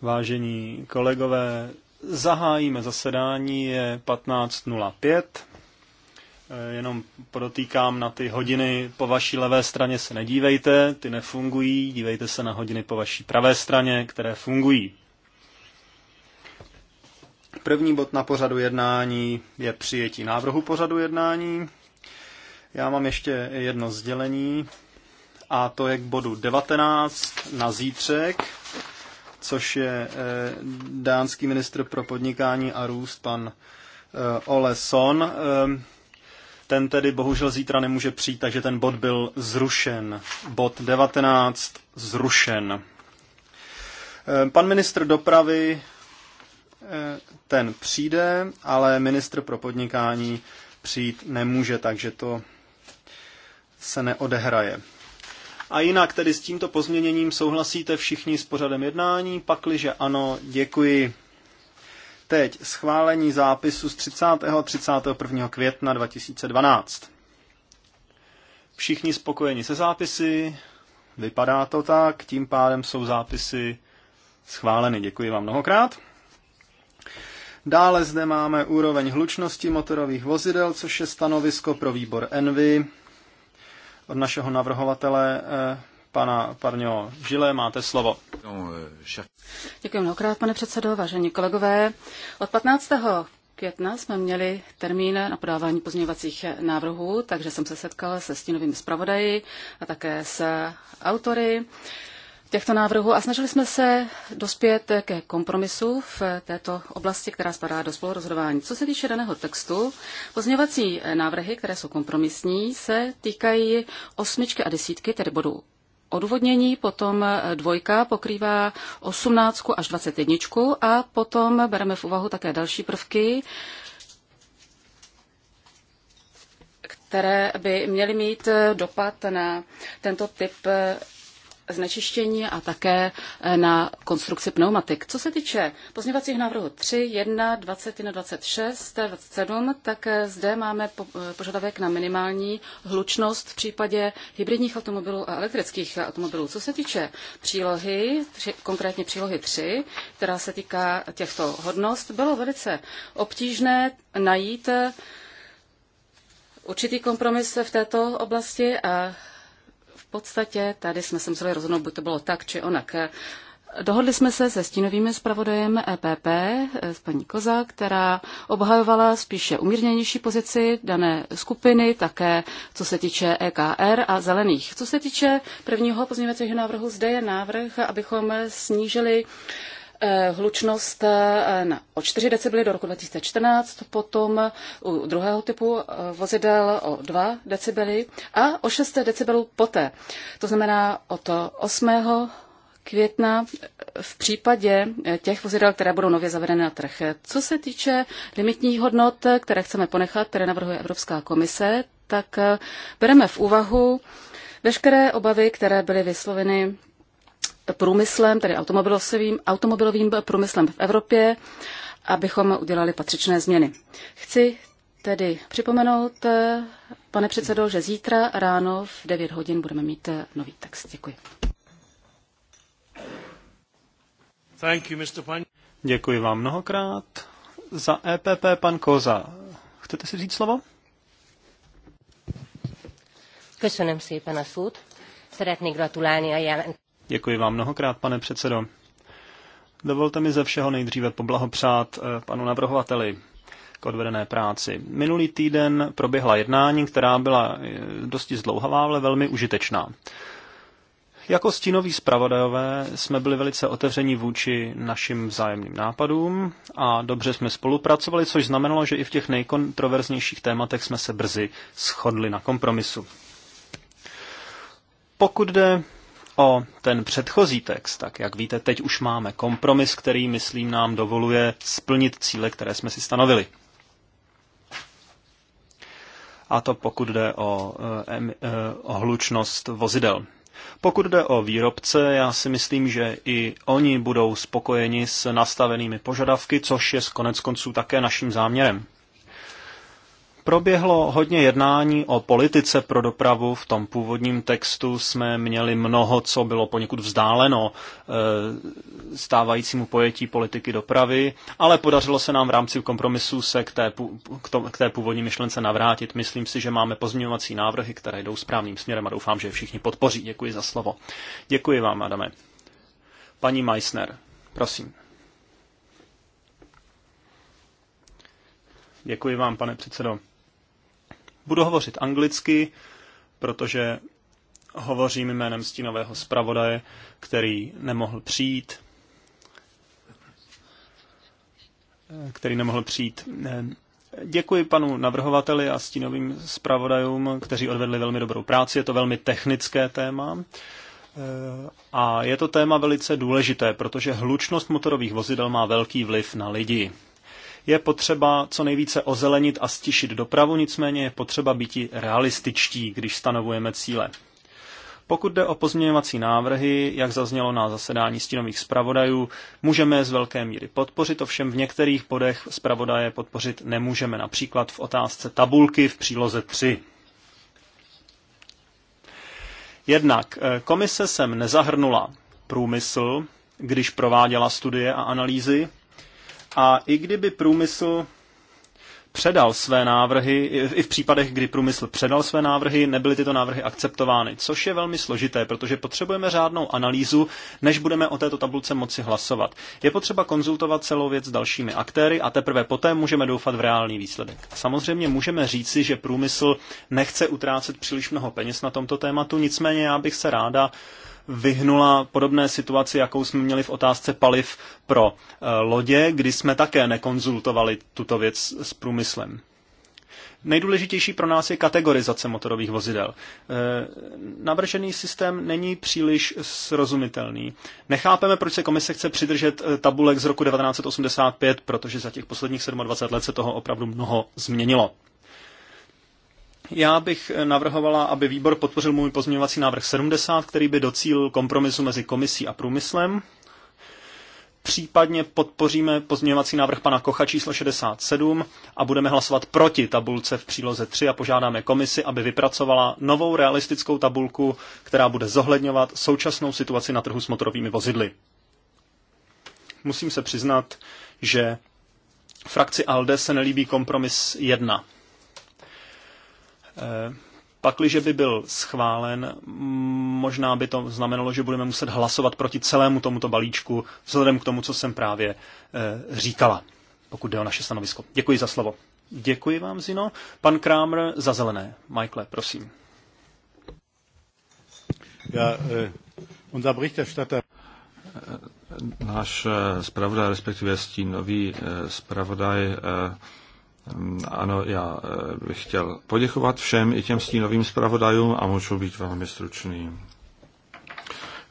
Vážení kolegové, zahájíme zasedání, je 15.05. Eh, jenom podotýkám na ty hodiny po vaší levé straně se nedívejte, ty nefungují, dívejte se na hodiny po vaší pravé straně, které fungují. První bod na pořadu jednání je přijetí návrhu pořadu jednání. Já mám ještě jedno sdělení a to je k bodu 19 na zítřek, což je eh, dánský ministr pro podnikání a růst, pan eh, Ole Son. Eh, ten tedy bohužel zítra nemůže přijít, takže ten bod byl zrušen. Bod 19 zrušen. Pan ministr dopravy ten přijde, ale ministr pro podnikání přijít nemůže, takže to se neodehraje. A jinak tedy s tímto pozměněním souhlasíte všichni s pořadem jednání? Pakliže ano, děkuji. Teď schválení zápisu z 30. a 31. května 2012. Všichni spokojeni se zápisy, vypadá to tak, tím pádem jsou zápisy schváleny. Děkuji vám mnohokrát. Dále zde máme úroveň hlučnosti motorových vozidel, což je stanovisko pro výbor Envy od našeho navrhovatele eh, pana Parňo Žile. Máte slovo. Děkuji mnohokrát, pane předsedo, vážení kolegové. Od 15 května jsme měli termín na podávání pozměňovacích návrhů, takže jsem se setkal se stínovými zpravodaji a také s autory těchto návrhů a snažili jsme se dospět ke kompromisu v této oblasti, která spadá do spolurozhodování. Co se týče daného textu, pozměňovací návrhy, které jsou kompromisní, se týkají osmičky a desítky, tedy bodů odůvodnění, potom dvojka pokrývá 18 až 21 a potom bereme v úvahu také další prvky, které by měly mít dopad na tento typ znečištění a také eh, na konstrukci pneumatik. Co se týče pozměvacích návrhů 3, 1, 21, 26, 27, tak eh, zde máme eh, požadavek na minimální hlučnost v případě hybridních automobilů a elektrických automobilů. Co se týče přílohy, konkrétně přílohy 3, která se týká těchto hodnost, bylo velice obtížné najít určitý kompromis v této oblasti a podstatě tady jsme se museli rozhodnout, buď to bylo tak, či onak. Dohodli jsme se se stínovým zpravodajem EPP, s paní Koza, která obhajovala spíše umírněnější pozici dané skupiny, také co se týče EKR a zelených. Co se týče prvního pozměňovacího návrhu, zde je návrh, abychom snížili Eh, hlučnost eh, na, o 4 decibely do roku 2014, potom u druhého typu eh, vozidel o 2 decibely a o 6 decibelů poté. To znamená to 8 května v případě těch vozidel, které budou nově zavedeny na trh. Co se týče limitních hodnot, které chceme ponechat, které navrhuje Evropská komise, tak bereme v úvahu veškeré obavy, které byly vysloveny průmyslem, tedy automobilovým, automobilovým průmyslem v Evropě, abychom udělali patřičné změny. Chci tedy připomenout, pane předsedo, že zítra ráno v 9 hodin budeme mít nový text. Děkuji. Thank you, Mr. Pan... Děkuji vám mnohokrát. Za EPP pan Koza. Chcete si říct slovo? Köszönöm szépen a szót. Szeretnék gratulálni a jelentést. Děkuji vám mnohokrát, pane předsedo. Dovolte mi ze všeho nejdříve poblahopřát eh, panu navrhovateli k odvedené práci. Minulý týden proběhla jednání, která byla eh, dosti zdlouhavá, ale velmi užitečná. Jako stínoví zpravodajové jsme byli velice otevření vůči našim vzájemným nápadům a dobře jsme spolupracovali, což znamenalo, že i v těch nejkontroverznějších tématech jsme se brzy shodli na kompromisu. Pokud jde o ten předchozí text, tak jak víte, teď už máme kompromis, který, myslím, nám dovoluje splnit cíle, které jsme si stanovili. A to pokud jde o, eh, eh, o hlučnost vozidel. Pokud jde o výrobce, já si myslím, že i oni budou spokojeni s nastavenými požadavky, což je konec konců také naším záměrem. Proběhlo hodně jednání o politice pro dopravu. V tom původním textu jsme měli mnoho, co bylo poněkud vzdáleno eh, stávajícímu pojetí politiky dopravy, ale podařilo se nám v rámci kompromisu se k té, k té původní myšlence navrátit. Myslím si, že máme pozměňovací návrhy, které jdou správným směrem a doufám, že je všichni podpoří. Děkuji za slovo. Děkuji vám, Adame. Paní Meissner, prosím. Děkuji vám, pane předsedo. Budu hovořit anglicky, protože hovořím jménem stínového zpravodaje, který nemohl přijít, který nemohl přijít. Děkuji panu navrhovateli a stínovým zpravodajům, kteří odvedli velmi dobrou práci. Je to velmi technické téma. A je to téma velice důležité, protože hlučnost motorových vozidel má velký vliv na lidi. Je potřeba co nejvíce ozelenit a stišit dopravu, nicméně je potřeba být realističtí, když stanovujeme cíle. Pokud jde o pozměňovací návrhy, jak zaznělo na zasedání stínových zpravodajů, můžeme je z velké míry podpořit, ovšem v některých bodech zpravodaje podpořit nemůžeme, například v otázce tabulky v příloze 3. Jednak eh, komise sem nezahrnula průmysl, když prováděla studie a analýzy, a i kdyby průmysl předal své návrhy, i v případech, kdy průmysl předal své návrhy, nebyly tyto návrhy akceptovány, což je velmi složité, protože potřebujeme řádnou analýzu, než budeme o této tabulce moci hlasovat. Je potřeba konzultovat celou věc s dalšími aktéry a teprve poté můžeme doufat v reálný výsledek. Samozřejmě můžeme říci, že průmysl nechce utrácet příliš mnoho peněz na tomto tématu, nicméně já bych se ráda vyhnula podobné situaci, jakou jsme měli v otázce paliv pro eh, lodě, kdy jsme také nekonzultovali tuto věc s průmyslem. Nejdůležitější pro nás je kategorizace motorových vozidel. Eh, navržený systém není příliš srozumitelný. Nechápeme, proč se komise chce přidržet eh, tabulek z roku 1985, protože za těch posledních 27 let se toho opravdu mnoho změnilo. Já bych eh, navrhovala, aby výbor podpořil můj pozměňovací návrh 70, který by docílil kompromisu mezi komisí a průmyslem. Případně podpoříme pozměňovací návrh pana Kocha číslo 67 a budeme hlasovat proti tabulce v příloze 3 a požádáme komisi, aby vypracovala novou realistickou tabulku, která bude zohledňovat současnou situaci na trhu s motorovými vozidly. Musím se přiznat, že frakci ALDE se nelíbí kompromis 1 Eh, pakliže by byl schválen, možná by to znamenalo, že budeme muset hlasovat proti celému tomuto balíčku, vzhledem k tomu, co jsem právě eh, říkala, pokud jde o naše stanovisko. Děkuji za slovo. Děkuji vám, Zino. Pan Krámer za zelené. Michael, prosím. Já, eh, unser Berichterstatter eh, Náš zpravodaj, respektive stínový zpravodaj, Mm, ano, já eh, bych chtěl poděkovat všem i těm stínovým zpravodajům a můžu být velmi stručný.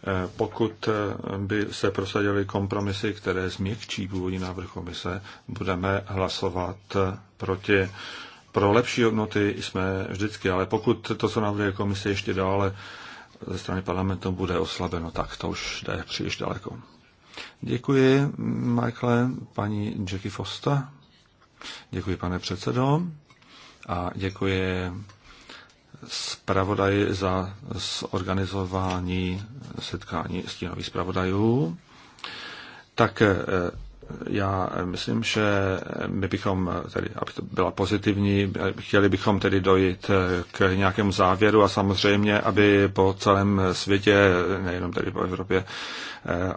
Eh, pokud eh, by se prosadily kompromisy, které změkčí původní návrh komise, budeme hlasovat proti. Pro lepší hodnoty jsme vždycky, ale pokud to, co navrhuje komise ještě dále ze strany parlamentu bude oslabeno, tak to už jde příliš daleko. Děkuji, Michael, paní Jackie Foster. Děkuji, pane předsedo, a děkuji zpravodaj za zorganizování setkání stínových zpravodajů. Tak eh, já myslím, že my bychom, tedy, aby to byla pozitivní, chtěli bychom tedy dojít k nějakému závěru a samozřejmě, aby po celém světě, nejenom tedy po Evropě,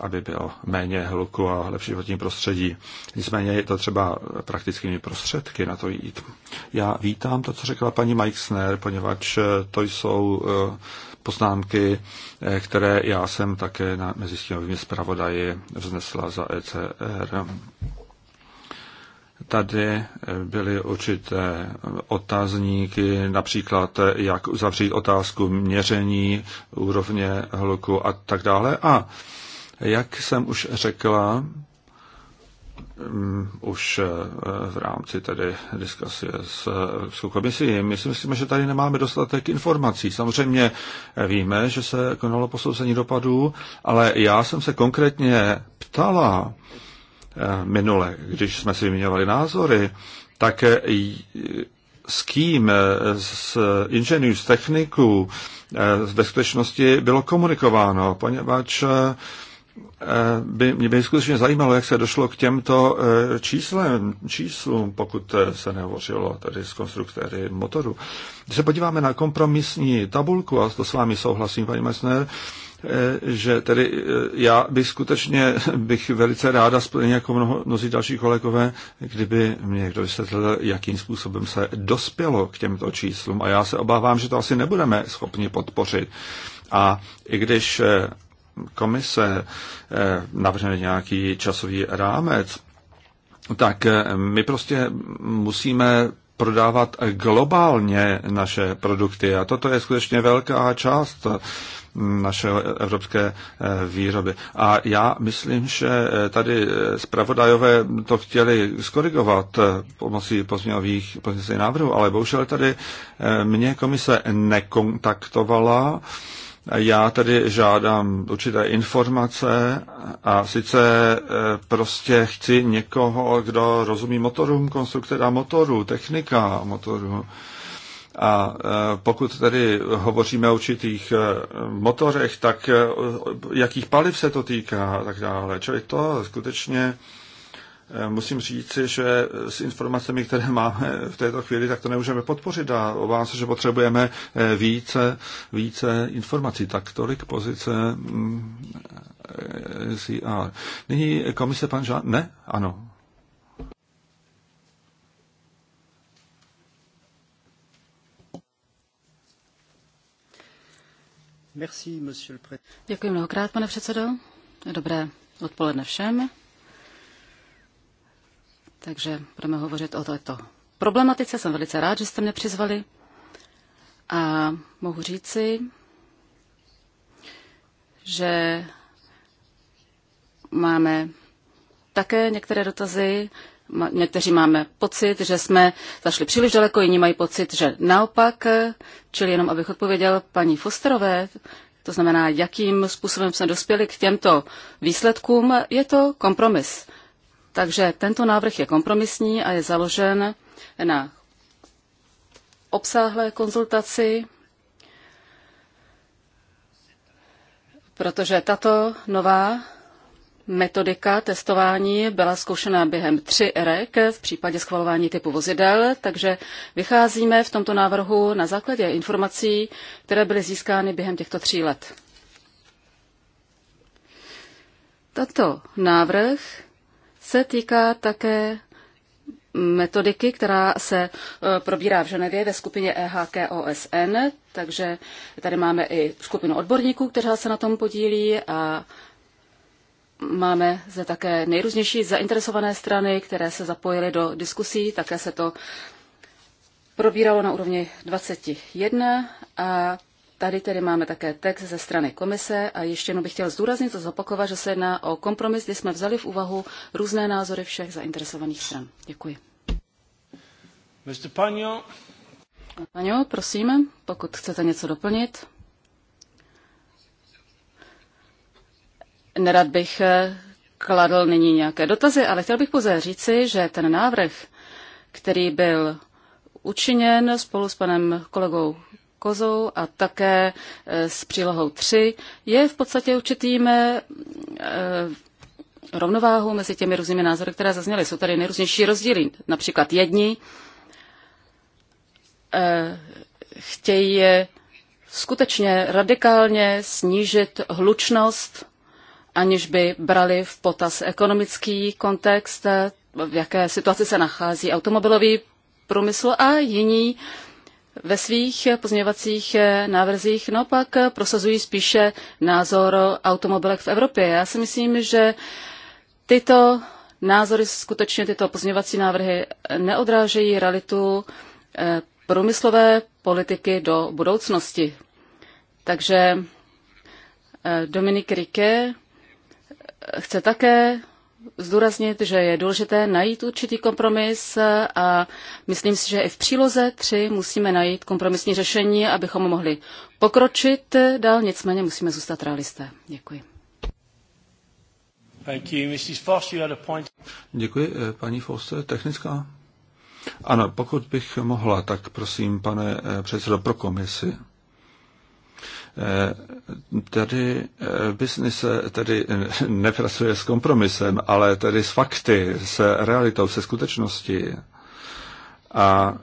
aby bylo méně hluku a lepší životní prostředí. Nicméně je to třeba praktickými prostředky na to jít. Já vítám to, co řekla paní Meixner, poněvadž to jsou poznámky, eh, které já jsem také na mezistínovými zpravodaji vznesla za ECR. Tady eh, byly určité otázníky, například eh, jak uzavřít otázku měření úrovně hluku a tak dále. A jak jsem už řekla, Mm, už eh, v rámci tedy diskuse s Evropskou komisí. My si myslíme, že tady nemáme dostatek informací. Samozřejmě víme, že se konalo posouzení dopadů, ale já jsem se konkrétně ptala eh, minule, když jsme si vyměňovali názory, tak eh, s kým, s inženýrů, z techniků, z bezpečnosti bylo komunikováno, poněvadž Eh, by mě by skutečně zajímalo, jak se došlo k těmto eh, číslem, číslům, pokud eh, se nehovořilo tady s konstruktéry motoru. Když se podíváme na kompromisní tabulku, a to s vámi souhlasím, paní Messner, že tedy já bych skutečně bych velice ráda, stejně jako mnoho, mnozí další kolegové, kdyby mě někdo vysvětlil, jakým způsobem se dospělo k těmto číslům. A já se obávám, že to asi nebudeme schopni podpořit. A i když komise eh, navrhne nějaký časový rámec, tak eh, my prostě musíme prodávat globálně naše produkty. A toto je skutečně velká část eh, naše evropské výroby. A já myslím, že tady zpravodajové to chtěli skorigovat pomocí pozměňových pozměňových návrhů, ale bohužel tady mě komise nekontaktovala já tady žádám určité informace a sice eh, prostě chci někoho, kdo rozumí motorům, konstruktora motoru, technika motoru. A eh, pokud tedy hovoříme o určitých eh, motorech, tak jakých paliv se to týká a tak dále. Čili to skutečně Eh, musím říci, že s informacemi, které máme v této chvíli, tak to nemůžeme podpořit a obávám se, že potřebujeme eh, více, více informací. Tak tolik pozice mm, eh, CR. Nyní komise pan Žán? Ne? Ano. Děkuji mnohokrát, pane předsedo. Dobré odpoledne všem. Takže budeme hovořit o této problematice. Jsem velice rád, že jste mě přizvali. A mohu říci, že máme také některé dotazy. Někteří máme pocit, že jsme zašli příliš daleko, jiní mají pocit, že naopak. Čili jenom abych odpověděl paní Fosterové, to znamená, jakým způsobem jsme dospěli k těmto výsledkům, je to kompromis. Takže tento návrh je kompromisní a je založen na obsáhlé konzultaci, protože tato nová metodika testování byla zkoušena během tři rek v případě schvalování typu vozidel, takže vycházíme v tomto návrhu na základě informací, které byly získány během těchto tří let. Tato návrh se týká také metodiky, která se e, probírá v Ženevě ve skupině EHK OSN, takže tady máme i skupinu odborníků, která se na tom podílí a máme zde také nejrůznější zainteresované strany, které se zapojily do diskusí, také se to probíralo na úrovni 21 a Tady tedy máme také text ze strany komise a ještě jenom bych chtěl zdůraznit a zopakovat, že se jedná o kompromis, kdy jsme vzali v úvahu různé názory všech zainteresovaných stran. Děkuji. Mr. Paňo, prosím, pokud chcete něco doplnit. Nerad bych eh, kladl nyní nějaké dotazy, ale chtěl bych pouze říci, že ten návrh, který byl učiněn spolu s panem kolegou kozou a také e, s přílohou 3 je v podstatě určitým e, rovnováhu mezi těmi různými názory, které zazněly. Jsou tady nejrůznější rozdíly. Například jedni e, chtějí skutečně radikálně snížit hlučnost, aniž by brali v potaz ekonomický kontext, v jaké situaci se nachází automobilový průmysl a jiní ve svých pozměňovacích eh, návrzích pak eh, prosazují spíše názor automobilek v Evropě. Já si myslím, že tyto názory, skutečně tyto pozměňovací návrhy eh, neodrážejí realitu průmyslové politiky do budoucnosti. Takže Dominik Rike chce také zdůraznit, že je důležité najít určitý kompromis a myslím si, že i v příloze 3 musíme najít kompromisní řešení, abychom mohli pokročit dál, nicméně musíme zůstat realisté. Děkuji. Děkuji, eh, paní Foster. Technická? Ano, pokud bych mohla, tak prosím, pane eh, předsedo, pro komisi. Eh, tady eh, biznis eh, tedy nepracuje s kompromisem, ale tedy s fakty, s realitou, se skutečností. A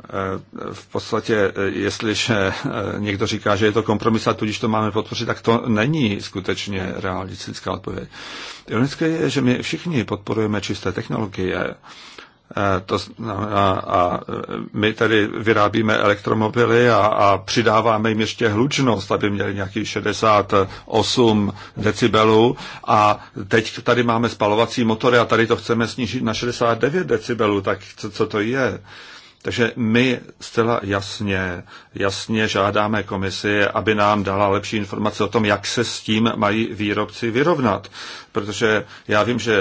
v podstatě, jestliže někdo říká, že je to kompromis a tudíž to máme podpořit, tak to není skutečně realistická odpověď. Ironické je, že my všichni podporujeme čisté technologie, Eh, to znamená, a eh, my tady vyrábíme elektromobily a, a přidáváme jim ještě hlučnost, aby měli nějakých 68 decibelů. A teď tady máme spalovací motory a tady to chceme snížit na 69 decibelů, tak co, co to je? Uh, takže my zcela jasně, jasně žádáme komisi, aby nám dala lepší informace o tom, jak se s tím mají výrobci vyrovnat. Protože já vím, že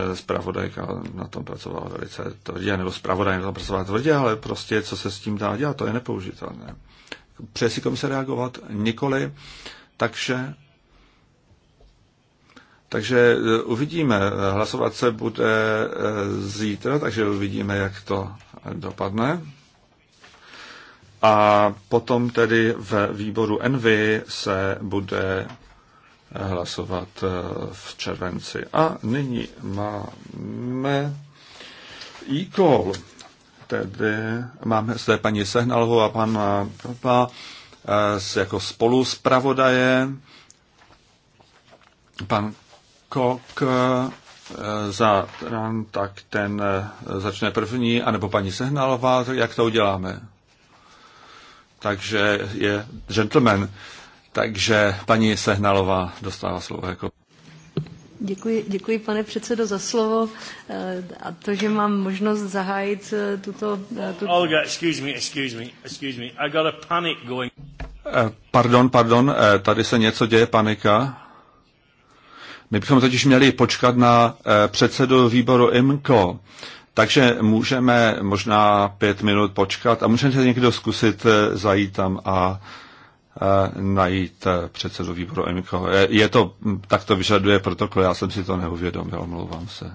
eh, zpravodajka na tom pracovala velice tvrdě, nebo zpravodaj na tom pracovala tvrdě, ale prostě co se s tím dá dělat, to je nepoužitelné. Přeje si komise reagovat? Nikoli. Takže takže eh, uvidíme. Hlasovat se bude eh, zítra, takže uvidíme, jak to dopadne. A potom tedy v výboru Envy se bude hlasovat eh, v červenci. A nyní máme e-call. Tedy máme zde paní Sehnalovou a pan Papa eh, jako spolu zpravodaje. Pan Kok eh, Eh, za rán, tak ten eh, začne první, anebo paní Sehnalová, jak to uděláme? Takže je gentleman. Takže paní Sehnalová dostává slovo jako Děkuji, děkuji, pane předsedo, za slovo eh, a to, že mám možnost zahájit tuto... tuto... Olga, excuse me, excuse me, excuse me. I got a panic going. Pardon, pardon, tady se něco děje, panika. My bychom totiž měli počkat na eh, předsedu výboru IMCO, takže můžeme možná pět minut počkat a můžeme někdo zkusit eh, zajít tam a eh, najít předsedu výboru IMCO. Je to, hm, tak to vyžaduje protokol, já jsem si to neuvědomil, omlouvám se.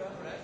Děkuji.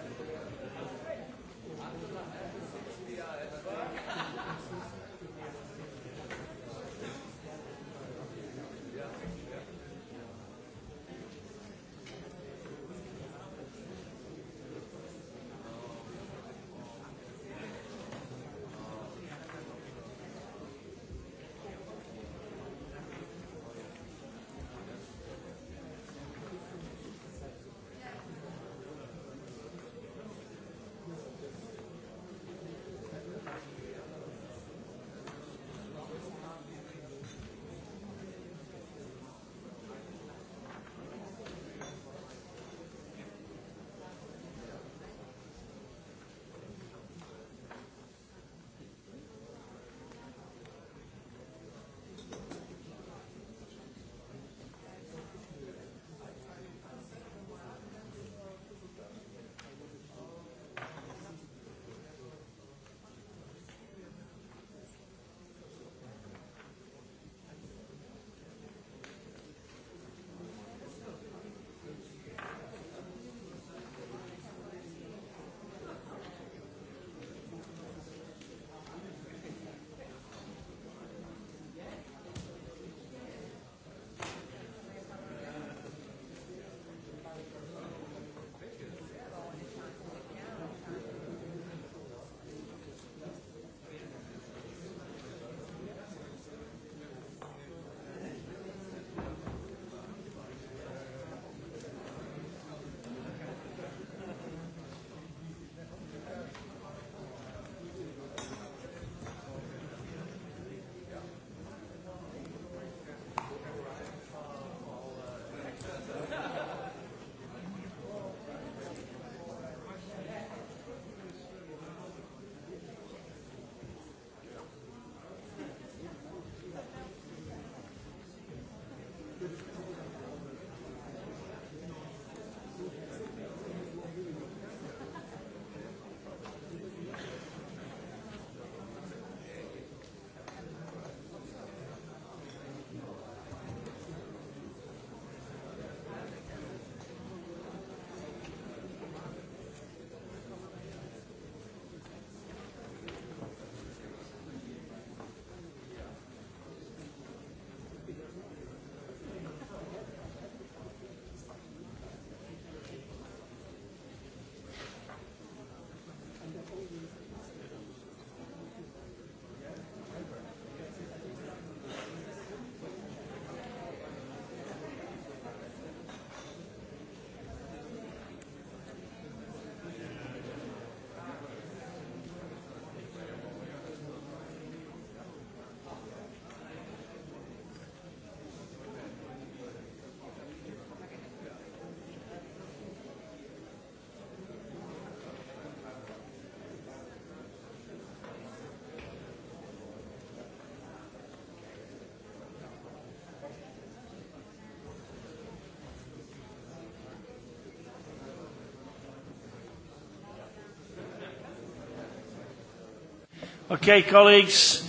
Okay, colleagues.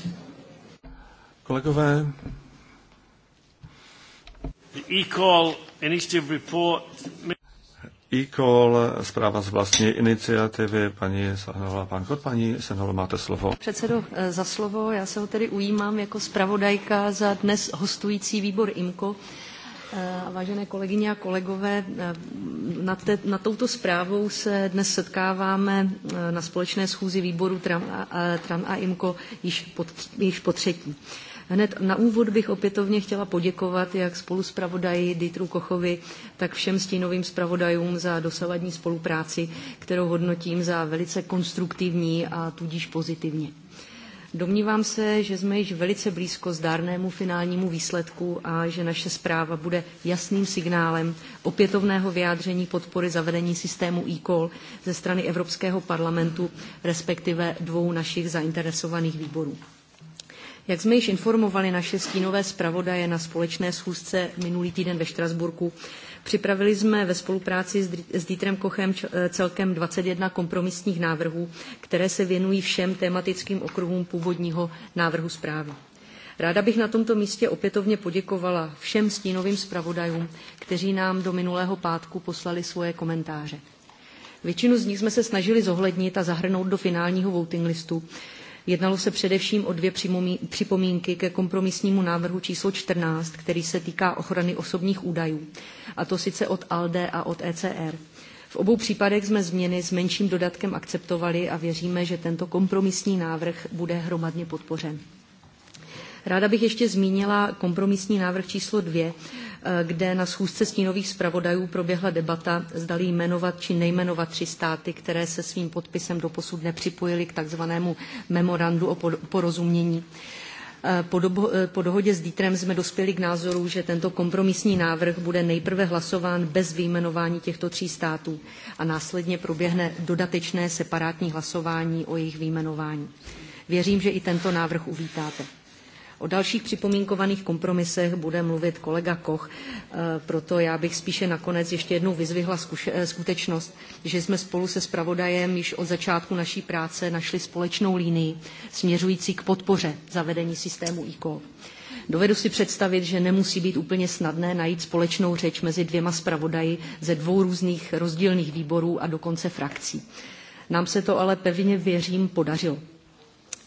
Kolegové. The e-call initiative report. E-call, zpráva z vlastní iniciativy, paní Sahnová, pan Kot, paní Sahnová, máte slovo. Předsedo, eh, za slovo, já se ho tedy ujímám jako zpravodajka za dnes hostující výbor IMKO. Eh, vážené kolegyně a kolegové, eh, nad, te, nad touto zprávou se dnes setkáváme eh, na společné schůzi výboru TRAN a, TRAN a IMCO již po, již po třetí. Hned na úvod bych opětovně chtěla poděkovat jak spolu zpravodaji Dietru Kochovi, tak všem stínovým zpravodajům za dosavadní spolupráci, kterou hodnotím za velice konstruktivní a tudíž pozitivně. Domnívám se, že jsme již velice blízko zdárnému finálnímu výsledku a že naše zpráva bude jasným signálem opětovného vyjádření podpory zavedení systému e-call ze strany Evropského parlamentu, respektive dvou našich zainteresovaných výborů. Jak jsme již informovali naše stínové zpravodaje na společné schůzce minulý týden ve Štrasburku, Připravili jsme ve spolupráci s Dítrem Kochem celkem 21 kompromisních návrhů, které se věnují všem tematickým okruhům původního návrhu zprávy. Ráda bych na tomto místě opětovně poděkovala všem stínovým zpravodajům, kteří nám do minulého pátku poslali svoje komentáře. Většinu z nich jsme se snažili zohlednit a zahrnout do finálního voting listu. Jednalo se především o dvě připomínky ke kompromisnímu návrhu číslo 14, který se týká ochrany osobních údajů, a to sice od ALDE a od ECR. V obou případech jsme změny s menším dodatkem akceptovali a věříme, že tento kompromisní návrh bude hromadně podpořen. Ráda bych ještě zmínila kompromisní návrh číslo dvě, eh, kde na schůzce stínových zpravodajů proběhla debata, zdali jmenovat či nejmenovat tři státy, které se svým podpisem doposud nepřipojily k takzvanému memorandu o porozumění. Eh, po, dobo, eh, po dohodě s Dítrem jsme dospěli k názoru, že tento kompromisní návrh bude nejprve hlasován bez vyjmenování těchto tří států a následně proběhne dodatečné separátní hlasování o jejich vyjmenování. Věřím, že i tento návrh uvítáte. O dalších připomínkovaných kompromisech bude mluvit kolega Koch, eh, proto já bych spíše nakonec ještě jednou vyzvihla eh, skutečnost, že jsme spolu se spravodajem již od začátku naší práce našli společnou línii směřující k podpoře zavedení systému ICO. Dovedu si představit, že nemusí být úplně snadné najít společnou řeč mezi dvěma zpravodaji ze dvou různých rozdílných výborů a dokonce frakcí. Nám se to ale pevně věřím podařilo.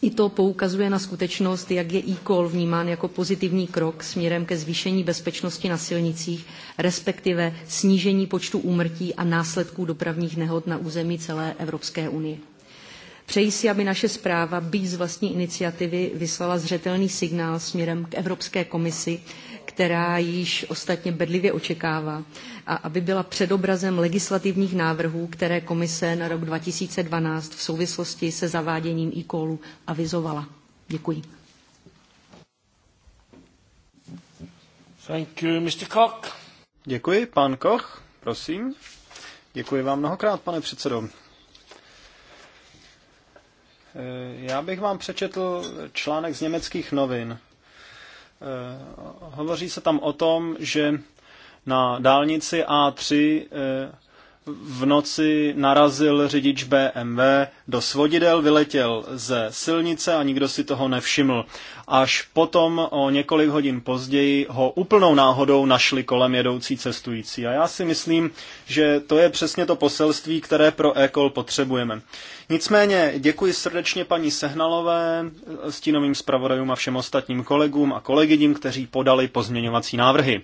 I to poukazuje na skutečnost, jak je e-call vnímán jako pozitivní krok směrem ke zvýšení bezpečnosti na silnicích, respektive snížení počtu úmrtí a následků dopravních nehod na území celé Evropské unie. Přeji si, aby naše zpráva, byť z vlastní iniciativy, vyslala zřetelný signál směrem k Evropské komisi, která již ostatně bedlivě očekává, a aby byla předobrazem legislativních návrhů, které komise na rok 2012 v souvislosti se zaváděním e-callu avizovala. Děkuji. Thank you, Mr. Koch. Děkuji, pan Koch, prosím. Děkuji vám mnohokrát, pane předsedo. Eh, já bych vám přečetl článek z německých novin Eh, hovoří se tam o tom, že na dálnici A3 v noci narazil řidič BMW do svodidel, vyletěl ze silnice a nikdo si toho nevšiml. Až potom o několik hodin později ho úplnou náhodou našli kolem jedoucí cestující. A já si myslím, že to je přesně to poselství, které pro e potřebujeme. Nicméně děkuji srdečně paní Sehnalové, stínovým zpravodajům a všem ostatním kolegům a kolegyním, kteří podali pozměňovací návrhy.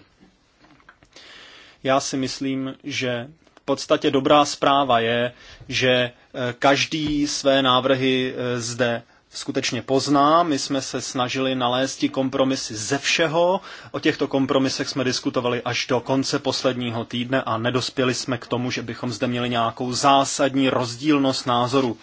Já si myslím, že podstatě dobrá zpráva je, že e, každý své návrhy e, zde skutečně pozná. My jsme se snažili nalézt kompromisy ze všeho. O těchto kompromisech jsme diskutovali až do konce posledního týdne a nedospěli jsme k tomu, že bychom zde měli nějakou zásadní rozdílnost názoru.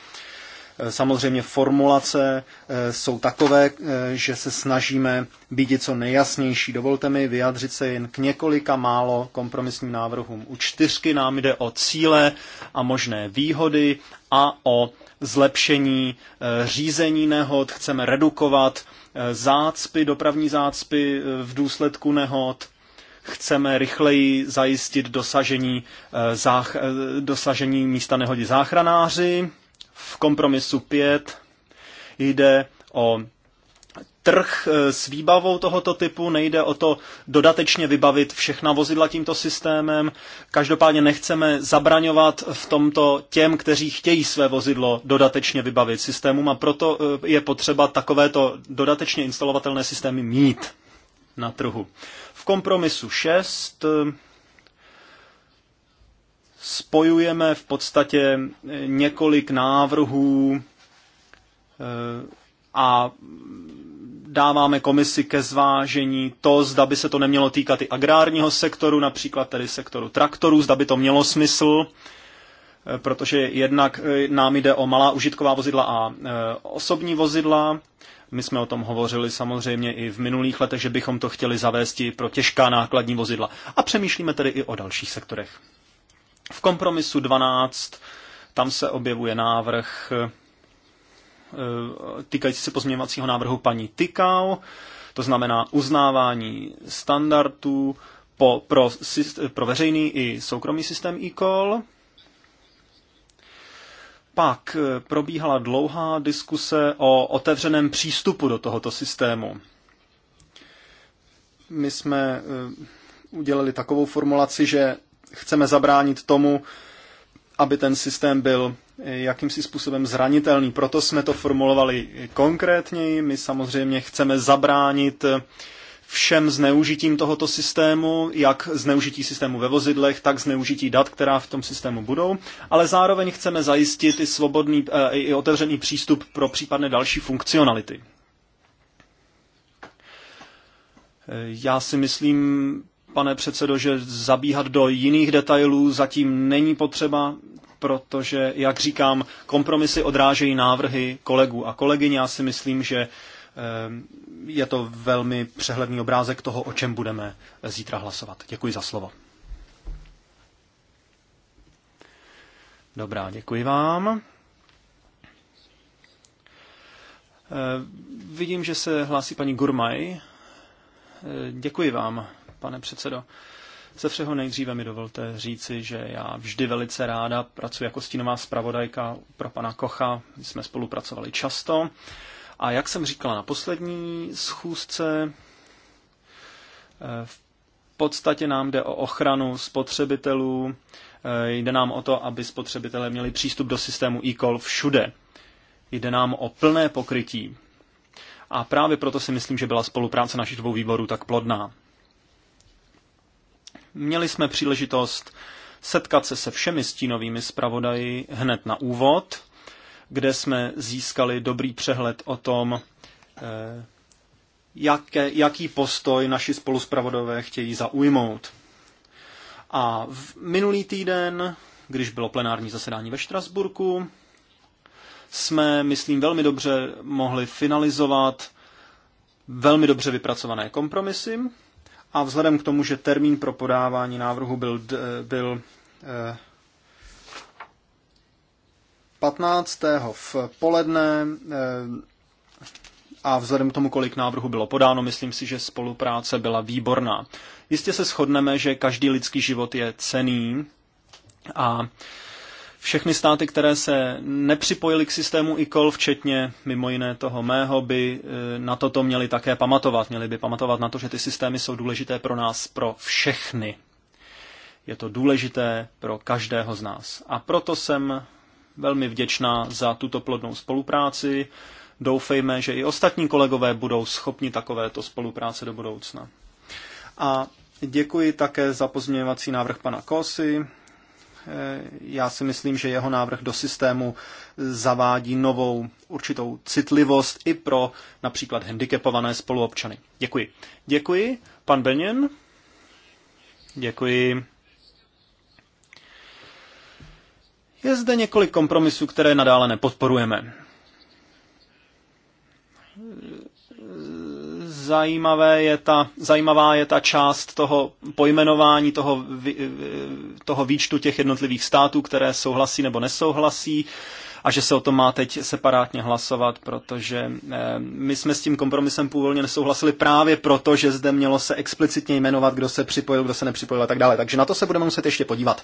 Eh, samozřejmě formulace eh, jsou takové, eh, že se snažíme být co nejjasnější. Dovolte mi vyjádřit se jen k několika málo kompromisním návrhům. U čtyřky nám jde o cíle a možné výhody a o zlepšení řízení nehod. Chceme redukovat zácpy, dopravní zácpy v důsledku nehod chceme rychleji zajistit dosažení, zách, dosažení místa nehody záchranáři. V kompromisu 5 jde o trh e, s výbavou tohoto typu, nejde o to dodatečně vybavit všechna vozidla tímto systémem. Každopádně nechceme zabraňovat v tomto těm, kteří chtějí své vozidlo dodatečně vybavit systémům a proto e, je potřeba takovéto dodatečně instalovatelné systémy mít na trhu. V kompromisu 6 spojujeme v podstatě několik návrhů eh, a dáváme komisi ke zvážení to, zda by se to nemělo týkat i agrárního sektoru, například tedy sektoru traktorů, zda by to mělo smysl, eh, protože jednak eh, nám jde o malá užitková vozidla a osobní vozidla. My jsme o tom hovořili samozřejmě i v minulých letech, že bychom to chtěli zavést i pro těžká nákladní vozidla. A přemýšlíme tedy i o dalších sektorech. V kompromisu 12 tam se objevuje návrh eh, týkající se pozměňovacího návrhu paní Tykau, to znamená uznávání standardů po, pro, pro veřejný i soukromý systém e-call. Pak eh, probíhala dlouhá diskuse o otevřeném přístupu do tohoto systému. My jsme eh, udělali takovou formulaci, že chceme zabránit tomu, aby ten systém byl jakýmsi způsobem zranitelný. Proto jsme to formulovali konkrétněji. My samozřejmě chceme zabránit všem zneužitím tohoto systému, jak zneužití systému ve vozidlech, tak zneužití dat, která v tom systému budou, ale zároveň chceme zajistit i svobodný, eh, i otevřený přístup pro případné další funkcionality. Eh, já si myslím, pane předsedo, že zabíhat do jiných detailů zatím není potřeba, protože, jak říkám, kompromisy odrážejí návrhy kolegů a kolegyň. Já si myslím, že eh, je to velmi přehledný obrázek toho, o čem budeme zítra hlasovat. Děkuji za slovo. Dobrá, děkuji vám. Eh, vidím, že se hlásí paní Gurmaj. Eh, děkuji vám pane předsedo. Ze všeho nejdříve mi dovolte říci, že já vždy velice ráda pracuji jako stínová zpravodajka pro pana Kocha. My jsme spolupracovali často. A jak jsem říkala na poslední schůzce, eh, v podstatě nám jde o ochranu spotřebitelů, eh, jde nám o to, aby spotřebitelé měli přístup do systému e-call všude. Jde nám o plné pokrytí. A právě proto si myslím, že byla spolupráce našich dvou výborů tak plodná. Měli jsme příležitost setkat se se všemi stínovými zpravodaji hned na úvod, kde jsme získali dobrý přehled o tom, eh, jaké, jaký postoj naši spoluspravodové chtějí zaujmout. A v minulý týden, když bylo plenární zasedání ve Štrasburku, jsme, myslím, velmi dobře mohli finalizovat velmi dobře vypracované kompromisy, a vzhledem k tomu, že termín pro podávání návrhu byl, byl 15. Eh, v poledne eh, a vzhledem k tomu, kolik návrhu bylo podáno, myslím si, že spolupráce byla výborná. Jistě se shodneme, že každý lidský život je cený a všechny státy, které se nepřipojily k systému ICOL, včetně mimo jiné toho mého, by e, na toto měli také pamatovat. Měli by pamatovat na to, že ty systémy jsou důležité pro nás, pro všechny. Je to důležité pro každého z nás. A proto jsem velmi vděčná za tuto plodnou spolupráci. Doufejme, že i ostatní kolegové budou schopni takovéto spolupráce do budoucna. A děkuji také za pozměňovací návrh pana Kosy Eh, já si myslím, že jeho návrh do systému zavádí novou určitou citlivost i pro například handicapované spoluobčany. Děkuji. Děkuji. Pan Benjen. Děkuji. Je zde několik kompromisů, které nadále nepodporujeme zajímavé je ta, zajímavá je ta část toho pojmenování, toho, toho výčtu těch jednotlivých států, které souhlasí nebo nesouhlasí a že se o tom má teď separátně hlasovat, protože eh, my jsme s tím kompromisem původně nesouhlasili právě proto, že zde mělo se explicitně jmenovat, kdo se připojil, kdo se nepřipojil a tak dále. Takže na to se budeme muset ještě podívat.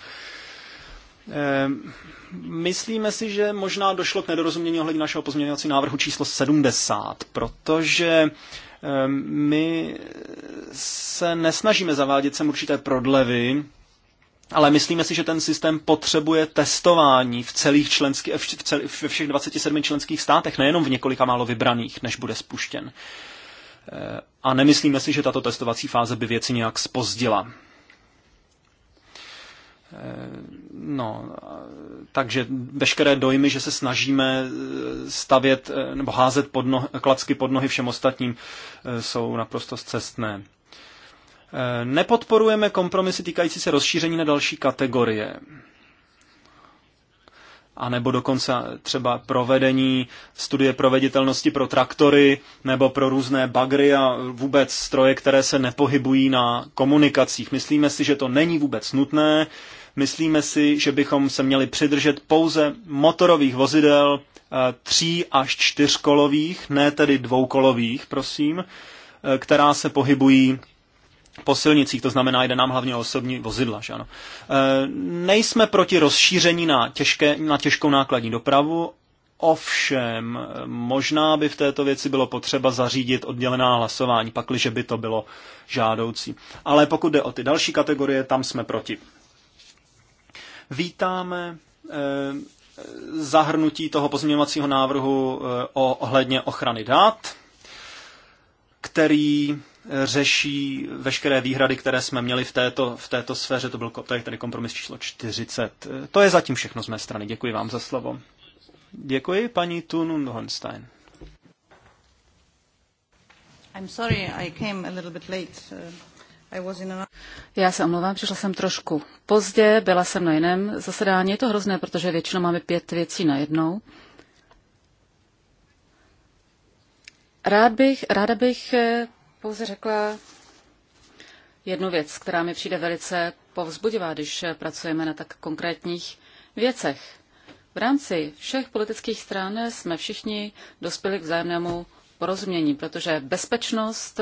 Eh, myslíme si, že možná došlo k nedorozumění ohledně našeho pozměňovacího návrhu číslo 70, protože Ehm, my se nesnažíme zavádět sem určité prodlevy, ale myslíme si, že ten systém potřebuje testování v celých členských v celi, ve všech 27 členských státech, nejenom v několika málo vybraných, než bude spuštěn. Ehm, a nemyslíme si, že tato testovací fáze by věci nějak spozdila. No, takže veškeré dojmy, že se snažíme eh, stavět eh, nebo házet pod no, klacky pod nohy všem ostatním, eh, jsou naprosto zcestné. Nepodporujeme kompromisy týkající se rozšíření na další kategorie. A nebo dokonce třeba provedení studie proveditelnosti pro traktory nebo pro různé bagry a vůbec stroje, které se nepohybují na komunikacích. Myslíme si, že to není vůbec nutné Myslíme si, že bychom se měli přidržet pouze motorových vozidel eh, tří až čtyřkolových, ne tedy dvoukolových, prosím, eh, která se pohybují po silnicích, to znamená, jde nám hlavně o osobní vozidla. Že ano. E, nejsme proti rozšíření na, těžké, na těžkou nákladní dopravu, ovšem možná by v této věci bylo potřeba zařídit oddělená hlasování, pakliže by to bylo žádoucí. Ale pokud jde o ty další kategorie, tam jsme proti. Vítáme eh, zahrnutí toho pozměňovacího návrhu eh, o ohledně ochrany dat, který eh, řeší veškeré výhrady, které jsme měli v této, v této sféře. To byl to je tady kompromis číslo 40. To je zatím všechno z mé strany. Děkuji vám za slovo. Děkuji, paní Tunun Honstein. I'm sorry, I came a little bit late. Já se omlouvám, přišla jsem trošku pozdě, byla jsem na jiném zasedání. Je to hrozné, protože většinou máme pět věcí na jednou. Rád bych, ráda bych eh, pouze řekla jednu věc, která mi přijde velice povzbudivá, když eh, pracujeme na tak konkrétních věcech. V rámci všech politických stran jsme všichni dospěli k vzájemnému porozumění, protože bezpečnost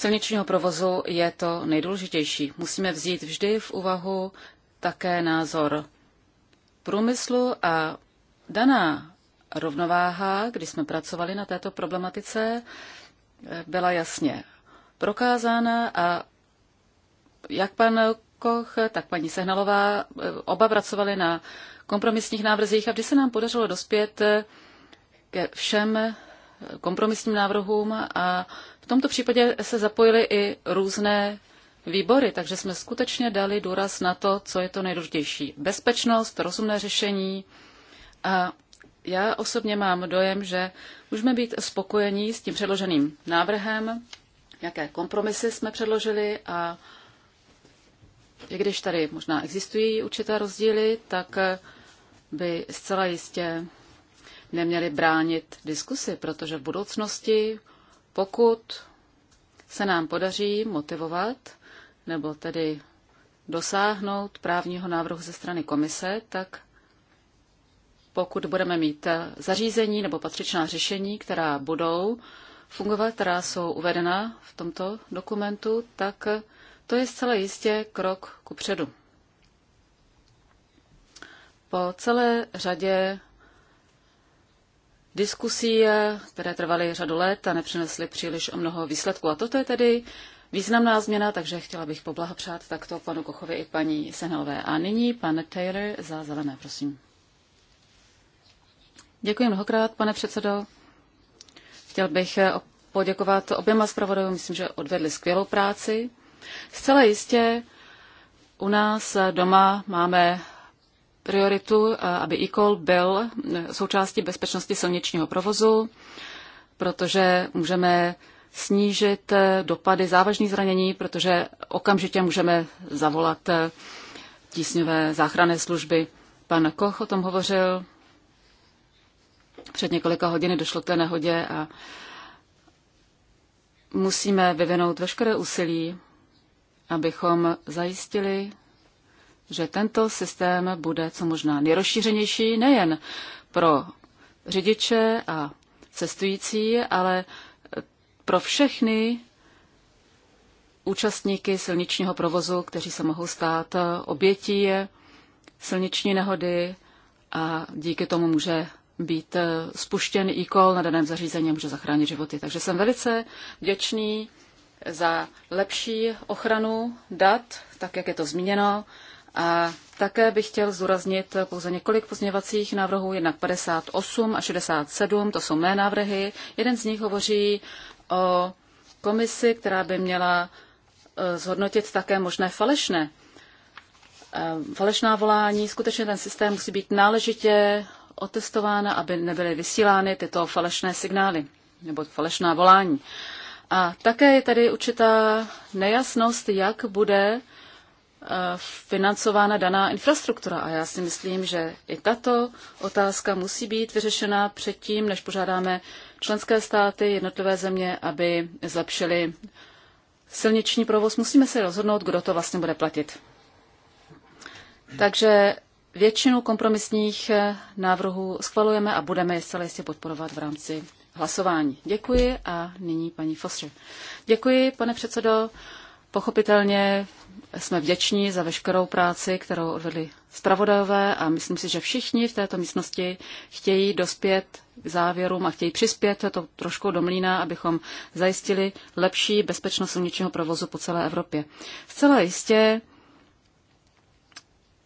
silničního provozu je to nejdůležitější. Musíme vzít vždy v úvahu také názor průmyslu a daná rovnováha, když jsme pracovali na této problematice, byla jasně prokázána a jak pan Koch, tak paní Sehnalová oba pracovali na kompromisních návrzích a vždy se nám podařilo dospět ke všem kompromisním návrhům a v tomto případě se zapojily i různé výbory, takže jsme skutečně dali důraz na to, co je to nejdůležitější. Bezpečnost, rozumné řešení a já osobně mám dojem, že můžeme být spokojení s tím předloženým návrhem, jaké kompromisy jsme předložili a i když tady možná existují určité rozdíly, tak by zcela jistě neměli bránit diskusy, protože v budoucnosti, pokud se nám podaří motivovat nebo tedy dosáhnout právního návrhu ze strany komise, tak pokud budeme mít zařízení nebo patřičná řešení, která budou fungovat, která jsou uvedena v tomto dokumentu, tak to je zcela jistě krok ku předu. Po celé řadě diskusí, které trvaly řadu let a nepřinesly příliš o mnoho výsledků. A toto je tedy významná změna, takže chtěla bych poblahopřát takto panu Kochovi i paní Senelové. A nyní pan Taylor za zelené, prosím. Děkuji mnohokrát, pane předsedo. Chtěl bych eh, poděkovat oběma zpravodajům, myslím, že odvedli skvělou práci. Zcela jistě u nás eh, doma máme prioritu, aby e-call byl e, součástí bezpečnosti silničního provozu, protože můžeme snížit e, dopady závažných zranění, protože okamžitě můžeme zavolat e, tísňové záchranné služby. Pan Koch o tom hovořil. Před několika hodiny došlo k té nehodě a musíme vyvinout veškeré úsilí, abychom zajistili že tento systém bude co možná nejrozšířenější nejen pro řidiče a cestující, ale pro všechny účastníky silničního provozu, kteří se mohou stát obětí silniční nehody a díky tomu může být spuštěn e-call na daném zařízení a může zachránit životy. Takže jsem velice vděčný za lepší ochranu dat, tak jak je to zmíněno a také bych chtěl zúraznit pouze několik pozměňovacích návrhů, jednak 58 a 67, to jsou mé návrhy. Jeden z nich hovoří o komisi, která by měla e, zhodnotit také možné falešné e, falešná volání. Skutečně ten systém musí být náležitě otestován, aby nebyly vysílány tyto falešné signály nebo falešná volání. A také je tady určitá nejasnost, jak bude financována daná infrastruktura. A já si myslím, že i tato otázka musí být vyřešena předtím, než požádáme členské státy, jednotlivé země, aby zlepšili silniční provoz. Musíme se rozhodnout, kdo to vlastně bude platit. Takže většinu kompromisních návrhů schvalujeme a budeme je zcela jistě podporovat v rámci hlasování. Děkuji a nyní paní Foster. Děkuji, pane předsedo. Pochopitelně jsme vděční za veškerou práci, kterou odvedli zpravodajové a myslím si, že všichni v této místnosti chtějí dospět k závěrům a chtějí přispět to trošku do mlína, abychom zajistili lepší bezpečnost silničního provozu po celé Evropě. Zcela jistě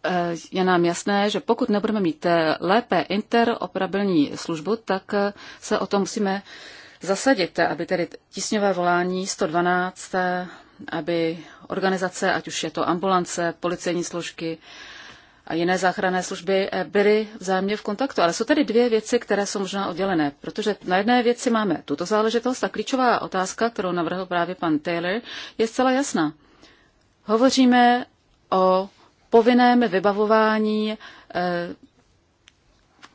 eh, je nám jasné, že pokud nebudeme mít eh, lépe interoperabilní službu, tak eh, se o to musíme zasadit, aby tedy tisňové volání 112, aby organizace, ať už je to ambulance, policejní složky a jiné záchranné služby, eh, byly vzájemně v kontaktu. Ale jsou tady dvě věci, které jsou možná oddělené, protože na jedné věci máme tuto záležitost a klíčová otázka, kterou navrhl právě pan Taylor, je zcela jasná. Hovoříme o povinném vybavování eh,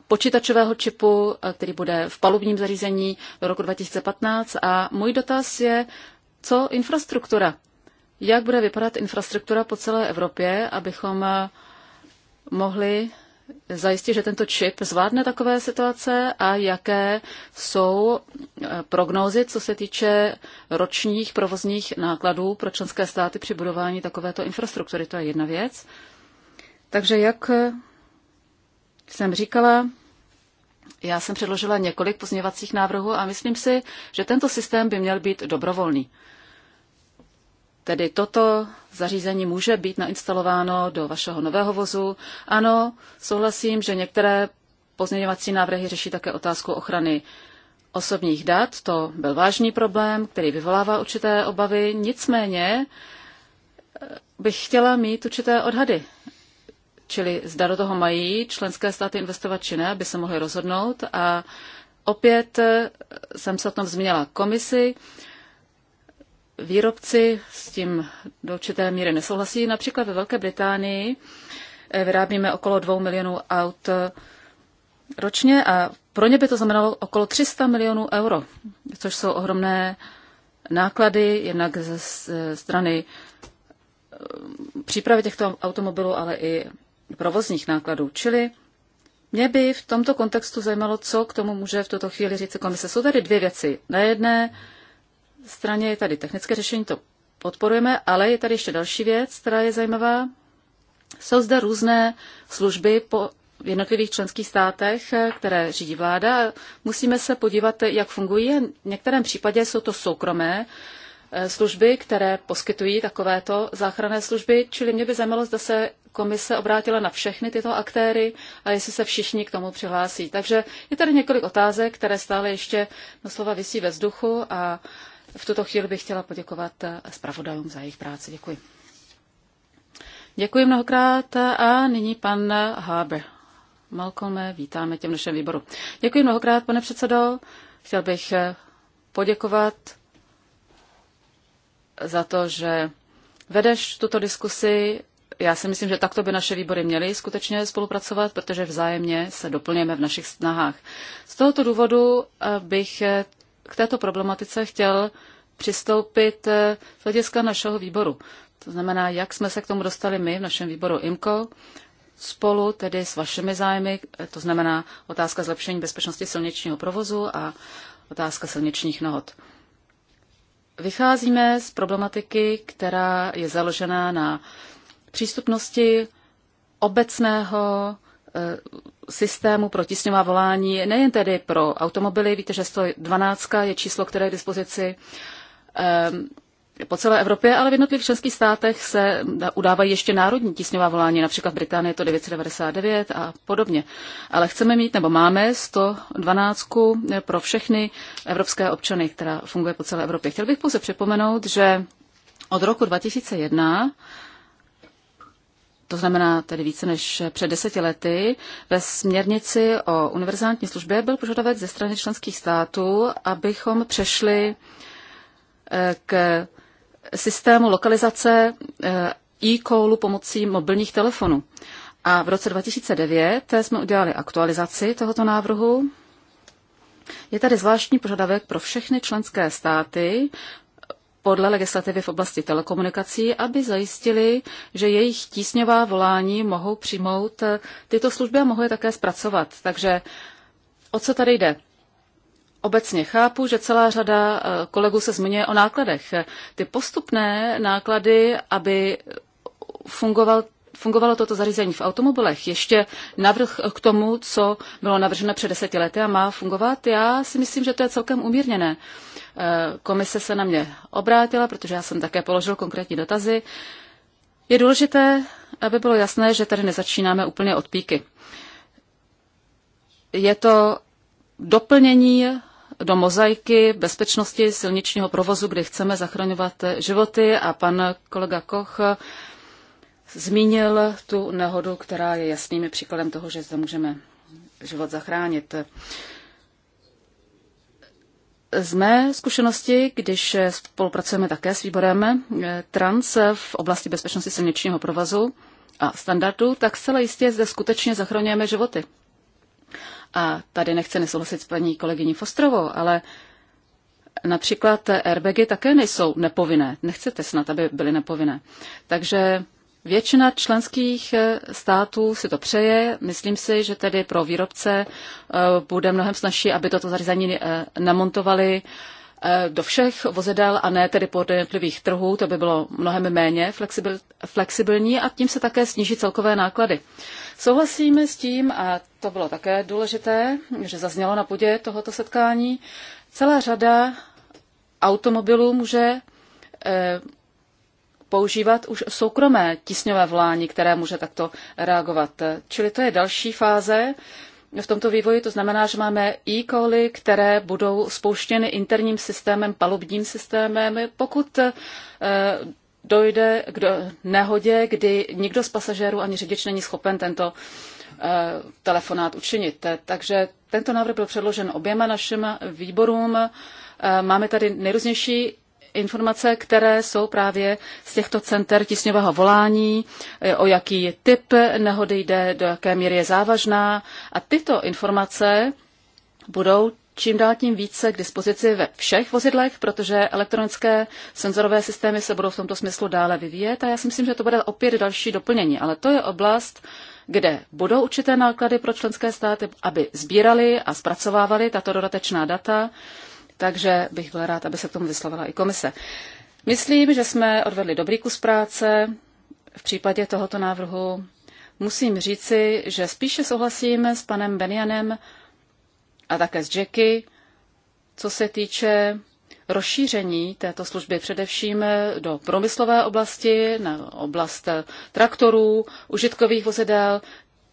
počítačového čipu, eh, který bude v palubním zařízení do roku 2015. A můj dotaz je, co infrastruktura? jak bude vypadat infrastruktura po celé Evropě, abychom eh, mohli zajistit, že tento čip zvládne takové situace a jaké jsou eh, prognózy, co se týče ročních provozních nákladů pro členské státy při budování takovéto infrastruktury. To je jedna věc. Takže jak eh, jsem říkala, já jsem předložila několik pozměvacích návrhů a myslím si, že tento systém by měl být dobrovolný. Tedy toto zařízení může být nainstalováno do vašeho nového vozu. Ano, souhlasím, že některé pozměňovací návrhy řeší také otázku ochrany osobních dat. To byl vážný problém, který vyvolává určité obavy. Nicméně eh, bych chtěla mít určité odhady. Čili zda do toho mají členské státy investovat či ne, aby se mohly rozhodnout. A opět eh, jsem se o tom zmínila komisi výrobci s tím do určité míry nesouhlasí. Například ve Velké Británii eh, vyrábíme okolo 2 milionů aut eh, ročně a pro ně by to znamenalo okolo 300 milionů euro, což jsou ohromné náklady, jednak ze strany eh, přípravy těchto automobilů, ale i provozních nákladů. Čili mě by v tomto kontextu zajímalo, co k tomu může v tuto chvíli říct komise. Jsou tady dvě věci. Na jedné straně je tady technické řešení, to podporujeme, ale je tady ještě další věc, která je zajímavá. Jsou zde různé služby po v jednotlivých členských státech, které řídí vláda. Musíme se podívat, jak fungují. V některém případě jsou to soukromé eh, služby, které poskytují takovéto záchranné služby, čili mě by zajímalo, zda se komise obrátila na všechny tyto aktéry a jestli se všichni k tomu přihlásí. Takže je tady několik otázek, které stále ještě slova visí ve vzduchu a v tuto chvíli bych chtěla poděkovat eh, zpravodajům za jejich práci. Děkuji. Děkuji mnohokrát a nyní pan Haber. Malcolme, vítáme tě v našem výboru. Děkuji mnohokrát, pane předsedo. Chtěl bych eh, poděkovat za to, že vedeš tuto diskusi. Já si myslím, že takto by naše výbory měly skutečně spolupracovat, protože vzájemně se doplňujeme v našich snahách. Z tohoto důvodu eh, bych k této problematice chtěl přistoupit eh, z hlediska našeho výboru. To znamená, jak jsme se k tomu dostali my v našem výboru IMCO, spolu tedy s vašimi zájmy, eh, to znamená otázka zlepšení bezpečnosti silničního provozu a otázka silničních nohod. Vycházíme z problematiky, která je založená na přístupnosti obecného Eh, systému pro tisňová volání, nejen tedy pro automobily, víte, že 112 je číslo, které je k dispozici eh, po celé Evropě, ale v jednotlivých členských státech se udávají ještě národní tisňová volání, například v Británii je to 999 a podobně. Ale chceme mít, nebo máme 112 eh, pro všechny evropské občany, která funguje po celé Evropě. Chtěl bych pouze připomenout, že od roku 2001 to znamená tedy více než před deseti lety, ve směrnici o univerzální službě byl požadavek ze strany členských států, abychom přešli eh, k systému lokalizace eh, e-callu pomocí mobilních telefonů. A v roce 2009 jsme udělali aktualizaci tohoto návrhu. Je tady zvláštní požadavek pro všechny členské státy, podle legislativy v oblasti telekomunikací, aby zajistili, že jejich tísňová volání mohou přijmout eh, tyto služby a mohou je také zpracovat. Takže o co tady jde? Obecně chápu, že celá řada eh, kolegů se zmiňuje o nákladech. Ty postupné náklady, aby fungoval fungovalo toto zařízení v automobilech ještě navrh k tomu, co bylo navrženo před deseti lety a má fungovat, já si myslím, že to je celkem umírněné. E, komise se na mě obrátila, protože já jsem také položil konkrétní dotazy. Je důležité, aby bylo jasné, že tady nezačínáme úplně od píky. Je to doplnění do mozaiky bezpečnosti silničního provozu, kde chceme zachraňovat životy a pan kolega Koch zmínil tu nehodu, která je jasným příkladem toho, že zde můžeme život zachránit. Z mé zkušenosti, když spolupracujeme také s výborem eh, Trans v oblasti bezpečnosti silničního provazu a standardů, tak zcela jistě zde skutečně zachraňujeme životy. A tady nechci nesouhlasit s paní kolegyní Fostrovou, ale například airbagy také nejsou nepovinné. Nechcete snad, aby byly nepovinné. Takže Většina členských eh, států si to přeje. Myslím si, že tedy pro výrobce eh, bude mnohem snažší, aby toto zařízení eh, namontovali do všech vozidel a ne tedy pod jednotlivých trhů. To by bylo mnohem méně flexibil, flexibilní a tím se také sníží celkové náklady. Souhlasíme s tím, a to bylo také důležité, že zaznělo na půdě tohoto setkání, celá řada automobilů může používat už soukromé tisňové volání, které může takto reagovat. Čili to je další fáze. V tomto vývoji to znamená, že máme e-cally, které budou spouštěny interním systémem, palubním systémem. Pokud eh, dojde k nehodě, kdy nikdo z pasažérů ani řidič není schopen tento eh, telefonát učinit. Takže tento návrh byl předložen oběma našim výborům. Eh, máme tady nejrůznější informace, které jsou právě z těchto center tisňového volání, e, o jaký typ nehody jde, do jaké míry je závažná. A tyto informace budou čím dál tím více k dispozici ve všech vozidlech, protože elektronické senzorové systémy se budou v tomto smyslu dále vyvíjet a já si myslím, že to bude opět další doplnění, ale to je oblast, kde budou určité náklady pro členské státy, aby sbírali a zpracovávali tato dodatečná data takže bych byl rád, aby se k tomu vyslovila i komise. Myslím, že jsme odvedli dobrý kus práce. V případě tohoto návrhu musím říci, že spíše souhlasím s panem Benjanem a také s Jacky, co se týče rozšíření této služby především do průmyslové oblasti, na oblast traktorů, užitkových vozidel,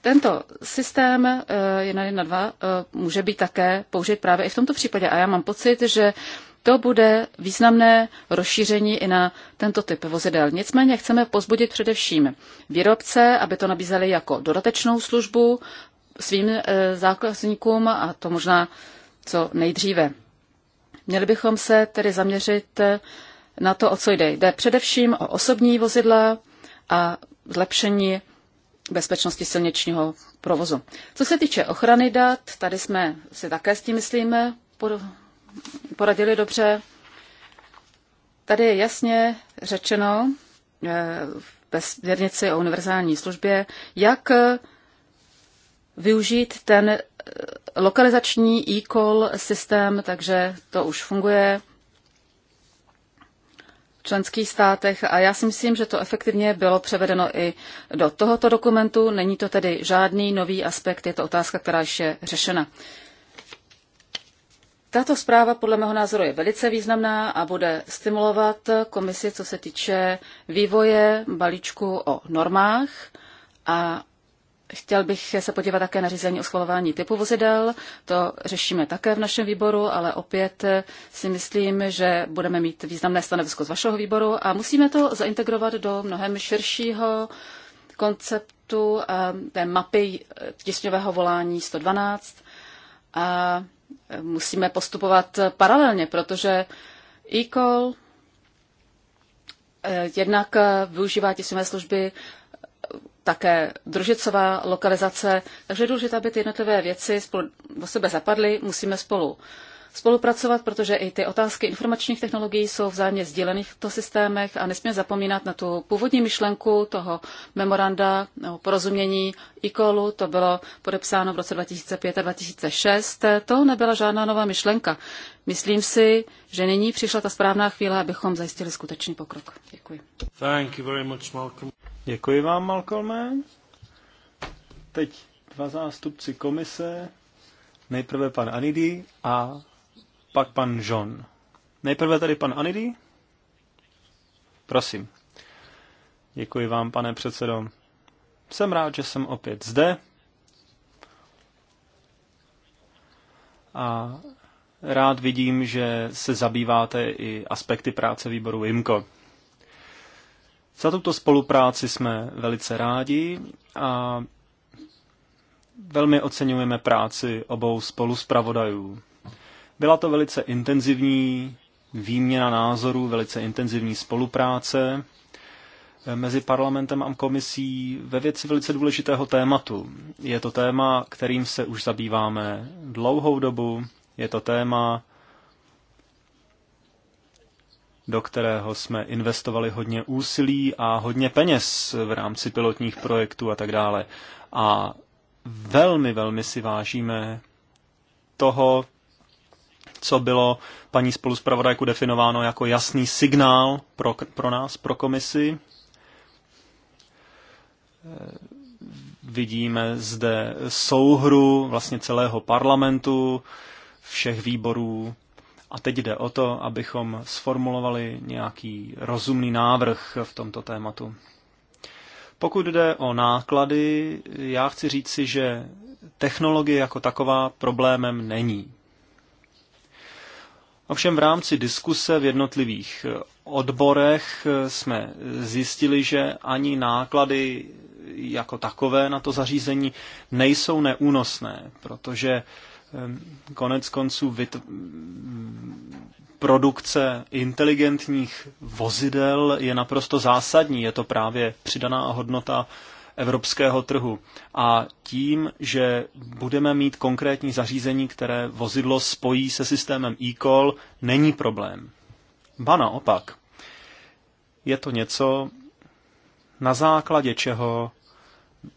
tento systém 1.1.2 eh, eh, může být také použit právě i v tomto případě a já mám pocit, že to bude významné rozšíření i na tento typ vozidel. Nicméně chceme pozbudit především výrobce, aby to nabízeli jako dodatečnou službu svým eh, zákazníkům a to možná co nejdříve. Měli bychom se tedy zaměřit na to, o co jde. Jde především o osobní vozidla a zlepšení bezpečnosti silničního provozu. Co se týče ochrany dat, tady jsme si také s tím, myslíme, poradili dobře. Tady je jasně řečeno eh, ve směrnici o univerzální službě, jak eh, využít ten eh, lokalizační e-call systém, takže to už funguje členských státech a já si myslím, že to efektivně bylo převedeno i do tohoto dokumentu. Není to tedy žádný nový aspekt, je to otázka, která již je řešena. Tato zpráva podle mého názoru je velice významná a bude stimulovat komisi, co se týče vývoje balíčku o normách a Chtěl bych se podívat také na řízení o schvalování typu vozidel. To řešíme také v našem výboru, ale opět si myslím, že budeme mít významné stanovisko z vašeho výboru a musíme to zaintegrovat do mnohem širšího konceptu eh, té mapy tisňového volání 112 a musíme postupovat paralelně, protože e-call eh, jednak využívá tisňové služby také družicová lokalizace, takže je důležité, aby ty jednotlivé věci spolu do sebe zapadly, musíme spolu spolupracovat, protože i ty otázky informačních technologií jsou vzájemně sdíleny v to systémech a nesmíme zapomínat na tu původní myšlenku toho memoranda nebo porozumění ICOLu. To bylo podepsáno v roce 2005 a 2006. To nebyla žádná nová myšlenka. Myslím si, že nyní přišla ta správná chvíle, abychom zajistili skutečný pokrok. Děkuji. Thank you very much, Malcolm. Děkuji vám, Malcolm. Teď dva zástupci komise, nejprve pan Anidi a pak pan John. Nejprve tady pan Anidy. Prosím. Děkuji vám, pane předsedo. Jsem rád, že jsem opět zde. A rád vidím, že se zabýváte i aspekty práce výboru IMCO. Za tuto spolupráci jsme velice rádi a velmi oceňujeme práci obou spoluspravodajů. Byla to velice intenzivní výměna názorů, velice intenzivní spolupráce eh, mezi parlamentem a komisí ve věci velice důležitého tématu. Je to téma, kterým se už zabýváme dlouhou dobu, je to téma, do kterého jsme investovali hodně úsilí a hodně peněz v rámci pilotních projektů a tak dále. A velmi, velmi si vážíme toho, co bylo paní spoluspravodajku definováno jako jasný signál pro, pro nás, pro komisi. Vidíme zde souhru vlastně celého parlamentu, všech výborů. A teď jde o to, abychom sformulovali nějaký rozumný návrh v tomto tématu. Pokud jde o náklady, já chci říci, že technologie jako taková problémem není. Ovšem v rámci diskuse v jednotlivých eh, odborech eh, jsme zjistili, že ani náklady jako takové na to zařízení nejsou neúnosné, protože ehm, konec konců vyt... produkce inteligentních vozidel je naprosto zásadní. Je to právě přidaná hodnota evropského trhu. A tím, že budeme mít konkrétní zařízení, které vozidlo spojí se systémem e-call, není problém. Ba naopak. Je to něco, na základě čeho eh,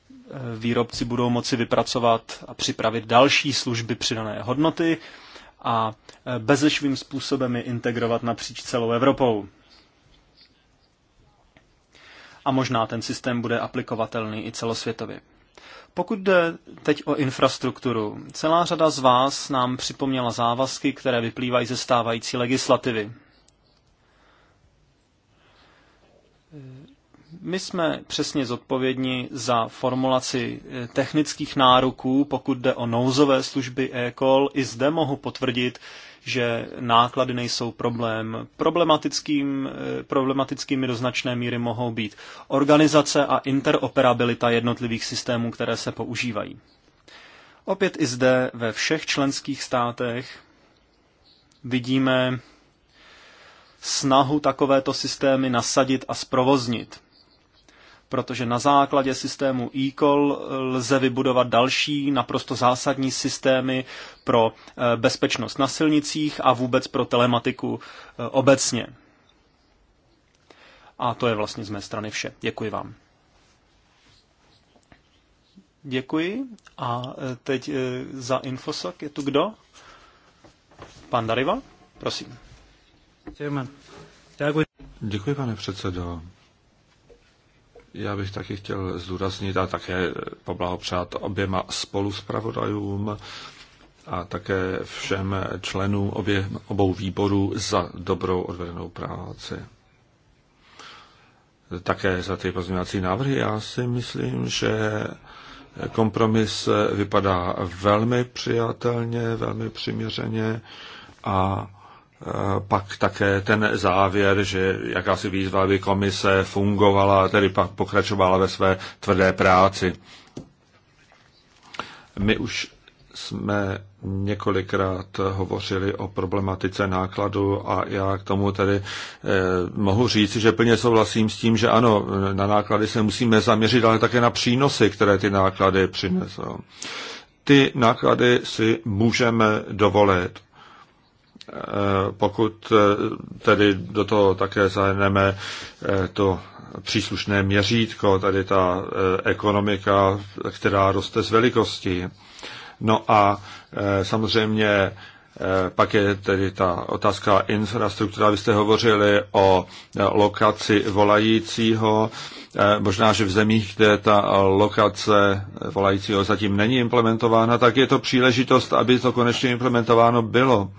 výrobci budou moci vypracovat a připravit další služby přidané hodnoty a eh, bezešvým způsobem je integrovat napříč celou Evropou a možná ten systém bude aplikovatelný i celosvětově. Pokud jde teď o infrastrukturu, celá řada z vás nám připomněla závazky, které vyplývají ze stávající legislativy. My jsme přesně zodpovědní za formulaci eh, technických nároků, pokud jde o nouzové služby e-call. I zde mohu potvrdit, že náklady nejsou problém. Problematickým, eh, problematickými do značné míry mohou být organizace a interoperabilita jednotlivých systémů, které se používají. Opět i zde ve všech členských státech vidíme snahu takovéto systémy nasadit a zprovoznit protože na základě systému e-call lze vybudovat další naprosto zásadní systémy pro eh, bezpečnost na silnicích a vůbec pro telematiku eh, obecně. A to je vlastně z mé strany vše. Děkuji vám. Děkuji. A eh, teď za Infosak je tu kdo? Pan Dariva, prosím. Děkuji, pane předsedo. Já bych taky chtěl zdůraznit a také poblahopřát oběma spoluspravodajům a také všem členům obě, obou výborů za dobrou odvedenou práci. Také za ty pozměňovací návrhy. Já si myslím, že kompromis vypadá velmi přijatelně, velmi přiměřeně a pak také ten závěr, že jakási výzva, aby komise fungovala, tedy pak pokračovala ve své tvrdé práci. My už jsme několikrát hovořili o problematice nákladu a já k tomu tedy eh, mohu říct, že plně souhlasím s tím, že ano, na náklady se musíme zaměřit, ale také na přínosy, které ty náklady přinesou. Ty náklady si můžeme dovolit Eh, pokud eh, tedy do toho také zahrneme eh, to příslušné měřítko, tady ta ekonomika, která roste z velikosti. No a samozřejmě pak je tedy ta otázka infrastruktura. Vy jste hovořili o lokaci volajícího. Možná, že v zemích, kde ta lokace volajícího zatím není implementována, tak je to příležitost, aby to konečně implementováno bylo.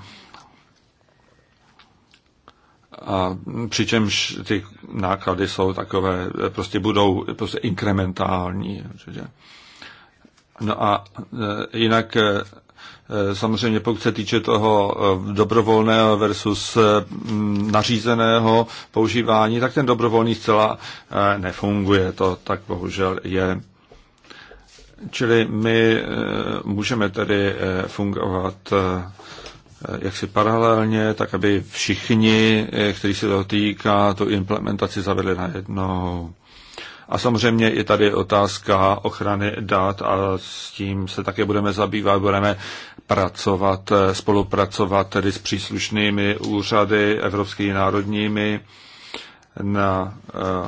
A přičemž ty náklady jsou takové, prostě budou prostě inkrementální. No a e, jinak e, samozřejmě pokud se týče toho e, dobrovolného versus nařízeného používání, tak ten dobrovolný zcela nefunguje. To tak bohužel je. Čili my můžeme tedy fungovat Eh, jaksi paralelně, tak aby všichni, eh, kteří se to týká, tu implementaci zavedli na jedno. A samozřejmě je tady otázka ochrany dat a s tím se také budeme zabývat, budeme pracovat, eh, spolupracovat tedy s příslušnými úřady evropskými národními na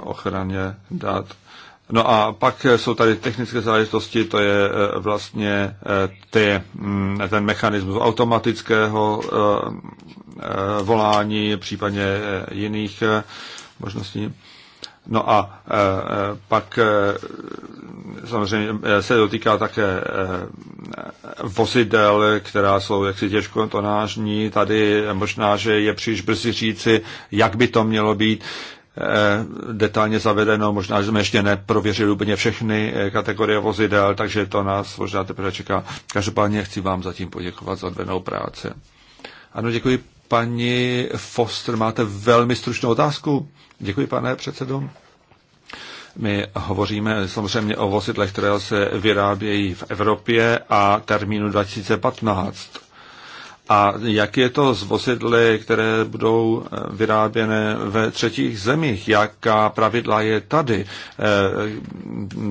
ochraně dat. No a pak jsou tady technické záležitosti, to je eh, vlastně eh, ty, mm, ten mechanismus automatického eh, volání, případně jiných možností. No a pak samozřejmě se dotýká také vozidel, která jsou jaksi tonážní. Tady možná, že je příliš brzy říci, jak by to mělo být. Eh, detailně zavedeno, možná, že jsme ještě neprověřili úplně všechny eh, kategorie vozidel, takže to nás možná teprve čeká. Každopádně chci vám zatím poděkovat za odvenou práci. Ano, děkuji paní Foster, máte velmi stručnou otázku. Děkuji, pane předsedo. My hovoříme samozřejmě o vozidlech, které se vyrábějí v Evropě a termínu 2015. A jak je to s vozidly, které budou eh, vyráběné ve třetích zemích? Jaká pravidla je tady eh,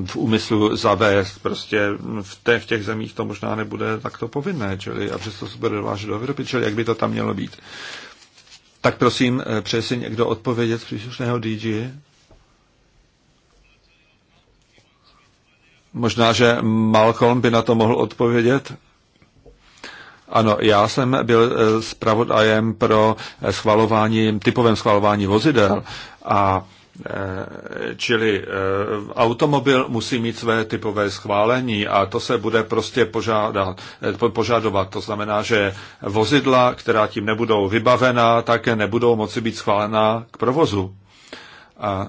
v úmyslu zavést? Prostě v těch, v těch zemích to možná nebude takto povinné, čili a přesto se bude dovážet do Evropy, čili jak by to tam mělo být? Tak prosím, eh, přeje si někdo odpovědět z příslušného DG? Možná, že Malcolm by na to mohl odpovědět. Ano, já jsem byl eh, zpravodajem pro eh, schvalování, typovém schvalování vozidel a eh, Čili automobil musí mít své typové schválení a to se bude prostě požádat, požadovat. To znamená, že vozidla, která tím nebudou vybavena, také nebudou moci být schválená k provozu. A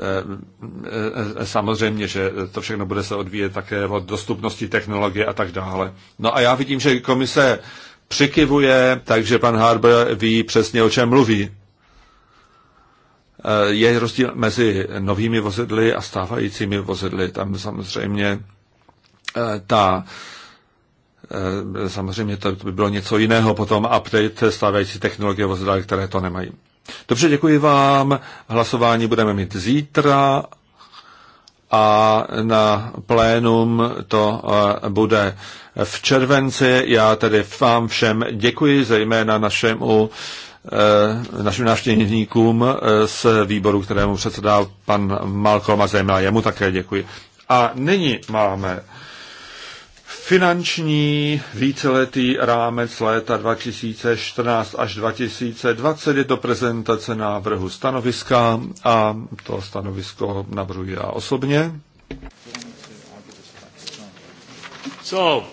Eh, eh, samozřejmě, že to všechno bude se odvíjet také od dostupnosti technologie a tak dále. No a já vidím, že komise přikivuje, takže pan Harber ví přesně, o čem mluví. Eh, je rozdíl mezi novými vozidly a stávajícími vozidly. Tam samozřejmě ta samozřejmě to by bylo něco jiného potom update stávající technologie vozidel, které to nemají. Dobře, děkuji vám. Hlasování budeme mít zítra a na plénum to eh, bude v červenci. Já tedy vám všem děkuji, zejména našemu eh, našim návštěvníkům eh, z výboru, kterému předsedá pan Malcolm a zejména jemu také děkuji. A nyní máme Finanční víceletý rámec léta 2014 až 2020 je to prezentace návrhu stanoviska a to stanovisko navrhuji já osobně. So,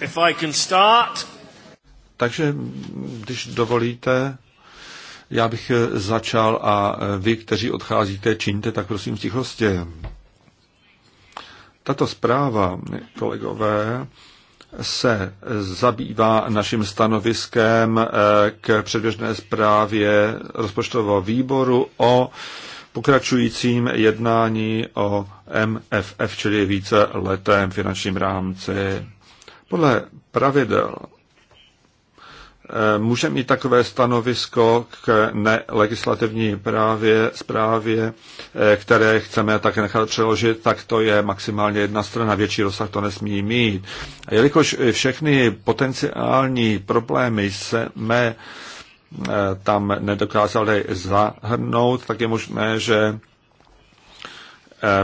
if I can start. Takže, když dovolíte, já bych začal a vy, kteří odcházíte, čiňte tak prosím v tichosti. Tato zpráva, kolegové, se zabývá naším stanoviskem eh, k předběžné zprávě rozpočtového výboru o pokračujícím jednání o MFF, čili více letém finančním rámci. Podle pravidel Eh, může mít takové stanovisko k nelegislativní právě, zprávě, eh, které chceme také nechat přeložit, tak to je maximálně jedna strana, větší rozsah to nesmí mít. A jelikož všechny potenciální problémy se mé eh, tam nedokázali zahrnout, tak je možné, že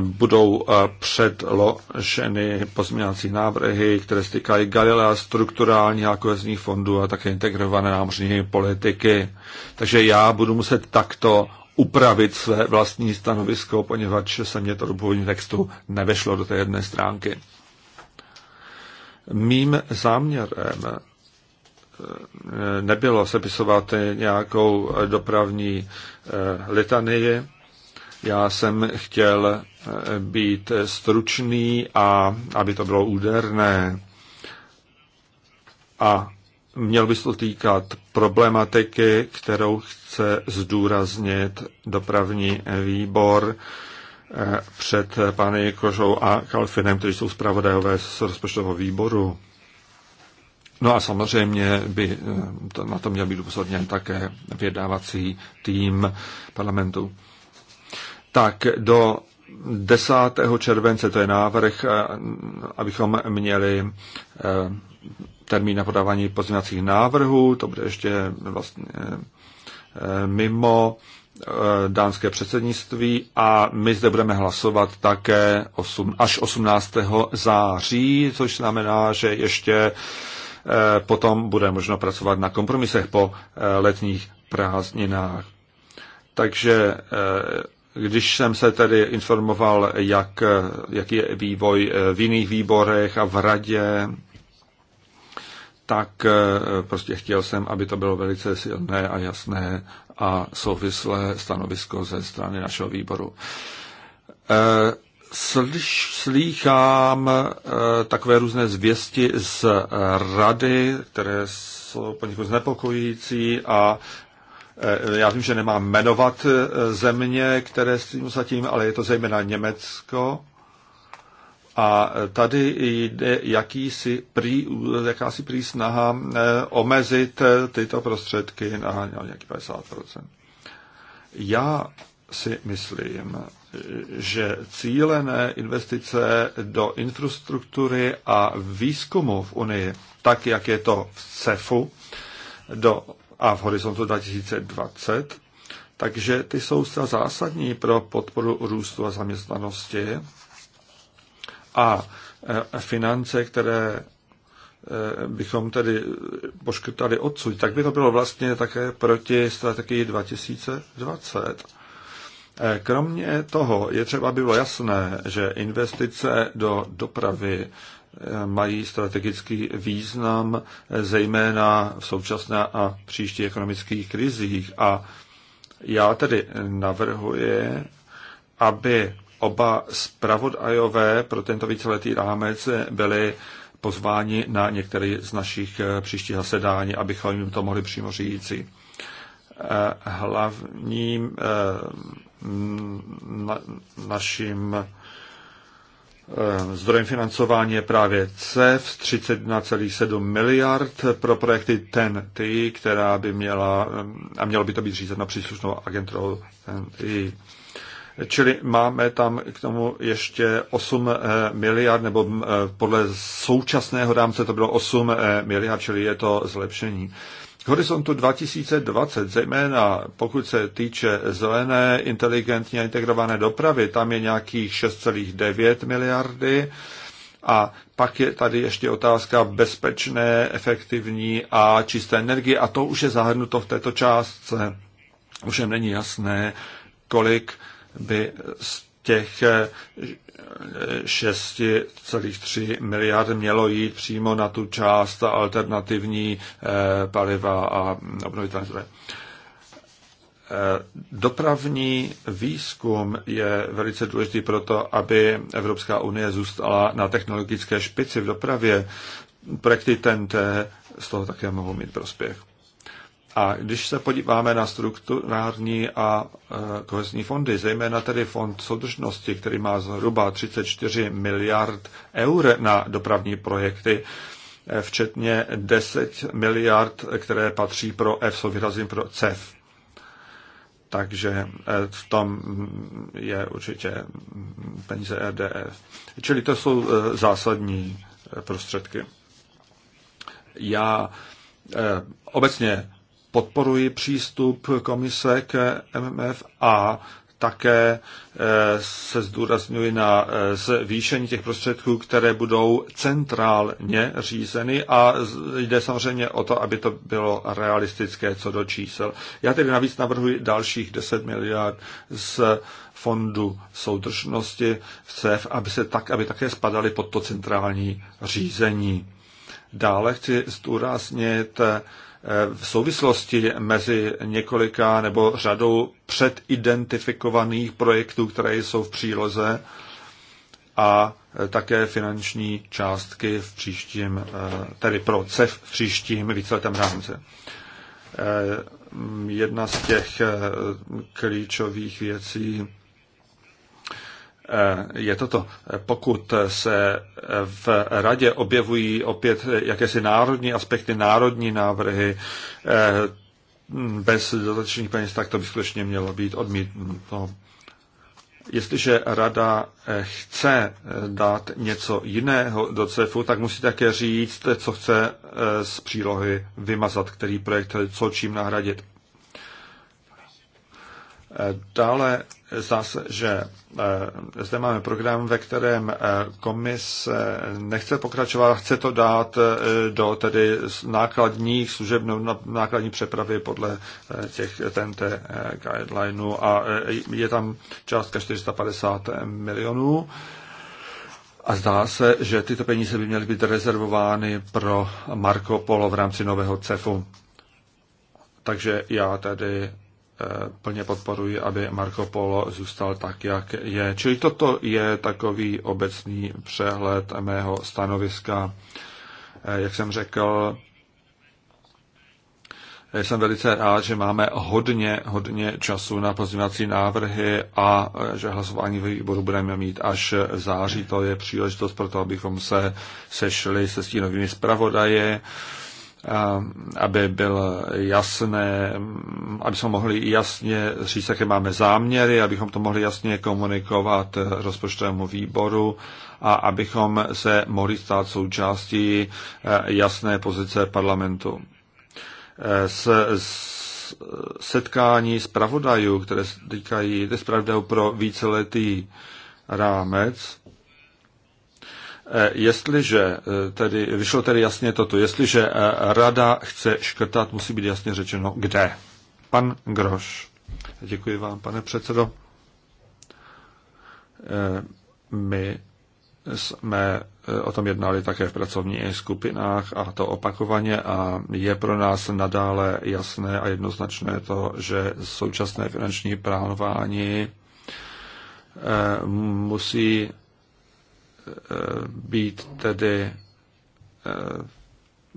budou eh, předloženy pozměňovací návrhy, které se týkají Galilea, strukturální a kohezních fondů a také integrované námořní politiky. Takže já budu muset takto upravit své vlastní stanovisko, poněvadž se mě to do původního textu nevešlo do té jedné stránky. Mým záměrem eh, nebylo sepisovat nějakou dopravní eh, litanii, já jsem chtěl eh, být stručný a aby to bylo úderné. A měl by se to týkat problematiky, kterou chce zdůraznit dopravní výbor eh, před pány Kožou a Kalfinem, kteří jsou zpravodajové z rozpočtového výboru. No a samozřejmě by eh, to, na to měl být upozorněn také vědávací tým parlamentu tak do 10. července, to je návrh, eh, abychom měli eh, termín na podávání pozměňovacích návrhů, to bude ještě vlastně eh, mimo dánské předsednictví a my zde budeme hlasovat také 8, až 18. září, což znamená, že ještě potom bude možno pracovat na kompromisech po letních prázdninách. Takže když jsem se tedy informoval, jak, jaký je vývoj eh, v jiných výborech a v radě, tak eh, prostě chtěl jsem, aby to bylo velice silné a jasné a souvislé stanovisko ze strany našeho výboru. Eh, slyš, slýchám takové různé zvěsti z rady, které jsou poněkud znepokojící a Eh, já vím, že nemám jmenovat eh, země, které s tím zatím, ale je to zejména Německo. A eh, tady jde jakýsi prý, jakási prý snaha omezit tyto prostředky na nějaký 50%. Já si myslím, že cílené investice do infrastruktury a výzkumu v Unii, tak jak je to v CEFu, do a v horizontu 2020, takže ty jsou zcela zásadní pro podporu růstu a zaměstnanosti. A e, finance, které e, bychom tedy poškrtali odsud, tak by to bylo vlastně také proti strategii 2020. E, kromě toho je třeba bylo jasné, že investice do dopravy mají strategický význam, zejména v současné a příští ekonomických krizích. A já tedy navrhuji, aby oba zpravodajové pro tento víceletý rámec byli pozváni na některé z našich eh, příštích zasedání, abychom jim to mohli přímo říci. Eh, hlavním eh, naším Eh, zdrojem financování je právě e CEF 31,7 miliard pro projekty TEN-T, která by měla, eh, a mělo by to být řízeno příslušnou agenturou TEN-T. Čili máme tam k tomu ještě 8 eh, miliard, nebo podle současného rámce to bylo 8 miliard, čili je to zlepšení horizontu 2020, zejména pokud se týče zelené, inteligentně integrované dopravy, tam je nějakých 6,9 miliardy. A pak je tady ještě otázka bezpečné, efektivní a čisté energie a to už je zahrnuto v této částce. Už není jasné, kolik by z těch 6,3 miliard mělo jít přímo na tu část alternativní eh, paliva a obnovitelné zdroje. Eh, dopravní výzkum je velice důležitý proto, aby Evropská unie zůstala na technologické špici v dopravě. Projekty TNT z toho také mohou mít prospěch. A když se podíváme na strukturální a e, kohezní fondy, zejména tedy fond soudržnosti, který má zhruba 34 miliard eur na dopravní projekty, e, včetně 10 miliard, které patří pro EFSO, vyrazím pro CEF. Takže e, v tom je určitě peníze EDF. Čili to jsou zásadní prostředky. Já obecně podporuji přístup komise k MMF a také eh, se zdůrazňuji na eh, zvýšení těch prostředků, které budou centrálně řízeny a jde samozřejmě o to, aby to bylo realistické co do čísel. Já tedy navíc navrhuji dalších 10 miliard z fondu soudržnosti v CEF, aby se tak, aby také spadaly pod to centrální řízení. Dále chci zdůraznit v souvislosti mezi několika nebo řadou předidentifikovaných projektů, které jsou v příloze, a také finanční částky v příštím, eh, tedy pro CEF v příštím víceletém rámci. Eh, jedna z těch eh, klíčových věcí Eh, je toto. Pokud se eh, v radě objevují opět eh, jakési národní aspekty, národní návrhy bez dotačních peněz, tak to by skutečně mělo být odmítnuto. Jestliže rada chce dát něco jiného do CEFu, tak musí také říct, co chce z přílohy vymazat, který projekt co čím nahradit. Dále zase, že eh, zde máme program, ve kterém eh, komise nechce pokračovat, chce to dát eh, do tedy nákladních služeb, nákladní přepravy podle těch TNT guidelineů a je tam částka 450 milionů. A zdá se, že tyto peníze by měly být rezervovány pro Marco Polo v rámci nového CEFu. Takže já tady Eh, plně podporuji, aby Marco Polo zůstal tak, jak je. Čili toto je takový obecný přehled mého stanoviska. Eh, jak jsem řekl, eh, jsem velice rád, že máme hodně, hodně času na pozměňovací návrhy a že hlasování ve výboru budeme mít až v září. To je příležitost pro to, abychom se sešli se stínovými zpravodaje, Eh, aby byl jasné, aby jsme mohli jasně říct, jaké máme záměry, abychom to mohli jasně komunikovat rozpočtovému výboru a abychom se mohli stát součástí eh, jasné pozice parlamentu. Eh, s, s setkání zpravodajů, které se týkají zpravodajů pro víceletý rámec, Eh, jestliže, eh, tedy, vyšlo tedy jasně toto, jestliže eh, rada chce škrtat, musí být jasně řečeno, kde. Pan Groš. Děkuji vám, pane předsedo. My jsme o tom jednali také v pracovních skupinách a to opakovaně a je pro nás nadále jasné a jednoznačné to, že současné finanční plánování musí být tedy eh,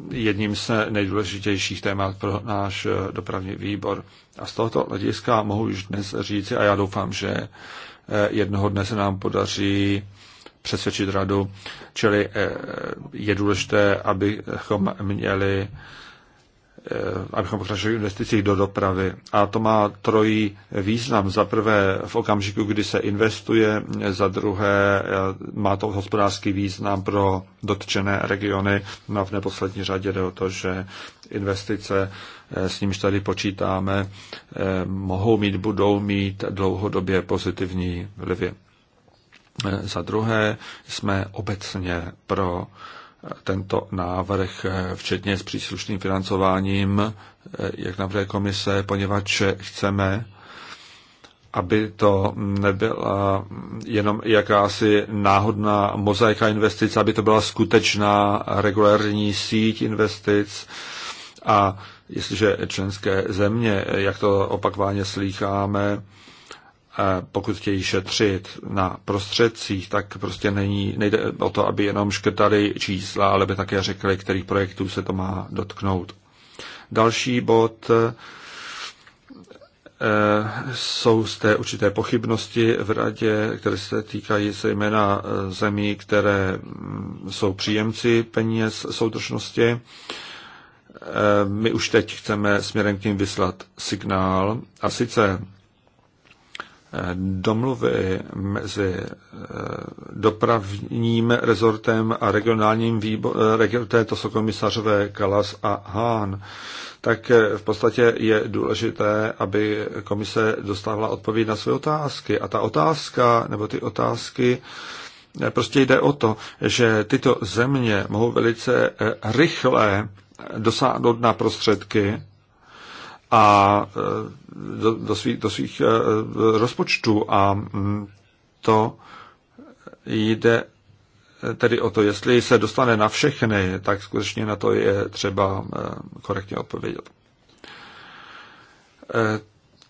jedním z nejdůležitějších témat pro náš eh, dopravní výbor. A z tohoto hlediska mohu už dnes říci, a já doufám, že eh, jednoho dne se nám podaří přesvědčit radu, čili je důležité, abychom měli Eh, abychom pokračovali v investicích do dopravy. A to má trojí význam. Za prvé v okamžiku, kdy se investuje, za druhé eh, má to hospodářský význam pro dotčené regiony. No a v neposlední řadě jde o to, že investice, eh, s nímž tady počítáme, mohou mít, budou mít dlouhodobě pozitivní vlivy. Za druhé jsme obecně pro tento návrh, eh, včetně s příslušným financováním, eh, jak navrhuje komise, poněvadž chceme, aby to nebyla jenom jakási náhodná mozaika investic, aby to byla skutečná regulární síť investic a jestliže členské země, jak to opakováně slýcháme, pokud chtějí šetřit na prostředcích, tak prostě není, nejde o to, aby jenom škrtali čísla, ale by také řekli, kterých projektů se to má dotknout. Další bod eh, jsou zde určité pochybnosti v radě, které se týkají zejména eh, zemí, které mm, jsou příjemci peněz soudržnosti. Eh, my už teď chceme směrem k ním vyslat signál a sice domluvy mezi eh, dopravním rezortem a regionálním výborem, eh, této jsou komisařové Kalas a Hahn, tak eh, v podstatě je důležité, aby komise dostávala odpověď na své otázky. A ta otázka, nebo ty otázky, prostě jde o to, že tyto země mohou velice rychle dosáhnout na prostředky, a e, do, do, svých, do svých e, rozpočtů a mm, to jde e, tedy o to, jestli se dostane na všechny, tak skutečně na to je třeba korektně odpovědět.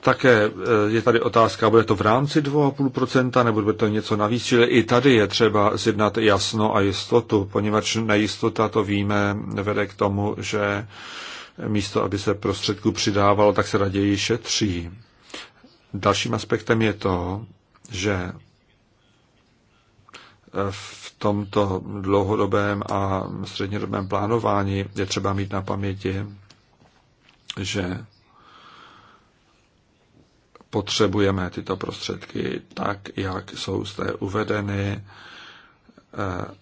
Také je tady otázka, bude to v rámci 2,5% nebo bude to něco navíc, čili i tady je třeba zjednat jasno a jistotu, poněvadž nejistota, to víme, vede k tomu, že místo aby se prostředku přidávalo, tak se raději šetří. Dalším aspektem je to, že v tomto dlouhodobém a střednědobém plánování je třeba mít na paměti, že potřebujeme tyto prostředky tak, jak jsou zde uvedeny eh,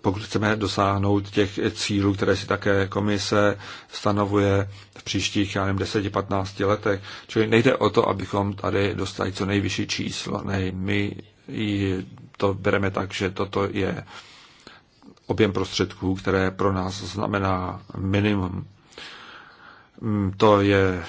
pokud chceme dosáhnout těch cílů, které si také komise stanovuje v příštích, já nevím, 10-15 letech. Čili nejde o to, abychom tady dostali co nejvyšší číslo. Ne, my to bereme tak, že toto je objem prostředků, které pro nás znamená minimum. Mm, to je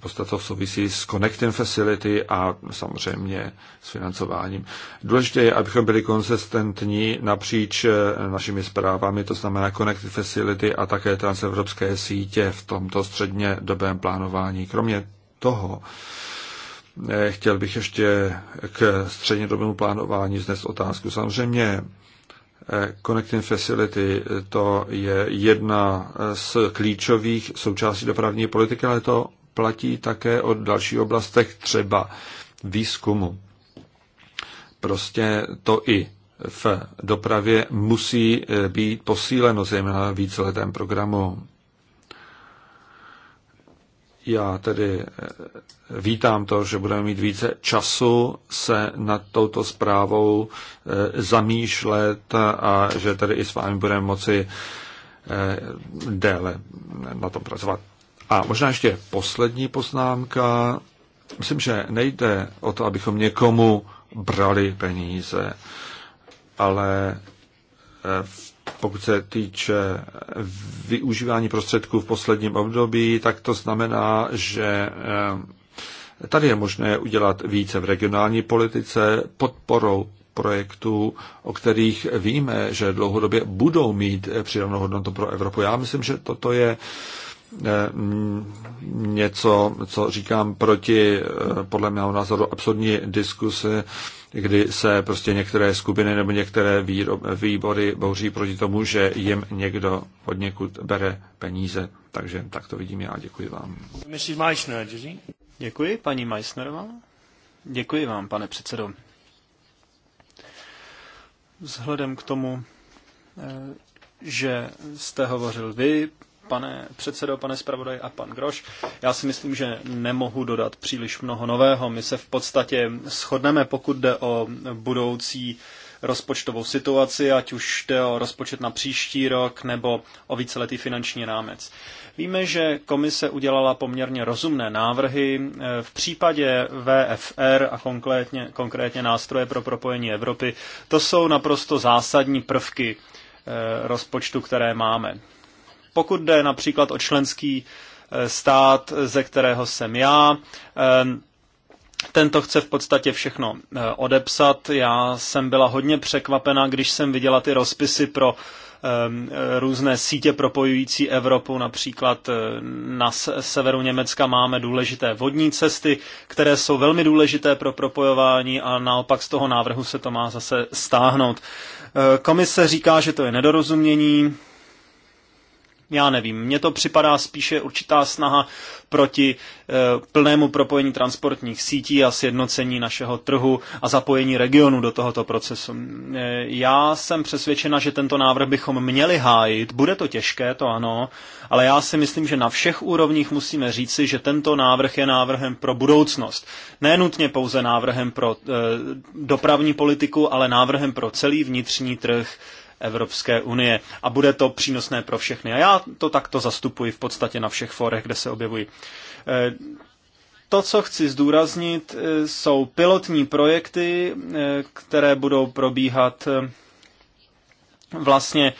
podstatě to souvisí s Connecting Facility a samozřejmě s financováním. Důležité je, abychom byli konsistentní napříč eh, našimi zprávami, to znamená Connecting Facility a také transevropské sítě v tomto středně dobém plánování. Kromě toho, eh, chtěl bych ještě k střednědobému plánování znést otázku. Samozřejmě eh, Connecting Facility to je jedna z klíčových součástí dopravní politiky, ale to platí také o dalších oblastech, třeba výzkumu. Prostě to i v dopravě musí e, být posíleno, zejména v víceletém programu. Já tedy e, vítám to, že budeme mít více času se nad touto zprávou e, zamýšlet a že tady i s vámi budeme moci déle na tom pracovat. A možná ještě poslední poznámka. Myslím, že nejde o to, abychom někomu brali peníze, ale eh, pokud se týče využívání prostředků v posledním období, tak to znamená, že eh, tady je možné udělat více v regionální politice podporou projektů, o kterých víme, že dlouhodobě budou mít přidanou hodnotu pro Evropu. Já myslím, že toto je uh, Eh, něco, co říkám proti, eh, podle mého názoru, absurdní diskuse, kdy se prostě některé skupiny nebo některé výbory bouří proti tomu, že jim někdo od někud bere peníze. Takže tak to vidím já. Děkuji vám. Děkuji, paní Meissnerová. Děkuji vám, pane předsedo. Vzhledem k tomu, eh, že jste hovořil vy, pane předsedo, pane zpravodaj a pan Groš. Já si myslím, že nemohu dodat příliš mnoho nového. My se v podstatě shodneme, pokud jde o budoucí rozpočtovou situaci, ať už jde o rozpočet na příští rok nebo o víceletý finanční rámec. Víme, že komise udělala poměrně rozumné návrhy. Eh, v případě VFR a konkrétně, konkrétně nástroje pro propojení Evropy, to jsou naprosto zásadní prvky eh, rozpočtu, které máme. Pokud jde například o členský e, stát, ze kterého jsem já, e, tento chce v podstatě všechno e, odepsat. Já jsem byla hodně překvapena, když jsem viděla ty rozpisy pro různé sítě propojující Evropu, například na severu Německa máme důležité vodní cesty, které jsou velmi důležité pro propojování a naopak z toho návrhu se to má zase stáhnout. Komise říká, že to je nedorozumění, já nevím, mně to připadá spíše určitá snaha proti eh, plnému propojení transportních sítí a sjednocení našeho trhu a zapojení regionu do tohoto procesu. Eh, já jsem přesvědčena, že tento návrh bychom měli hájit. Bude to těžké, to ano, ale já si myslím, že na všech úrovních musíme říci, že tento návrh je návrhem pro budoucnost. Nenutně pouze návrhem pro eh, dopravní politiku, ale návrhem pro celý vnitřní trh Evropské unie. A bude to přínosné pro všechny. A já to takto zastupuji v podstatě na všech forech, kde se objevují. Eh, to, co chci zdůraznit, eh, jsou pilotní projekty, eh, které budou probíhat vlastně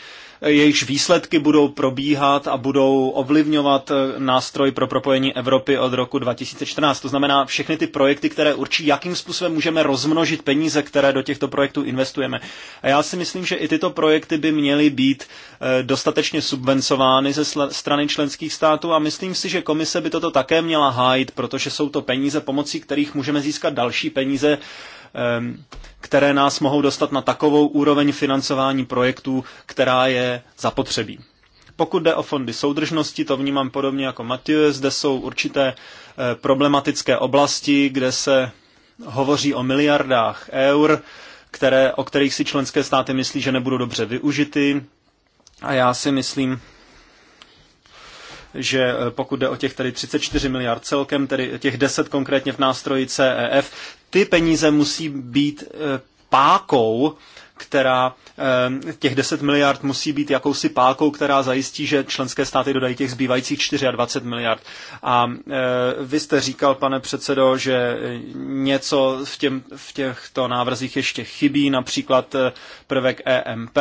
jejichž výsledky budou probíhat a budou ovlivňovat eh, nástroj pro propojení Evropy od roku 2014. To znamená všechny ty projekty, které určí, jakým způsobem můžeme rozmnožit peníze, které do těchto projektů investujeme. A já si myslím, že i tyto projekty by měly být eh, dostatečně subvencovány ze strany členských států a myslím si, že komise by toto také měla hájit, protože jsou to peníze, pomocí kterých můžeme získat další peníze Ehm, které nás mohou dostat na takovou úroveň financování projektů, která je zapotřebí. Pokud jde o fondy soudržnosti, to vnímám podobně jako Matěj, zde jsou určité eh, problematické oblasti, kde se hovoří o miliardách eur, které, o kterých si členské státy myslí, že nebudou dobře využity. A já si myslím, že eh, pokud jde o těch tady 34 miliard celkem, tedy těch 10 konkrétně v nástroji CEF, ty peníze musí být eh, pákou, která eh, těch 10 miliard musí být jakousi pákou, která zajistí, že členské státy dodají těch zbývajících 24 miliard. A eh, vy jste říkal, pane předsedo, že něco v, těm, v těchto návrzích ještě chybí, například prvek EMP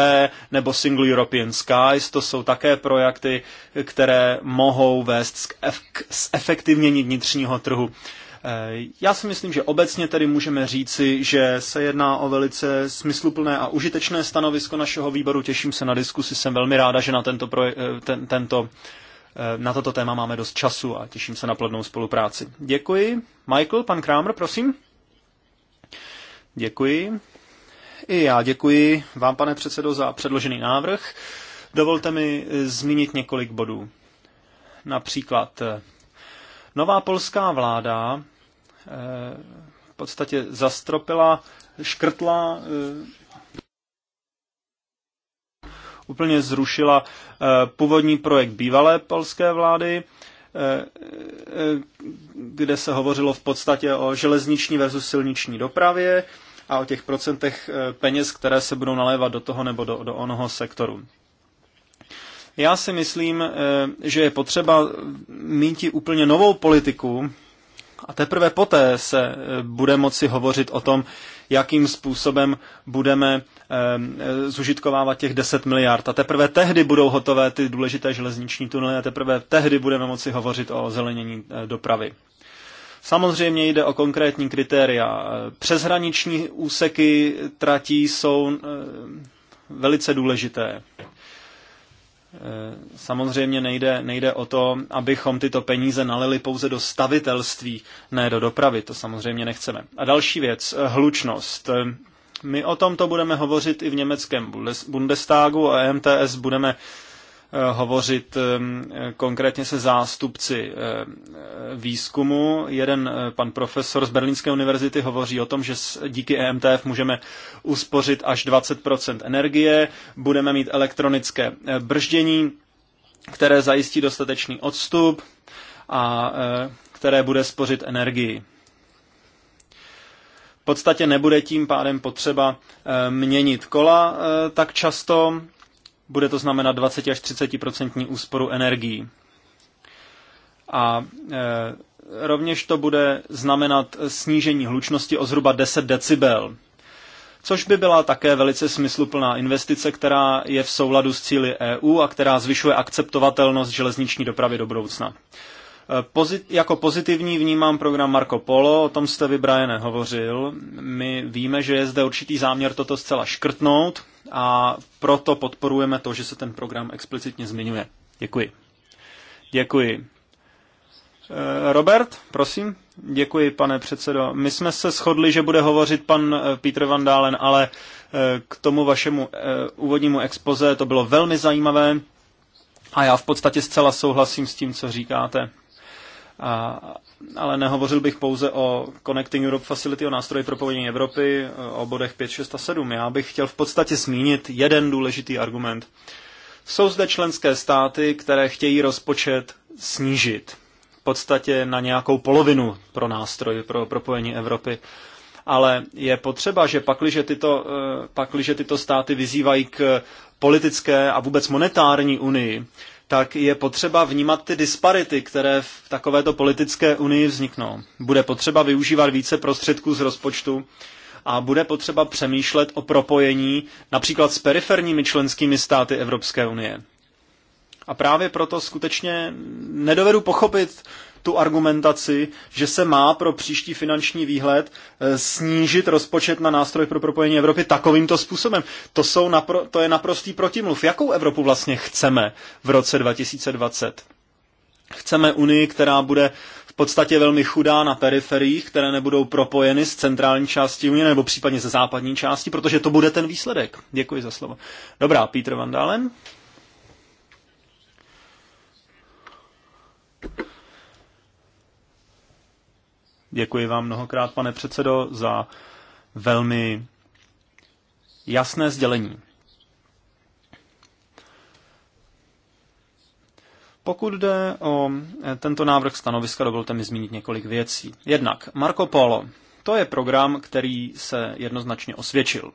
nebo Single European Skies, to jsou také projekty, které mohou vést k efektivnění vnitřního trhu. Eh, já si myslím, že obecně tedy můžeme říci, že se jedná o velice smysluplné a užitečné stanovisko našeho výboru. Těším se na diskusi, jsem velmi ráda, že na tento, proje, eh, ten, tento eh, na toto téma máme dost času a těším se na plodnou spolupráci. Děkuji. Michael, pan Kramer, prosím. Děkuji. I já děkuji vám, pane předsedo, za předložený návrh. Dovolte mi zmínit několik bodů. Například nová polská vláda v podstatě zastropila, škrtla, eh, úplně zrušila eh, původní projekt bývalé polské vlády, eh, kde se hovořilo v podstatě o železniční versus silniční dopravě a o těch procentech peněz, které se budou nalévat do toho nebo do, do onoho sektoru. Já si myslím, že je potřeba mít úplně novou politiku, a teprve poté se eh, bude moci hovořit o tom, jakým způsobem budeme eh, eh, zužitkovávat těch 10 miliard. A teprve tehdy budou hotové ty důležité železniční tunely a teprve tehdy budeme moci hovořit o zelenění dopravy. Samozřejmě jde o konkrétní kritéria. Přeshraniční úseky tratí jsou velice důležité. Eh, samozřejmě nejde, nejde o to, abychom tyto peníze nalili pouze do stavitelství, ne do dopravy, to samozřejmě nechceme. A další věc, eh, hlučnost. Eh, my o tomto budeme hovořit i v německém Bundestagu a e MTS budeme Eh, hovořit eh, konkrétně se zástupci eh, výzkumu. Jeden pan profesor z Berlínské univerzity hovoří o tom, že díky EMTF můžeme uspořit až 20 energie, budeme mít elektronické brždění, které zajistí dostatečný odstup a které bude spořit energii. V podstatě nebude tím pádem potřeba měnit kola tak často bude to znamenat 20 až 30 úsporu energií. A e, rovněž to bude znamenat snížení hlučnosti o zhruba 10 decibel, což by byla také velice smysluplná investice, která je v souladu s cíly EU a která zvyšuje akceptovatelnost železniční dopravy do budoucna. Pozit, jako pozitivní vnímám program Marco Polo, o tom jste vy, Brian, hovořil. My víme, že je zde určitý záměr toto zcela škrtnout a proto podporujeme to, že se ten program explicitně zmiňuje. Děkuji. Děkuji. Eh, Robert, prosím. Děkuji, pane předsedo. My jsme se shodli, že bude hovořit pan eh, Petr Van Dalen, ale eh, k tomu vašemu úvodnímu expoze to bylo velmi zajímavé a já v podstatě zcela souhlasím s tím, co říkáte. A, ale nehovořil bych pouze o Connecting Europe Facility, o nástroji propojení Evropy, o bodech 5, 6 a 7. Já bych chtěl v podstatě zmínit jeden důležitý argument. Jsou zde členské státy, které chtějí rozpočet snížit v podstatě na nějakou polovinu pro nástroj pro propojení Evropy. Ale je potřeba, že pakliže tyto, eh, pakliže tyto státy vyzývají k politické a vůbec monetární unii, tak je potřeba vnímat ty disparity, které v takovéto politické unii vzniknou. Bude potřeba využívat více prostředků z rozpočtu a bude potřeba přemýšlet o propojení například s periferními členskými státy Evropské unie. A právě proto skutečně nedovedu pochopit tu argumentaci, že se má pro příští finanční výhled eh, snížit rozpočet na nástroj pro propojení Evropy takovýmto způsobem. To, jsou napro, to je naprostý protimluv. Jakou Evropu vlastně chceme v roce 2020? Chceme Unii, která bude v podstatě velmi chudá na periferiích, které nebudou propojeny s centrální částí Unie nebo případně ze západní části, protože to bude ten výsledek. Děkuji za slovo. Dobrá, Petr Van Dalen. Děkuji vám mnohokrát, pane předsedo, za velmi jasné sdělení. Pokud jde o tento návrh stanoviska, dovolte mi zmínit několik věcí. Jednak Marco Polo. To je program, který se jednoznačně osvědčil.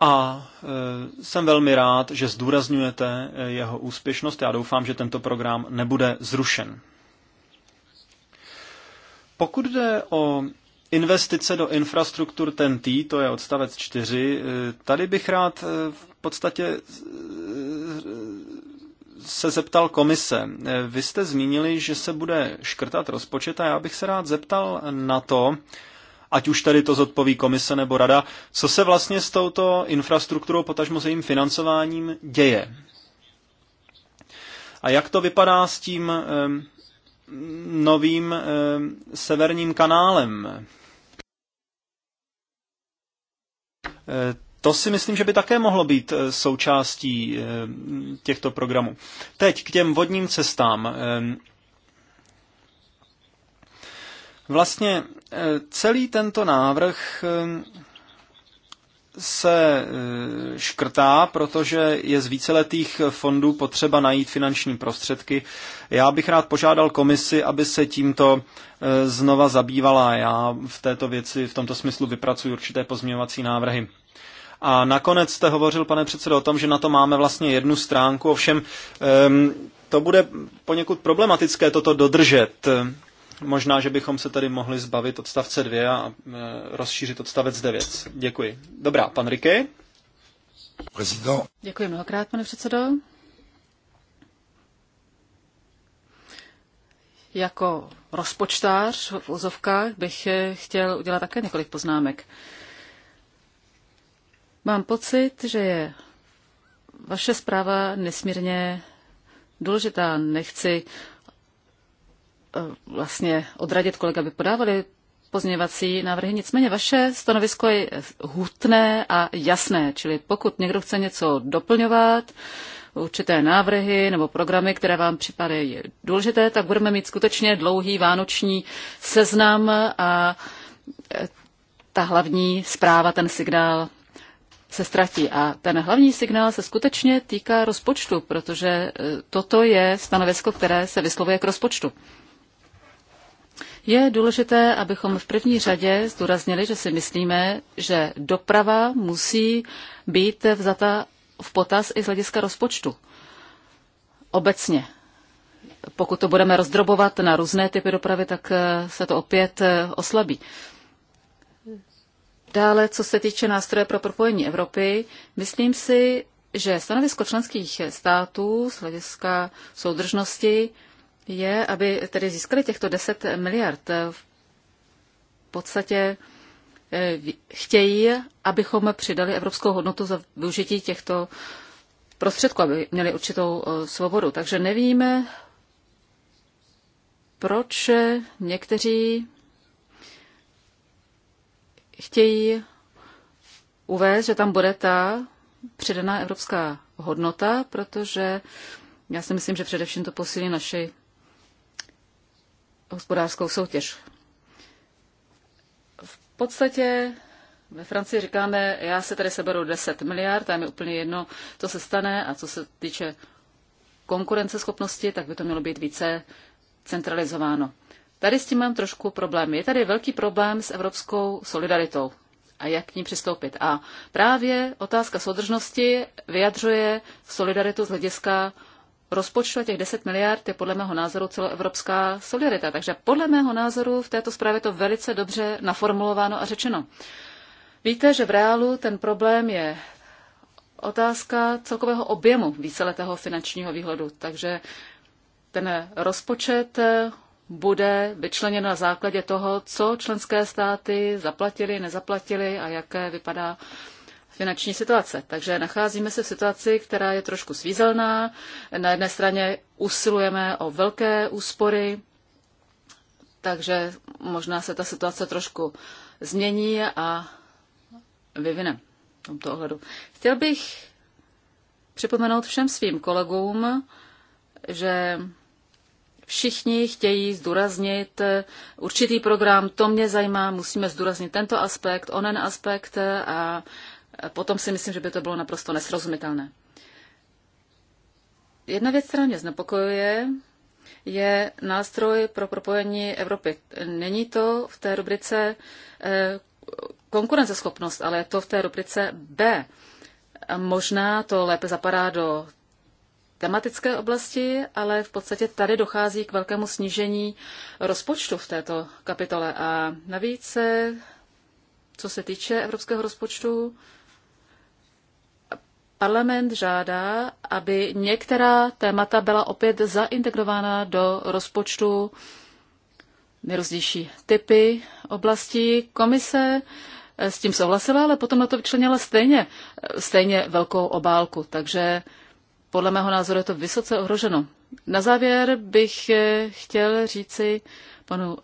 A e, jsem velmi rád, že zdůrazňujete jeho úspěšnost. Já doufám, že tento program nebude zrušen. Pokud jde o investice do infrastruktur TNT, to je odstavec 4, eh, tady bych rád eh, v podstatě eh, se zeptal komise. Vy jste zmínili, že se bude škrtat rozpočet a já bych se rád zeptal na to, ať už tady to zodpoví komise nebo rada, co se vlastně s touto infrastrukturou, potažmo s jejím financováním, děje. A jak to vypadá s tím novým eh, severním kanálem. Eh, to si myslím, že by také mohlo být eh, součástí těchto programů. Teď k těm vodním cestám. Vlastně celý tento návrh se eh, škrtá, protože je z víceletých fondů potřeba najít finanční prostředky. Já bych rád požádal komisi, aby se tímto eh, znova zabývala. Já v této věci, v tomto smyslu vypracuji určité pozměňovací návrhy. A nakonec jste hovořil, pane předsedo, o tom, že na to máme vlastně jednu stránku, ovšem ehm, to bude poněkud problematické toto dodržet. Možná, že bychom se tady mohli zbavit odstavce 2 a e, rozšířit odstavec 9. Děkuji. Dobrá, pan Riky. Prezident. Děkuji mnohokrát, pane předsedo. Jako rozpočtář v úzovkách bych chtěl udělat také několik poznámek. Mám pocit, že je vaše zpráva nesmírně důležitá. Nechci Eh, vlastně odradit kolega, aby podávali pozměňovací návrhy. Nicméně vaše stanovisko je hutné a jasné, čili pokud někdo chce něco doplňovat, určité návrhy nebo programy, které vám připadají důležité, tak budeme mít skutečně dlouhý vánoční seznam a eh, ta hlavní zpráva, ten signál se ztratí. A ten hlavní signál se skutečně týká rozpočtu, protože eh, toto je stanovisko, které se vyslovuje k rozpočtu. Je důležité, abychom v první řadě zdůraznili, že si myslíme, že doprava musí být vzata v potaz i z hlediska rozpočtu. Obecně. Pokud to budeme rozdrobovat na různé typy dopravy, tak eh, se to opět eh, oslabí. Dále, co se týče nástroje pro propojení Evropy, myslím si, že stanovisko členských států z hlediska soudržnosti je, aby tedy získali těchto 10 miliard. V podstatě eh, chtějí, abychom přidali evropskou hodnotu za využití těchto prostředků, aby měli určitou eh, svobodu. Takže nevíme, proč někteří chtějí uvést, že tam bude ta přidaná evropská hodnota, protože já si myslím, že především to posílí naši hospodářskou soutěž. V podstatě ve Francii říkáme, já se tady seberu 10 miliard, tam je úplně jedno, co se stane a co se týče konkurenceschopnosti, tak by to mělo být více centralizováno. Tady s tím mám trošku problém. Je tady velký problém s evropskou solidaritou a jak k ní přistoupit. A právě otázka soudržnosti vyjadřuje solidaritu z hlediska rozpočtu těch 10 miliard je podle mého názoru celoevropská solidarita. Takže podle mého názoru v této zprávě to velice dobře naformulováno a řečeno. Víte, že v reálu ten problém je otázka celkového objemu víceletého finančního výhledu. Takže ten rozpočet bude vyčleněn na základě toho, co členské státy zaplatili, nezaplatili a jaké vypadá finanční situace. Takže nacházíme se v situaci, která je trošku svízelná. Na jedné straně usilujeme o velké úspory, takže možná se ta situace trošku změní a vyvine v tomto ohledu. Chtěl bych připomenout všem svým kolegům, že všichni chtějí zdůraznit určitý program, to mě zajímá, musíme zdůraznit tento aspekt, onen aspekt a potom si myslím, že by to bylo naprosto nesrozumitelné. Jedna věc, která mě znepokojuje, je nástroj pro propojení Evropy. Není to v té rubrice eh, konkurenceschopnost, ale je to v té rubrice B. Možná to lépe zapadá do tematické oblasti, ale v podstatě tady dochází k velkému snížení rozpočtu v této kapitole. A navíc, eh, co se týče evropského rozpočtu, Parlament žádá, aby některá témata byla opět zaintegrována do rozpočtu nejrůznější typy oblastí. Komise eh, s tím souhlasila, ale potom na to vyčlenila stejně, eh, stejně velkou obálku. Takže podle mého názoru je to vysoce ohroženo. Na závěr bych eh, chtěl říci panu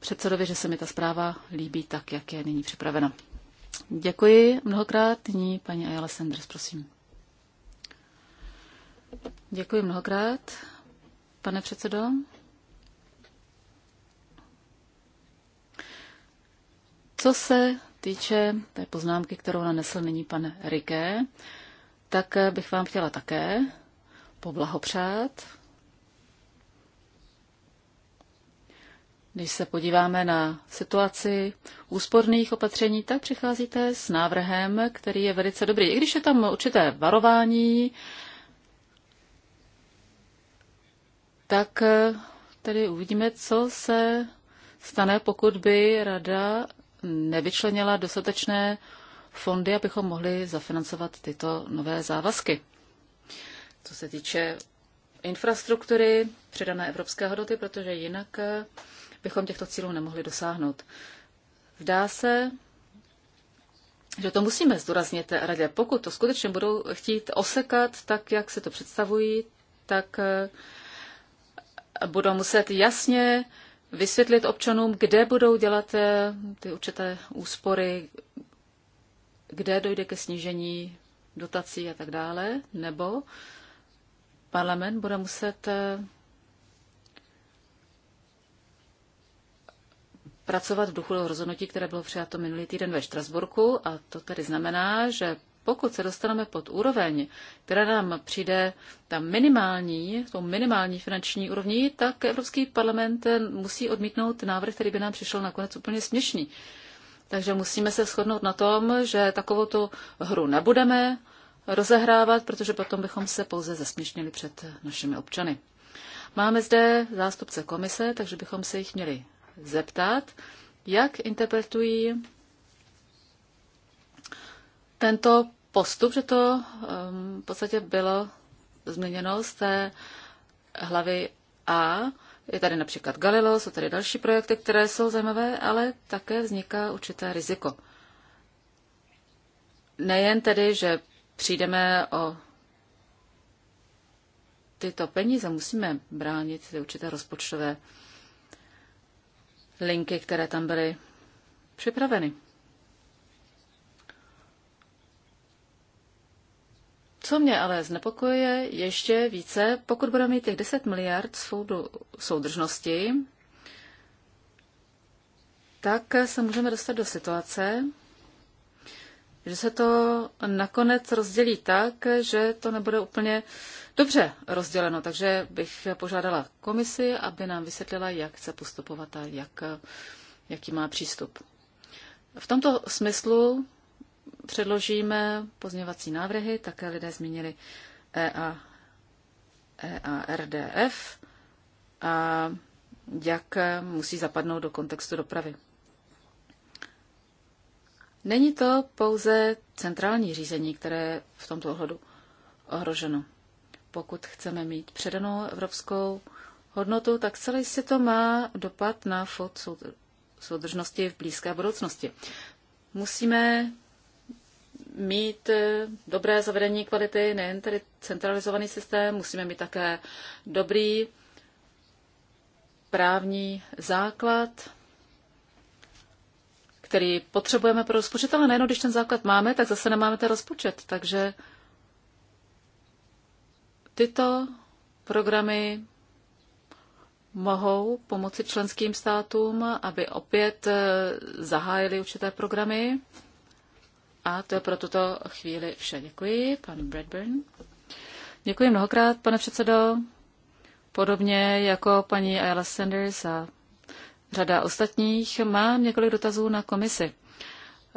předsedovi, že se mi ta zpráva líbí tak, jak je nyní připravena. Děkuji mnohokrát. Nyní paní Ayala Sanders, prosím. Děkuji mnohokrát, pane předsedo. Co se týče té poznámky, kterou nanesl nyní pan Riké, tak bych vám chtěla také poblahopřát Když se podíváme na situaci úsporných opatření, tak přicházíte s návrhem, který je velice dobrý. I když je tam určité varování, tak eh, tedy uvidíme, co se stane, pokud by rada nevyčlenila dostatečné fondy, abychom mohli zafinancovat tyto nové závazky. Co se týče infrastruktury, předané evropské hodnoty, protože jinak eh, bychom těchto cílů nemohli dosáhnout. Zdá se, že to musíme zdůraznit radě. Pokud to skutečně budou chtít osekat tak, jak se to představují, tak eh, budou muset jasně vysvětlit občanům, kde budou dělat eh, ty určité úspory, kde dojde ke snížení dotací a tak dále, nebo parlament bude muset eh, pracovat v duchu rozhodnutí, které bylo přijato minulý týden ve Štrasburku a to tedy znamená, že pokud se dostaneme pod úroveň, která nám přijde ta minimální, tou minimální finanční úrovní, tak Evropský parlament musí odmítnout návrh, který by nám přišel nakonec úplně směšný. Takže musíme se shodnout na tom, že takovou tu hru nebudeme rozehrávat, protože potom bychom se pouze zesměšnili před našimi občany. Máme zde zástupce komise, takže bychom se jich měli zeptat, jak interpretují tento postup, že to um, v podstatě bylo změněno z té hlavy A. Je tady například Galileo, jsou tady další projekty, které jsou zajímavé, ale také vzniká určité riziko. Nejen tedy, že přijdeme o tyto peníze, musíme bránit určité rozpočtové linky, které tam byly připraveny. Co mě ale znepokojuje ještě více, pokud budeme mít těch 10 miliard soudu, soudržnosti, tak se můžeme dostat do situace, že se to nakonec rozdělí tak, že to nebude úplně dobře rozděleno. Takže bych požádala komisi, aby nám vysvětlila, jak chce postupovat a jak, jaký má přístup. V tomto smyslu předložíme pozměvací návrhy, také lidé zmínili EA, EARDF a jak musí zapadnout do kontextu dopravy. Není to pouze centrální řízení, které je v tomto ohledu ohroženo. Pokud chceme mít předanou evropskou hodnotu, tak celý si to má dopad na fond soudržnosti v blízké budoucnosti. Musíme mít eh, dobré zavedení kvality, nejen tedy centralizovaný systém, musíme mít také dobrý právní základ, který potřebujeme pro rozpočet, ale nejenom když ten základ máme, tak zase nemáme ten rozpočet. Takže tyto programy mohou pomoci členským státům, aby opět eh, zahájili určité programy. A to je pro tuto chvíli vše. Děkuji, pan Bradburn. Děkuji mnohokrát, pane předsedo. Podobně jako paní Ayala Sanders a řada ostatních. Mám několik dotazů na komisi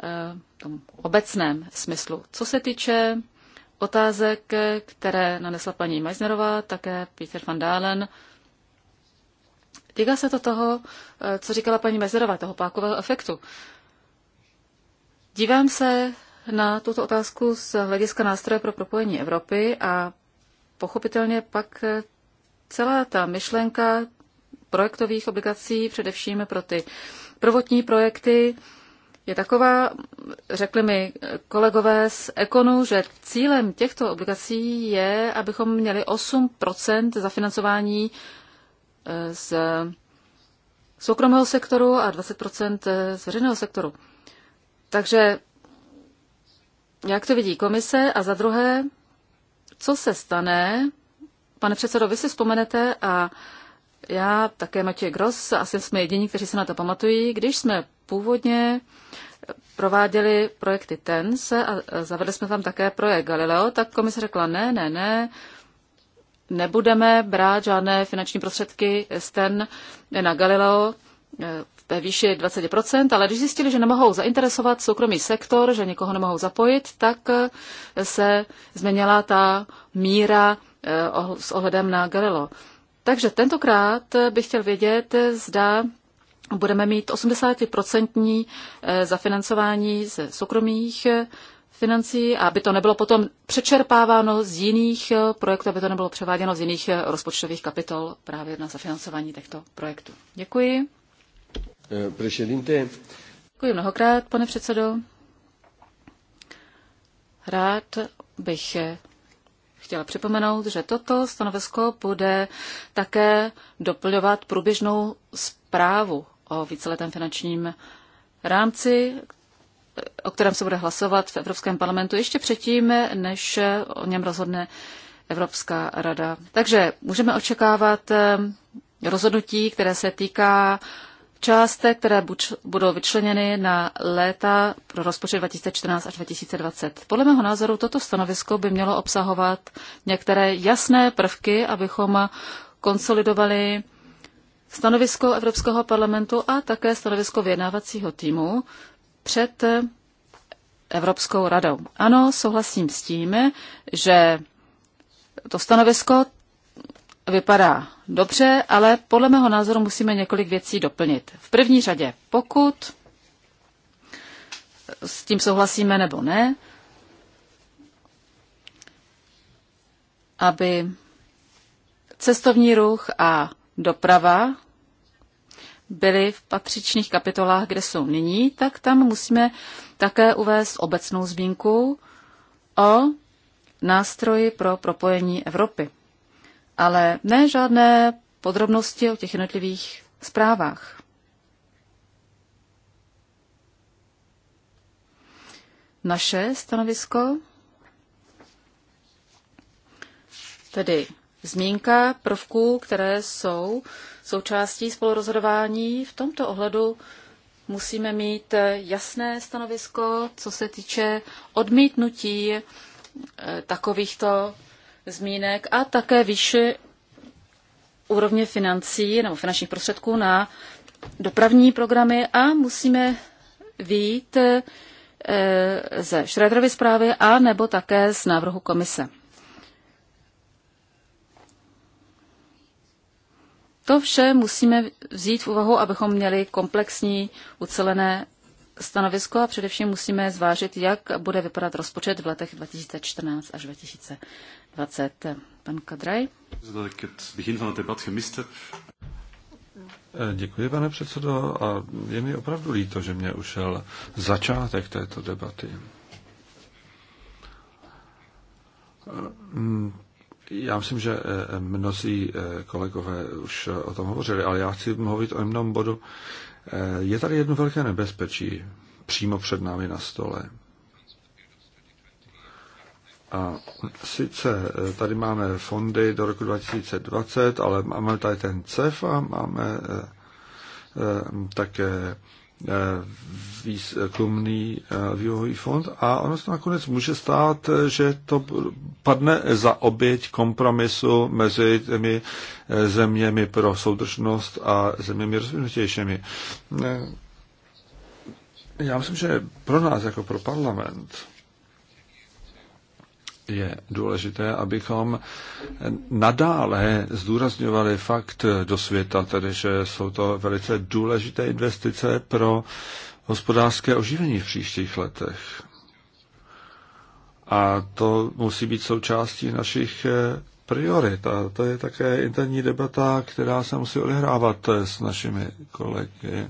eh, v tom obecném smyslu. Co se týče otázek, které nanesla paní Meisnerová, také Peter van Dalen, týká se to toho, eh, co říkala paní Meisnerová, toho pákového efektu. Dívám se na tuto otázku z hlediska nástroje pro propojení Evropy a pochopitelně pak eh, celá ta myšlenka projektových obligací, především pro ty prvotní projekty, je taková, řekli mi kolegové z Ekonu, že cílem těchto obligací je, abychom měli 8% zafinancování e, z soukromého sektoru a 20% z veřejného sektoru. Takže jak to vidí komise? A za druhé, co se stane, pane předsedo, vy si vzpomenete a já, také Matěj Gross, asi jsme jediní, kteří se na to pamatují, když jsme původně prováděli projekty TENS a zavedli jsme tam také projekt Galileo, tak komise řekla ne, ne, ne, nebudeme brát žádné finanční prostředky z TEN na Galileo té eh, výši 20%, ale když zjistili, že nemohou zainteresovat soukromý sektor, že nikoho nemohou zapojit, tak eh, se změnila ta míra eh, s ohledem na Galileo. Takže tentokrát bych chtěl vědět, zda budeme mít 80% eh, zafinancování ze soukromých eh, financí, aby to nebylo potom přečerpáváno z jiných eh, projektů, aby to nebylo převáděno z jiných rozpočtových kapitol právě na zafinancování těchto projektů. Děkuji. Președinte. Děkuji mnohokrát, pane předsedo. Rád bych chtěla připomenout, že toto stanovisko bude také doplňovat průběžnou zprávu o víceletém finančním rámci, o kterém se bude hlasovat v Evropském parlamentu ještě předtím, než o něm rozhodne Evropská rada. Takže můžeme očekávat eh, rozhodnutí, které se týká částek, které budou vyčleněny na léta pro rozpočet 2014 až 2020. Podle mého názoru toto stanovisko by mělo obsahovat některé jasné prvky, abychom konsolidovali stanovisko Evropského parlamentu a také stanovisko vyjednávacího týmu před Evropskou radou. Ano, souhlasím s tím, že to stanovisko vypadá dobře, ale podle mého názoru musíme několik věcí doplnit. V první řadě, pokud s tím souhlasíme nebo ne, aby cestovní ruch a doprava byly v patřičných kapitolách, kde jsou nyní, tak tam musíme také uvést obecnou zmínku o nástroji pro propojení Evropy ale ne žádné podrobnosti o těch jednotlivých zprávách. Naše stanovisko, tedy zmínka prvků, které jsou součástí spolurozhodování, v tomto ohledu musíme mít jasné stanovisko, co se týče odmítnutí eh, takovýchto zmínek a také výši úrovně financí nebo finančních prostředků na dopravní programy a musíme výjít eh, ze Schröderovy zprávy a nebo také z návrhu komise. To vše musíme vzít v úvahu, abychom měli komplexní, ucelené stanovisko a především musíme zvážit, jak bude vypadat rozpočet v letech 2014 až 2020. 20. Pan Kadraj. E, děkuji, pane předsedo, a je mi opravdu líto, že mě ušel začátek této debaty. E, mm, já myslím, že e, mnozí kolegové už o tom hovořili, ale já chci mluvit o jednom bodu. Je tady jedno velké nebezpečí přímo před námi na stole. A sice eh, tady máme fondy do roku 2020, ale máme tady ten CEF a máme eh, eh, také výzkumný vývojový fond a ono se nakonec může stát, že to padne za oběť kompromisu mezi těmi zeměmi pro soudržnost a zeměmi rozvinutějšími. Já myslím, že pro nás jako pro parlament je důležité, abychom nadále zdůrazňovali fakt do světa, tedy že jsou to velice důležité investice pro hospodářské oživení v příštích letech. A to musí být součástí našich eh, priorit. A to je také interní debata, která se musí odehrávat eh, s našimi kolegy.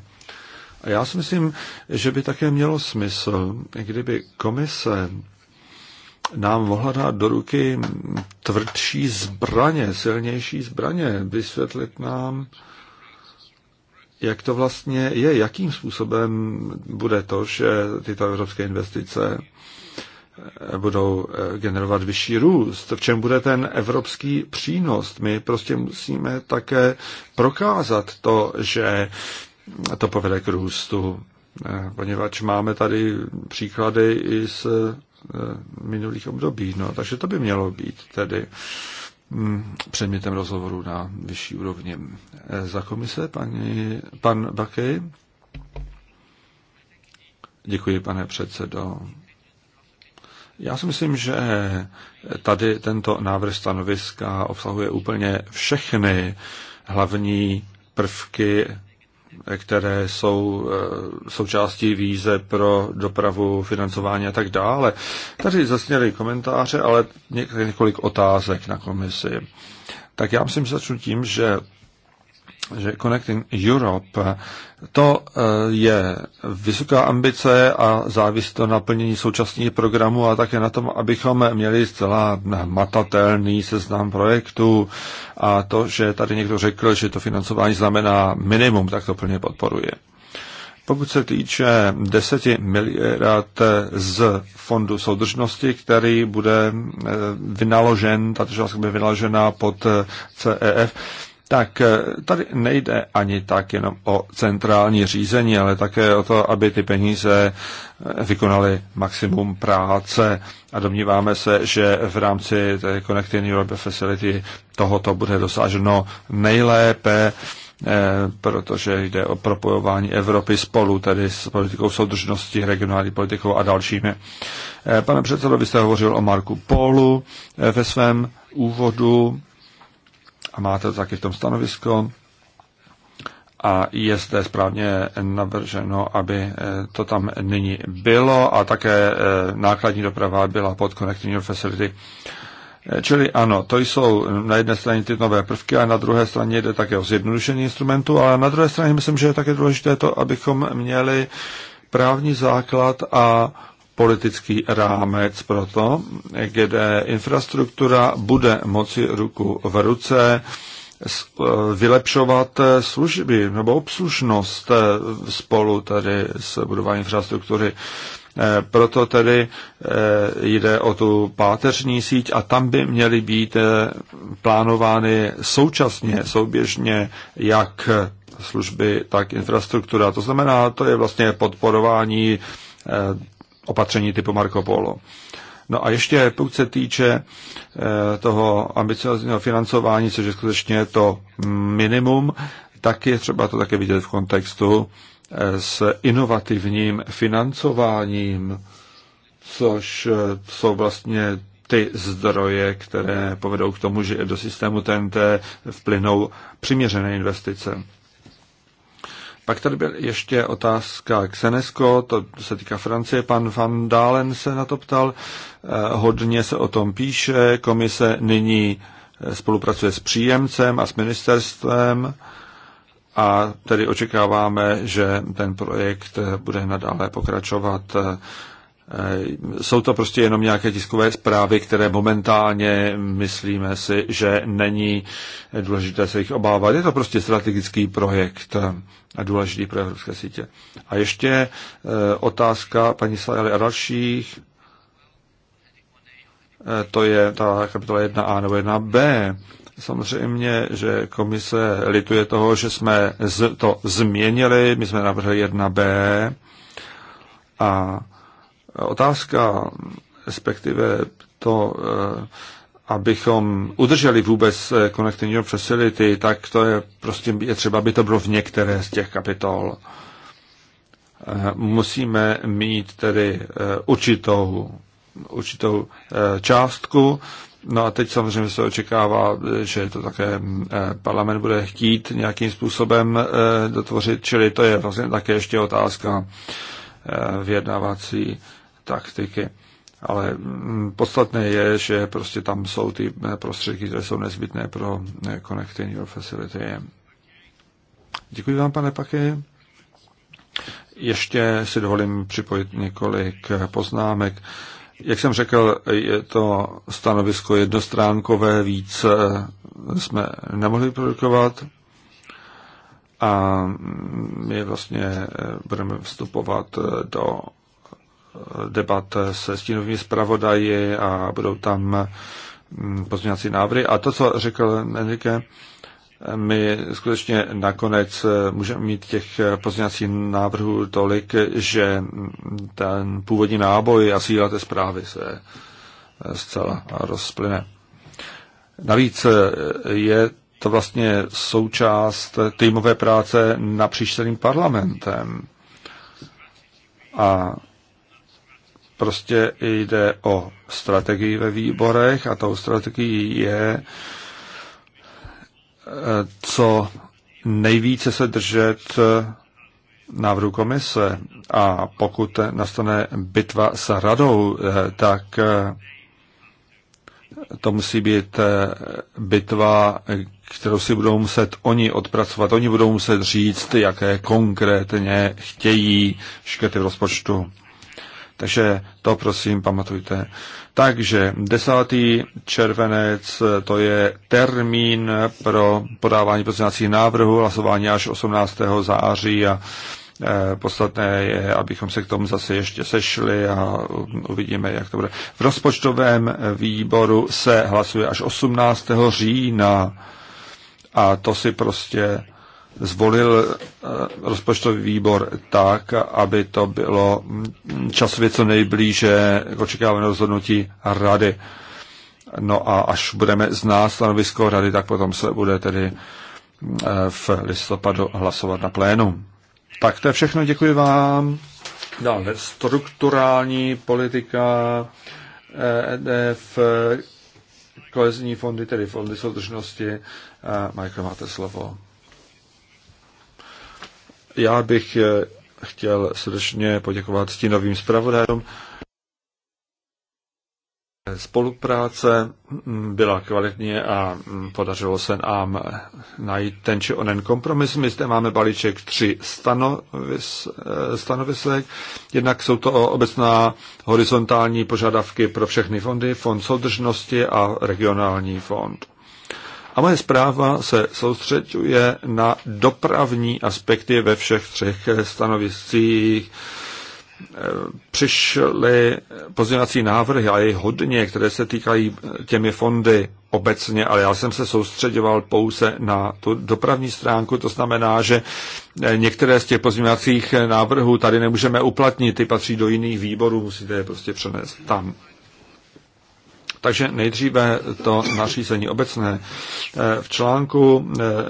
A já si myslím, že by také mělo smysl, kdyby komise nám mohla dát do ruky tvrdší zbraně, silnější zbraně, vysvětlit nám, jak to vlastně je, jakým způsobem bude to, že tyto evropské investice eh, budou eh, generovat vyšší růst, v čem bude ten evropský přínos. My prostě musíme také prokázat to, že to povede k růstu, eh, poněvadž máme tady příklady i z Eh, minulých období. No, takže to by mělo být tedy mm, předmětem rozhovoru na vyšší úrovni. Eh, za komise paní, pan Bakej. Děkuji, pane předsedo. Já si myslím, že tady tento návrh stanoviska obsahuje úplně všechny hlavní prvky které jsou eh, součástí víze pro dopravu, financování a tak dále. Tady zasněly komentáře, ale několik otázek na komisi. Tak já myslím, že začnu tím, že že Connecting Europe to e, je vysoká ambice a závisí to na plnění současných programů a také na tom, abychom měli zcela matatelný seznam projektů a to, že tady někdo řekl, že to financování znamená minimum, tak to plně podporuje. Pokud se týče 10 miliard z fondu soudržnosti, který bude e, vynaložen, tato částka bude vynaložena pod e, CEF, tak eh, tady nejde ani tak jenom o centrální řízení, ale také o to, aby ty peníze eh, vykonaly maximum práce a domníváme se, že v rámci té Connecting Europe Facility tohoto bude dosaženo nejlépe, eh, protože jde o propojování Evropy spolu, tedy s politikou soudržnosti, regionální politikou a dalšími. Pane předsedo, vy jste hovořil o Marku Polu ve svém úvodu a máte to taky v tom stanovisko. A je zde správně navrženo, aby eh, to tam nyní bylo a také eh, nákladní doprava byla pod Connecting Your Facility. Eh, čili ano, to jsou na jedné straně ty nové prvky a na druhé straně jde také o zjednodušení instrumentu, ale na druhé straně myslím, že je také důležité to, abychom měli právní základ a politický rámec pro to, kde infrastruktura bude moci ruku v ruce eh, vylepšovat služby nebo obslužnost eh, spolu tady s budováním infrastruktury. Eh, proto tedy jde o tu páteřní síť a tam by měly být plánovány současně, souběžně, jak služby, tak infrastruktura. To znamená, to je vlastně podporování opatření typu Marco Polo. No a ještě pokud se týče eh, toho ambiciozního financování, což je skutečně to minimum, tak je třeba to také vidět v kontextu eh, s inovativním financováním, což eh, jsou vlastně ty zdroje, které povedou k tomu, že do systému TNT vplynou přiměřené investice. Pak tady byl ještě otázka Senesko, to se týká Francie, pan Van Dalen se na to ptal, eh, hodně se o tom píše, komise nyní eh, spolupracuje s příjemcem a s ministerstvem a tedy očekáváme, že ten projekt eh, bude nadále pokračovat Eh, jsou to prostě jenom nějaké tiskové zprávy, které momentálně myslíme si, že není důležité se jich obávat. Je to prostě strategický projekt a důležitý pro evropské sítě. A ještě eh, otázka paní Sajaly a dalších. Eh, to je ta kapitola 1a nebo 1b. Samozřejmě, že komise lituje toho, že jsme to změnili, my jsme navrhli 1b a Otázka, respektive to, eh, abychom udrželi vůbec eh, Connecting Europe Facility, tak to je prostě je třeba, aby to bylo v některé z těch kapitol. Eh, musíme mít tedy určitou, určitou částku, No a teď samozřejmě se očekává, že to také parlament bude chtít nějakým způsobem dotvořit, čili to je vlastně také ještě otázka vyjednávací taktiky. Ale mm, podstatné je, že prostě tam jsou ty eh, prostředky, které jsou nezbytné pro eh, Connecting Your Facility. Děkuji vám, pane Paky. Ještě si dovolím připojit několik eh, poznámek. Jak jsem řekl, je to stanovisko jednostránkové, víc jsme nemohli produkovat a mm, my vlastně budeme vstupovat do debat se stínovými zpravodaji a budou tam mm, pozměňovací návrhy. A to, co řekl Enrique, my skutečně nakonec můžeme mít těch pozměňovacích návrhů tolik, že ten původní náboj a síla té zprávy se zcela rozplyne. Navíc je to vlastně součást týmové práce napříč celým parlamentem. A Prostě jde o strategii ve výborech a tou strategií je eh, co nejvíce se držet eh, návrhu komise a pokud nastane bitva s radou, eh, tak to musí být bitva, kterou si budou muset oni odpracovat. Oni budou muset říct, jaké konkrétně chtějí škety v rozpočtu. Takže to prosím pamatujte. Takže 10. červenec to je termín pro podávání pozměňovacích návrhů, hlasování až 18. září a e, Podstatné je, abychom se k tomu zase ještě sešli a uvidíme, jak to bude. V rozpočtovém výboru se hlasuje až 18. října a to si prostě zvolil eh, rozpočtový výbor tak, aby to bylo mm, časově co nejblíže k očekávanému rozhodnutí rady. No a až budeme znát stanovisko rady, tak potom se bude tedy mm, eh, v listopadu hlasovat na plénu. Tak to je všechno, děkuji vám. Dále strukturální politika EDF, eh, e kolezní fondy, tedy fondy soudržnosti. Michael, máte slovo. Já bych eh, chtěl srdečně poděkovat stínovým zpravodajům. Spolupráce mm, byla kvalitní a mm, podařilo se nám eh, najít ten či onen kompromis. My zde máme balíček tři stanovis, eh, stanovisek. Jednak jsou to obecná horizontální požadavky pro všechny fondy, fond soudržnosti a regionální fond. A moje zpráva se soustředuje na dopravní aspekty ve všech třech eh, stanoviscích. Eh, přišly pozměňovací návrhy, a je hodně, které se týkají eh, těmi fondy obecně, ale já jsem se soustředoval pouze na tu dopravní stránku, to znamená, že některé z těch pozměňovacích návrhů tady nemůžeme uplatnit, ty patří do jiných výborů, musíte je prostě přenést tam. Takže nejdříve to nařízení obecné. Eh, v článku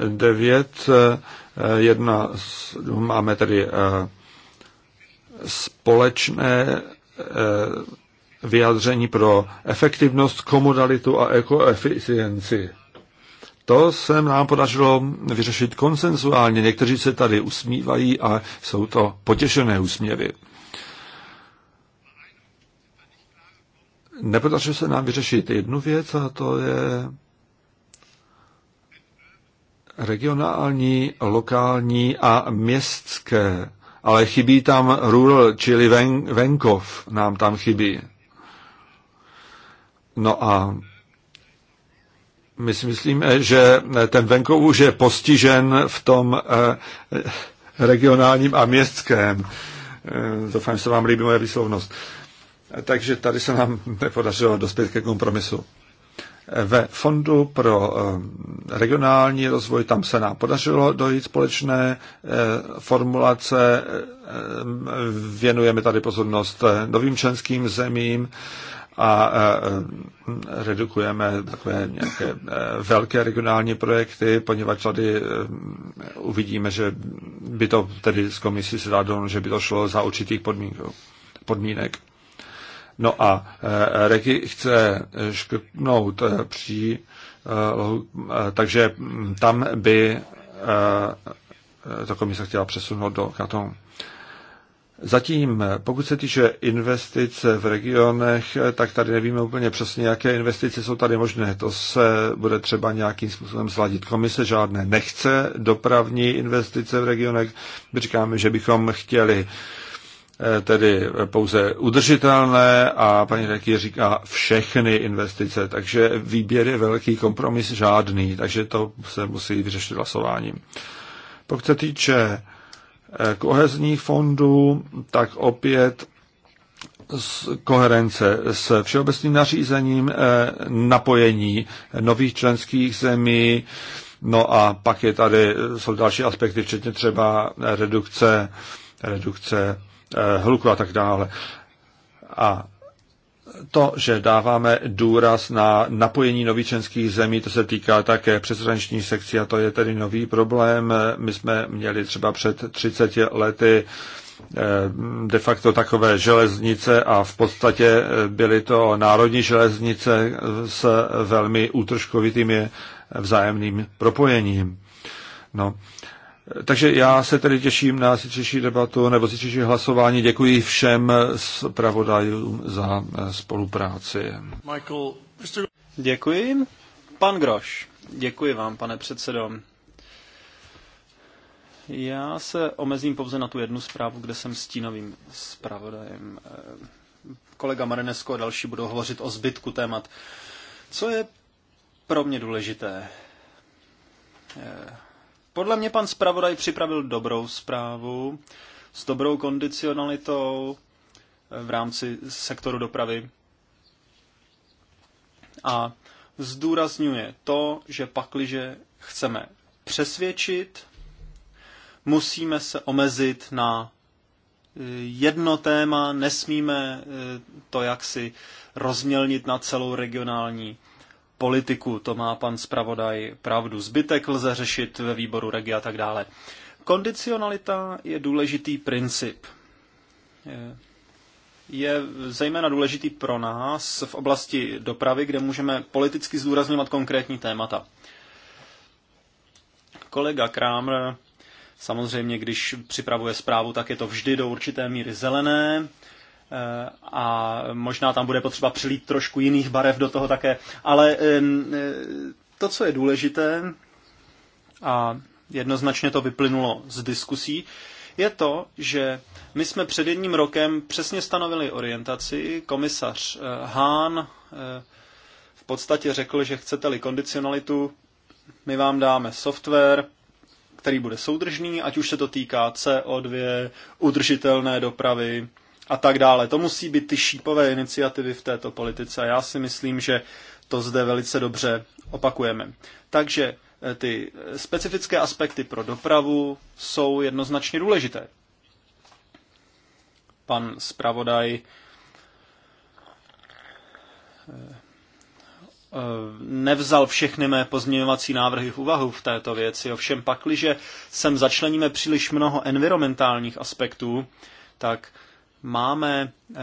9 eh, eh, jedna, máme tedy společné vyjádření pro efektivnost, komodalitu a ekoeficienci. To se nám podařilo vyřešit konsensuálně. Někteří se tady usmívají a jsou to potěšené úsměvy. nepodařilo se nám vyřešit jednu věc a to je regionální, lokální a městské, ale chybí tam rural, čili ven, venkov nám tam chybí. No a my si myslíme, že ten venkov už je postižen v tom eh, regionálním a městském. Eh, doufám, že se vám líbí moje výslovnost. Takže tady se nám nepodařilo dospět ke kompromisu. Ve Fondu pro eh, regionální rozvoj tam se nám podařilo dojít společné eh, formulace. Eh, věnujeme tady pozornost novým členským zemím a redukujeme takové nějaké velké regionální projekty, poněvadž tady uvidíme, že by to tedy z komisí se dá že by to šlo za určitých podmínek. No a e, Regi chce škrtnout e, pří, e, takže tam by ta komise chtěla přesunout do Katon. Zatím, pokud se týče investic v regionech, tak tady nevíme úplně přesně, jaké investice jsou tady možné. To se bude třeba nějakým způsobem sladit. Komise žádné nechce dopravní investice v regionech. My říkáme, že bychom chtěli Eh, tedy pouze udržitelné a paní Reky říká všechny investice, takže výběr je velký, kompromis žádný, takže to se musí vyřešit hlasováním. Pokud se týče eh, kohezních fondů, tak opět z koherence s všeobecným nařízením eh, napojení nových členských zemí, no a pak je tady, jsou další aspekty, včetně třeba redukce redukce Eh, hluku a tak dále. A to, že dáváme důraz na napojení novičenských zemí, to se týká také přeshraniční sekcí a to je tedy nový problém. My jsme měli třeba před 30 lety eh, de facto takové železnice a v podstatě eh, byly to národní železnice s velmi útržkovitým vzájemným propojením. No, takže já se tedy těším na zítřejší debatu nebo zítřejší hlasování. Děkuji všem zpravodajům za eh, spolupráci. Michael, Děkuji. Pan Groš, děkuji vám, pane předsedo. Já se omezím pouze na tu jednu zprávu, kde jsem stínovým zpravodajem. Eh, kolega Marinesko a další budou hovořit o zbytku témat. Co je pro mě důležité? Eh, podle mě pan zpravodaj připravil dobrou zprávu s dobrou kondicionalitou eh, v rámci sektoru dopravy a zdůrazňuje to, že pakliže chceme přesvědčit, musíme se omezit na eh, jedno téma, nesmíme eh, to jaksi rozmělnit na celou regionální politiku. To má pan zpravodaj pravdu. Zbytek lze řešit ve výboru regi a tak dále. Kondicionalita je důležitý princip. Je zejména důležitý pro nás v oblasti dopravy, kde můžeme politicky zdůrazňovat konkrétní témata. Kolega Kramer, samozřejmě, když připravuje zprávu, tak je to vždy do určité míry zelené Eh, a možná tam bude potřeba přilít trošku jiných barev do toho také. Ale eh, to, co je důležité, a jednoznačně to vyplynulo z diskusí, je to, že my jsme před jedním rokem přesně stanovili orientaci. Komisař Hán eh, v podstatě řekl, že chcete-li kondicionalitu, my vám dáme software, který bude soudržný, ať už se to týká CO2, udržitelné dopravy, a tak dále. To musí být ty šípové iniciativy v této politice. A Já si myslím, že to zde velice dobře opakujeme. Takže eh, ty eh, specifické aspekty pro dopravu jsou jednoznačně důležité. Pan zpravodaj eh, nevzal všechny mé pozměňovací návrhy v úvahu v této věci. Ovšem pakliže sem začleníme příliš mnoho environmentálních aspektů, tak máme eh,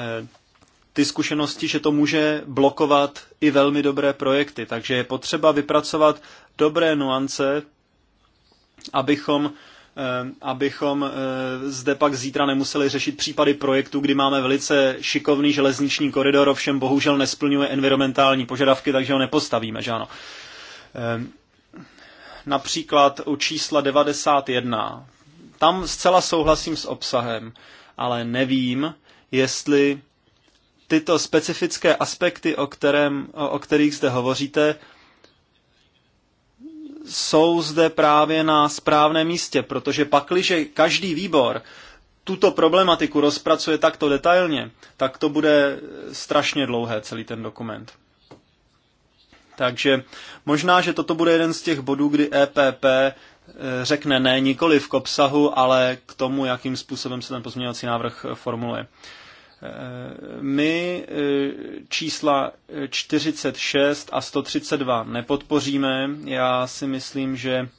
ty zkušenosti, že to může blokovat i velmi dobré projekty. Takže je potřeba vypracovat dobré nuance, abychom, eh, abychom eh, zde pak zítra nemuseli řešit případy projektu, kdy máme velice šikovný železniční koridor, ovšem bohužel nesplňuje environmentální požadavky, takže ho nepostavíme, že ano. Například u čísla 91. Tam zcela souhlasím s obsahem ale nevím, jestli tyto specifické aspekty, o, kterém, o kterých zde hovoříte, jsou zde právě na správném místě, protože pakliže každý výbor tuto problematiku rozpracuje takto detailně, tak to bude strašně dlouhé celý ten dokument. Takže možná, že toto bude jeden z těch bodů, kdy EPP Eh, řekne ne nikoli v obsahu, ale k tomu, jakým způsobem se ten pozměňovací návrh eh, formuluje. Eh, my čísla 46 a 132 nepodpoříme. Já si myslím, že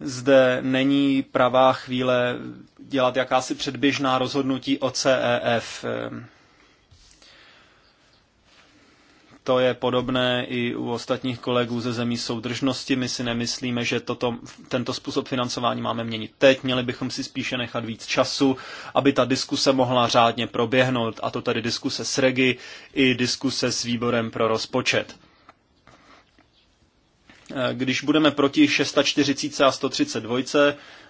zde není pravá chvíle dělat jakási předběžná rozhodnutí o CEF. To je podobné i u ostatních kolegů ze zemí soudržnosti. My si nemyslíme, že toto, tento způsob financování máme měnit teď. Měli bychom si spíše nechat víc času, aby ta diskuse mohla řádně proběhnout. A to tady diskuse s Regi i diskuse s výborem pro rozpočet. Když budeme proti 640 a 132,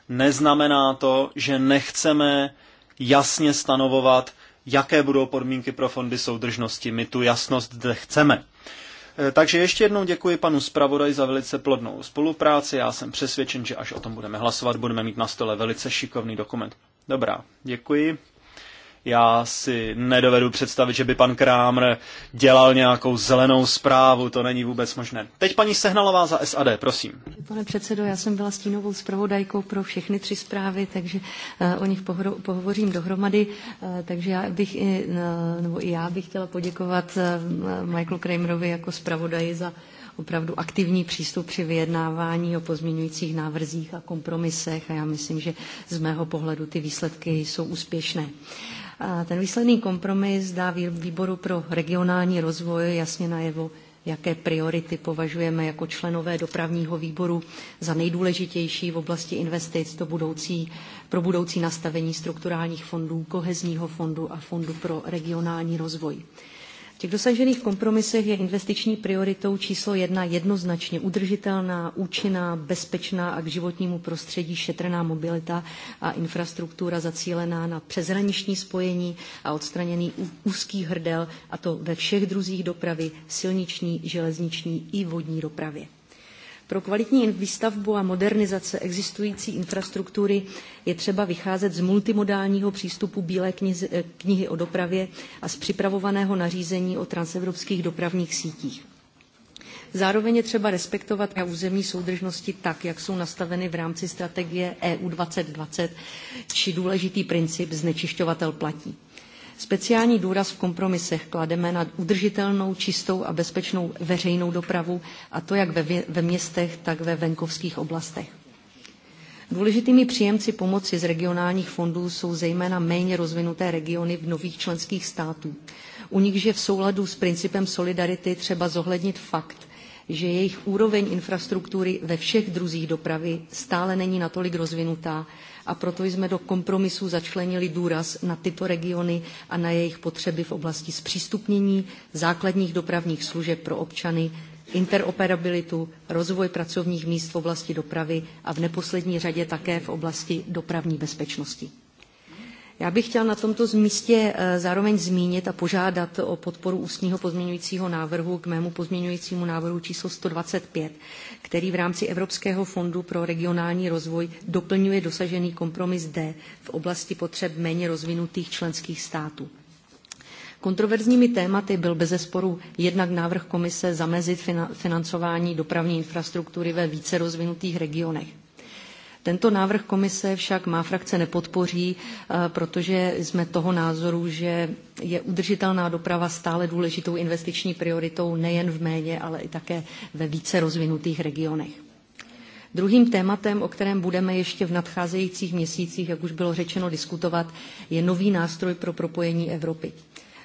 neznamená to, že nechceme jasně stanovovat jaké budou podmínky pro fondy soudržnosti. My tu jasnost zde chceme. E, takže ještě jednou děkuji panu zpravodaj za velice plodnou spolupráci. Já jsem přesvědčen, že až o tom budeme hlasovat, budeme mít na stole velice šikovný dokument. Dobrá, děkuji. Já si nedovedu představit, že by pan Krámr dělal nějakou zelenou zprávu, to není vůbec možné. Teď paní Sehnalová za SAD, prosím. Pane předsedo, já jsem byla stínovou zpravodajkou pro všechny tři zprávy, takže eh, o nich pohovořím dohromady, eh, takže já bych i, eh, nebo i já bych chtěla poděkovat Michaelu Kramerovi jako zpravodaji za opravdu aktivní přístup při vyjednávání o pozměňujících návrzích a kompromisech a já myslím, že z mého pohledu ty výsledky jsou úspěšné. Ten výsledný kompromis dá výboru pro regionální rozvoj jasně najevo, jaké priority považujeme jako členové dopravního výboru za nejdůležitější v oblasti investic do budoucí, pro budoucí nastavení strukturálních fondů, kohezního fondu a fondu pro regionální rozvoj těch dosažených kompromisech je investiční prioritou číslo jedna jednoznačně udržitelná, účinná, bezpečná a k životnímu prostředí šetrná mobilita a infrastruktura zacílená na přezraniční spojení a odstraněný úzký hrdel, a to ve všech druzích dopravy, silniční, železniční i vodní dopravě. Pro kvalitní výstavbu a modernizace existující infrastruktury je třeba vycházet z multimodálního přístupu Bílé eh, knihy o dopravě a z připravovaného nařízení o transevropských dopravních sítích. Zároveň je třeba respektovat a územní soudržnosti tak, jak jsou nastaveny v rámci strategie EU 2020, či důležitý princip znečišťovatel platí. Speciální důraz v kompromisech klademe na udržitelnou, čistou a bezpečnou veřejnou dopravu, a to jak ve, ve městech, tak ve venkovských oblastech. Důležitými příjemci pomoci z regionálních fondů jsou zejména méně rozvinuté regiony v nových členských států. U nichž je v souladu s principem solidarity třeba zohlednit fakt, že jejich úroveň infrastruktury ve všech druzích dopravy stále není natolik rozvinutá, a proto jsme do kompromisu začlenili důraz na tyto regiony a na jejich potřeby v oblasti zpřístupnění základních dopravních služeb pro občany, interoperabilitu, rozvoj pracovních míst v oblasti dopravy a v neposlední řadě také v oblasti dopravní bezpečnosti. Já bych chtěl na tomto místě eh, zároveň zmínit a požádat o podporu ústního pozměňujícího návrhu k mému pozměňujícímu návrhu číslo 125, který v rámci Evropského fondu pro regionální rozvoj doplňuje dosažený kompromis D v oblasti potřeb méně rozvinutých členských států. Kontroverzními tématy byl bezesporu jednak návrh komise zamezit financování dopravní infrastruktury ve více rozvinutých regionech. Tento návrh komise však má frakce nepodpoří, eh, protože jsme toho názoru, že je udržitelná doprava stále důležitou investiční prioritou nejen v méně, ale i také ve více rozvinutých regionech. Druhým tématem, o kterém budeme ještě v nadcházejících měsících, jak už bylo řečeno, diskutovat, je nový nástroj pro propojení Evropy.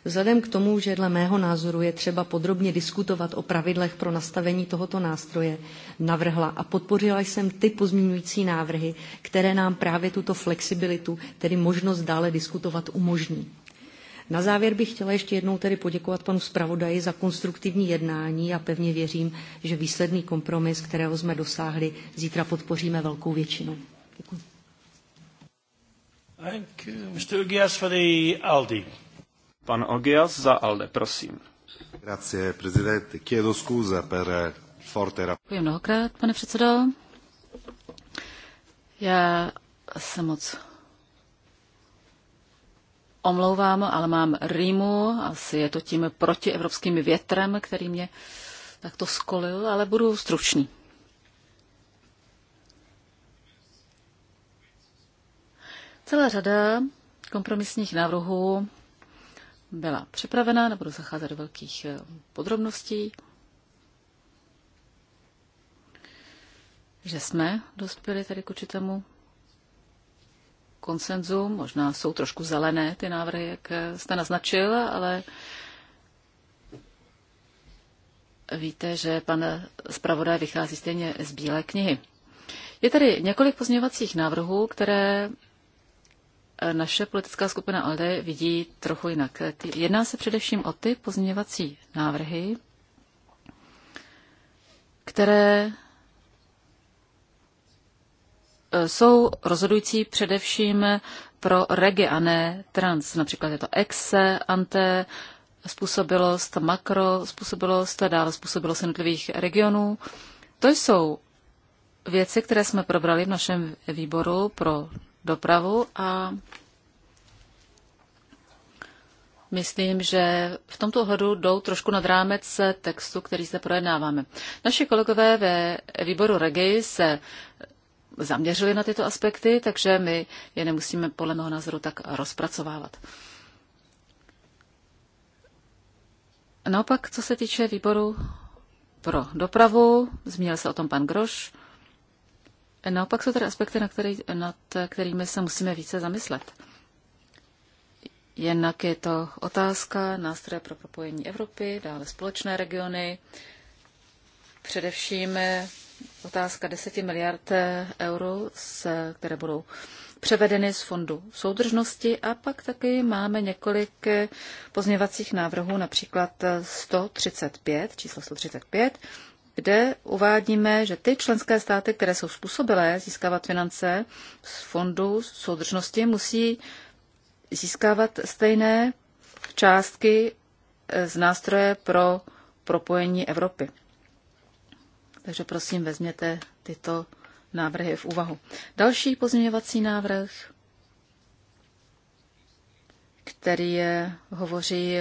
Vzhledem k tomu, že dle mého názoru je třeba podrobně diskutovat o pravidlech pro nastavení tohoto nástroje, navrhla a podpořila jsem ty pozměňující návrhy, které nám právě tuto flexibilitu, tedy možnost dále diskutovat, umožní. Na závěr bych chtěla ještě jednou tedy poděkovat panu zpravodaji za konstruktivní jednání a pevně věřím, že výsledný kompromis, kterého jsme dosáhli, zítra podpoříme velkou většinu. Děkuji. Thank you, Mr. Ugias for the Aldi. Pan Ogias za Alde, prosím. Grazie, Chiedo scusa per eh, forte Děkuji mnohokrát, pane předsedo. Já se moc omlouvám, ale mám rýmu, asi je to tím protievropským větrem, který mě takto skolil, ale budu stručný. Celá řada kompromisních návrhů byla připravena, nebudu zacházet do velkých eh, podrobností, že jsme dospěli tady k určitému konsenzu. Možná jsou trošku zelené ty návrhy, jak eh, jste naznačil, ale víte, že pan zpravodaj vychází stejně z Bílé knihy. Je tady několik pozměňovacích návrhů, které E, naše politická skupina ALDE vidí trochu jinak. Jedná se především o ty pozměňovací návrhy, které e, jsou rozhodující především pro regi a ne trans. Například je to exe, ante, způsobilost, makro, způsobilost, dále způsobilost jednotlivých regionů. To jsou věci, které jsme probrali v našem výboru pro dopravu a myslím, že v tomto hodu jdou trošku nad rámec textu, který se projednáváme. Naši kolegové ve výboru Regi se zaměřili na tyto aspekty, takže my je nemusíme podle mého názoru tak rozpracovávat. Naopak, co se týče výboru pro dopravu, zmínil se o tom pan Groš, Naopak jsou tady aspekty, na který, nad kterými se musíme více zamyslet. Jednak je to otázka nástroje pro propojení Evropy, dále společné regiony, především otázka 10 miliard euro, které budou převedeny z fondu soudržnosti a pak taky máme několik pozměvacích návrhů, například 135, číslo 135, kde uvádíme, že ty členské státy, které jsou způsobilé získávat finance z fondu soudržnosti, musí získávat stejné částky eh, z nástroje pro propojení Evropy. Takže prosím, vezměte tyto návrhy v úvahu. Další pozměňovací návrh, který je, hovoří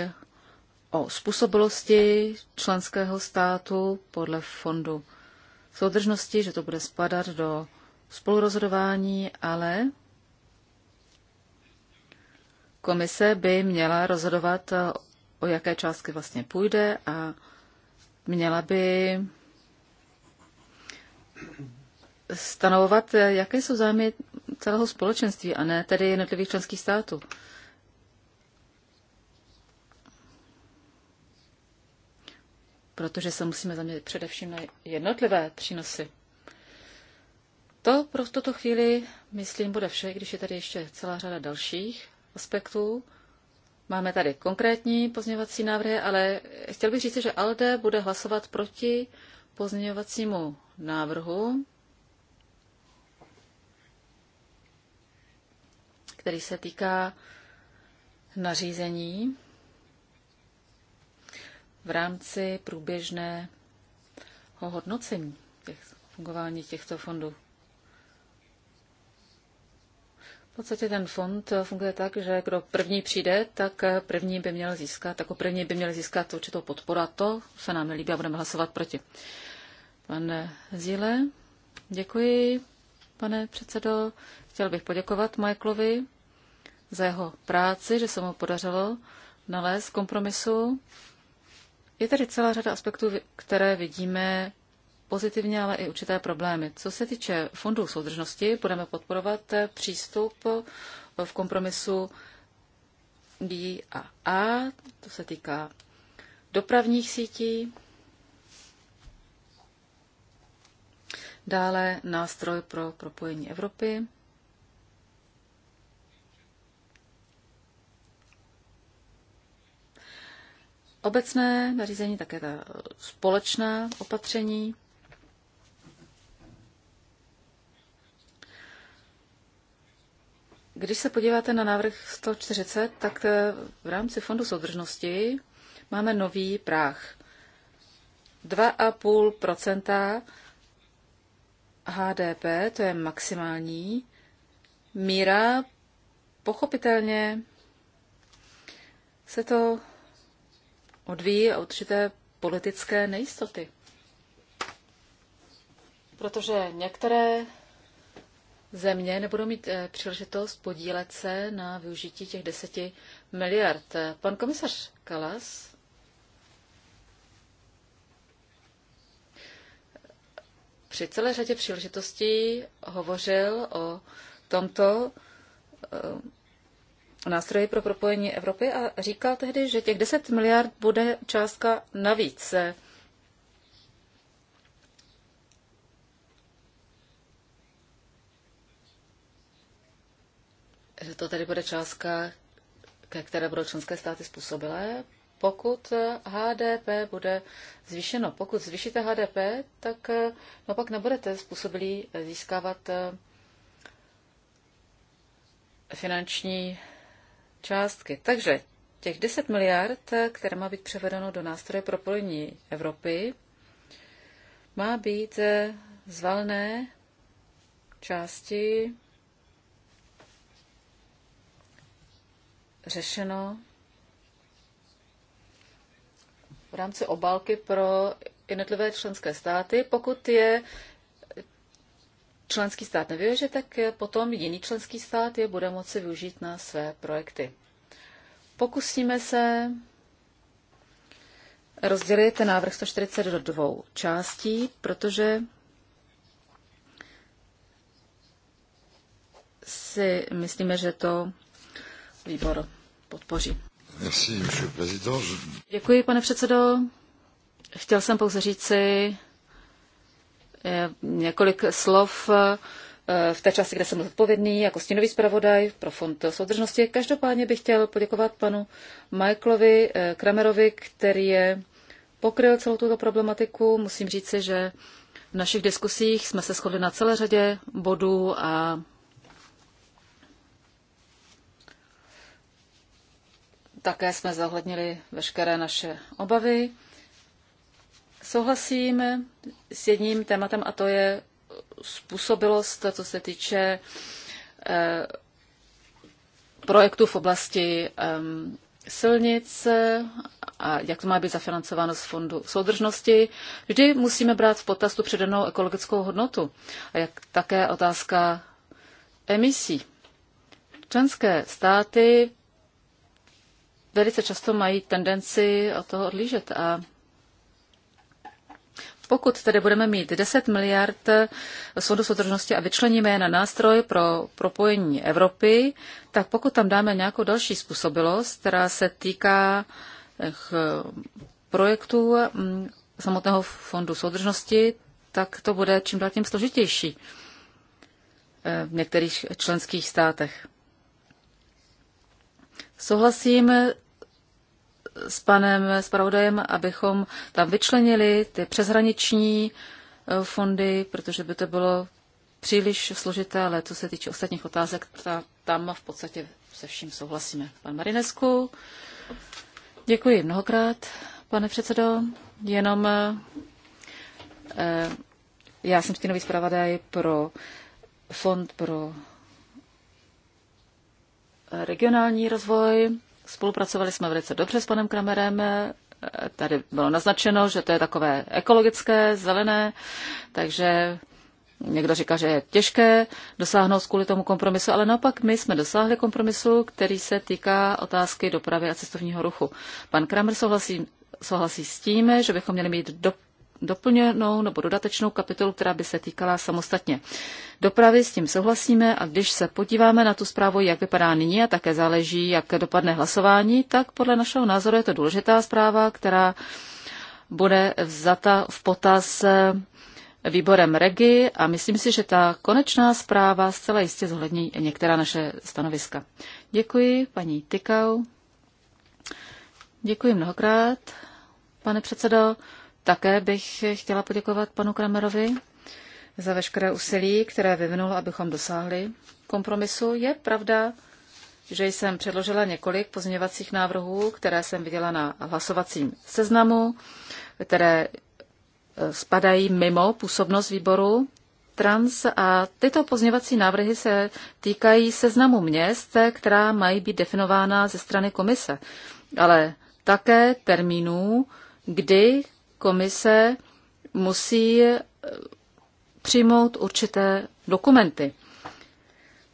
o způsobilosti členského státu podle fondu soudržnosti, že to bude spadat do spolurozhodování, ale komise by měla rozhodovat, eh, o jaké částky vlastně půjde a měla by stanovovat, eh, jaké jsou zájmy celého společenství a ne tedy jednotlivých členských států. protože se musíme zaměřit především na jednotlivé přínosy. To pro tuto chvíli, myslím, bude vše, když je tady ještě celá řada dalších aspektů. Máme tady konkrétní pozměňovací návrhy, ale chtěl bych říct, že ALDE bude hlasovat proti pozměňovacímu návrhu, který se týká nařízení v rámci průběžného hodnocení těch, fungování těchto fondů. V podstatě ten fond funguje tak, že kdo první přijde, tak první by měl získat, jako první by měl získat určitou podporu a to se nám nelíbí a budeme hlasovat proti. Pan Zíle, děkuji, pane předsedo. Chtěl bych poděkovat Michaelovi za jeho práci, že se mu podařilo nalézt kompromisu je tady celá řada aspektů, které vidíme pozitivně, ale i určité problémy. Co se týče fondů soudržnosti, budeme podporovat přístup v kompromisu B a A, to se týká dopravních sítí, dále nástroj pro propojení Evropy, obecné nařízení, také ta společná opatření. Když se podíváte na návrh 140, tak v rámci Fondu soudržnosti máme nový práh. 2,5 HDP, to je maximální míra. Pochopitelně se to odvíjí určité politické nejistoty. Protože některé země nebudou mít eh, příležitost podílet se na využití těch deseti miliard. Pan komisař Kalas při celé řadě příležitostí hovořil o tomto eh, nástroji pro propojení Evropy a říkal tehdy, že těch 10 miliard bude částka navíc. Že to tedy bude částka, ke které budou členské státy způsobilé, pokud HDP bude zvýšeno. Pokud zvýšíte HDP, tak no pak nebudete způsobilí získávat eh, finanční částky. Takže těch 10 miliard, které má být převedeno do nástroje pro polení Evropy, má být eh, zvalné části řešeno v rámci obálky pro jednotlivé členské státy, pokud je členský stát že tak potom jiný členský stát je bude moci využít na své projekty. Pokusíme se rozdělit ten návrh 140 do dvou částí, protože si myslíme, že to výbor podpoří. Děkuji, pane předsedo. Chtěl jsem pouze říci, několik slov eh, v té části, kde jsem odpovědný jako stínový zpravodaj pro fond soudržnosti. Každopádně bych chtěl poděkovat panu Michaelovi eh, Kramerovi, který je pokryl celou tuto problematiku. Musím říci, že v našich diskusích jsme se shodli na celé řadě bodů a také jsme zohlednili veškeré naše obavy. Souhlasím s jedním tématem a to je způsobilost, co se týče eh, projektů v oblasti ehm, silnic a jak to má být zafinancováno z fondu soudržnosti. Vždy musíme brát v potaz tu předanou ekologickou hodnotu a jak také otázka emisí. Členské státy velice často mají tendenci od toho odlížet a pokud tedy budeme mít 10 miliard z fondu soudržnosti a vyčleníme je na nástroj pro propojení Evropy, tak pokud tam dáme nějakou další způsobilost, která se týká eh, projektů mm, samotného fondu soudržnosti, tak to bude čím dál tím složitější eh, v některých členských státech. Souhlasím s panem Spravodajem, abychom tam vyčlenili ty přeshraniční eh, fondy, protože by to bylo příliš složité, ale co se týče ostatních otázek, ta, tam v podstatě se vším souhlasíme. Pan Marinesku, děkuji mnohokrát, pane předsedo. Jenom eh, já jsem stínový zpravodaj pro fond pro regionální rozvoj. Spolupracovali jsme velice dobře s panem Kramerem. Tady bylo naznačeno, že to je takové ekologické, zelené, takže Někdo říká, že je těžké dosáhnout kvůli tomu kompromisu, ale naopak my jsme dosáhli kompromisu, který se týká otázky dopravy a cestovního ruchu. Pan Kramer souhlasí, souhlasí s tím, že bychom měli mít do, doplněnou nebo dodatečnou kapitolu, která by se týkala samostatně dopravy, s tím souhlasíme a když se podíváme na tu zprávu, jak vypadá nyní a také záleží, jak dopadne hlasování, tak podle našeho názoru je to důležitá zpráva, která bude vzata v potaz výborem Regi a myslím si, že ta konečná zpráva zcela jistě zohlední některá naše stanoviska. Děkuji paní Tykau. Děkuji mnohokrát, pane předsedo. Také bych chtěla poděkovat panu Kramerovi za veškeré úsilí, které vyvinul, abychom dosáhli kompromisu. Je pravda, že jsem předložila několik pozměňovacích návrhů, které jsem viděla na hlasovacím seznamu, které eh, spadají mimo působnost výboru trans a tyto pozměňovací návrhy se týkají seznamu měst, která mají být definována ze strany komise, ale také termínů, kdy komise musí eh, přijmout určité dokumenty.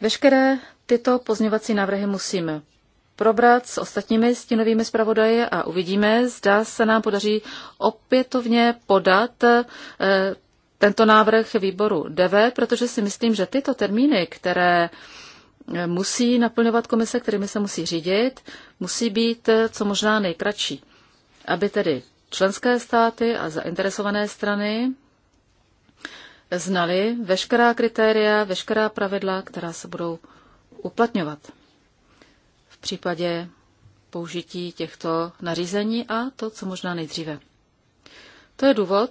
Veškeré tyto pozměvací návrhy musíme probrat s ostatními stínovými zpravodaje a uvidíme, zda se nám podaří opětovně podat eh, tento návrh výboru DV, protože si myslím, že tyto termíny, které eh, musí naplňovat komise, kterými se musí řídit, musí být co možná nejkratší, aby tedy členské státy a zainteresované strany znali veškerá kritéria, veškerá pravidla, která se budou uplatňovat v případě použití těchto nařízení a to, co možná nejdříve. To je důvod,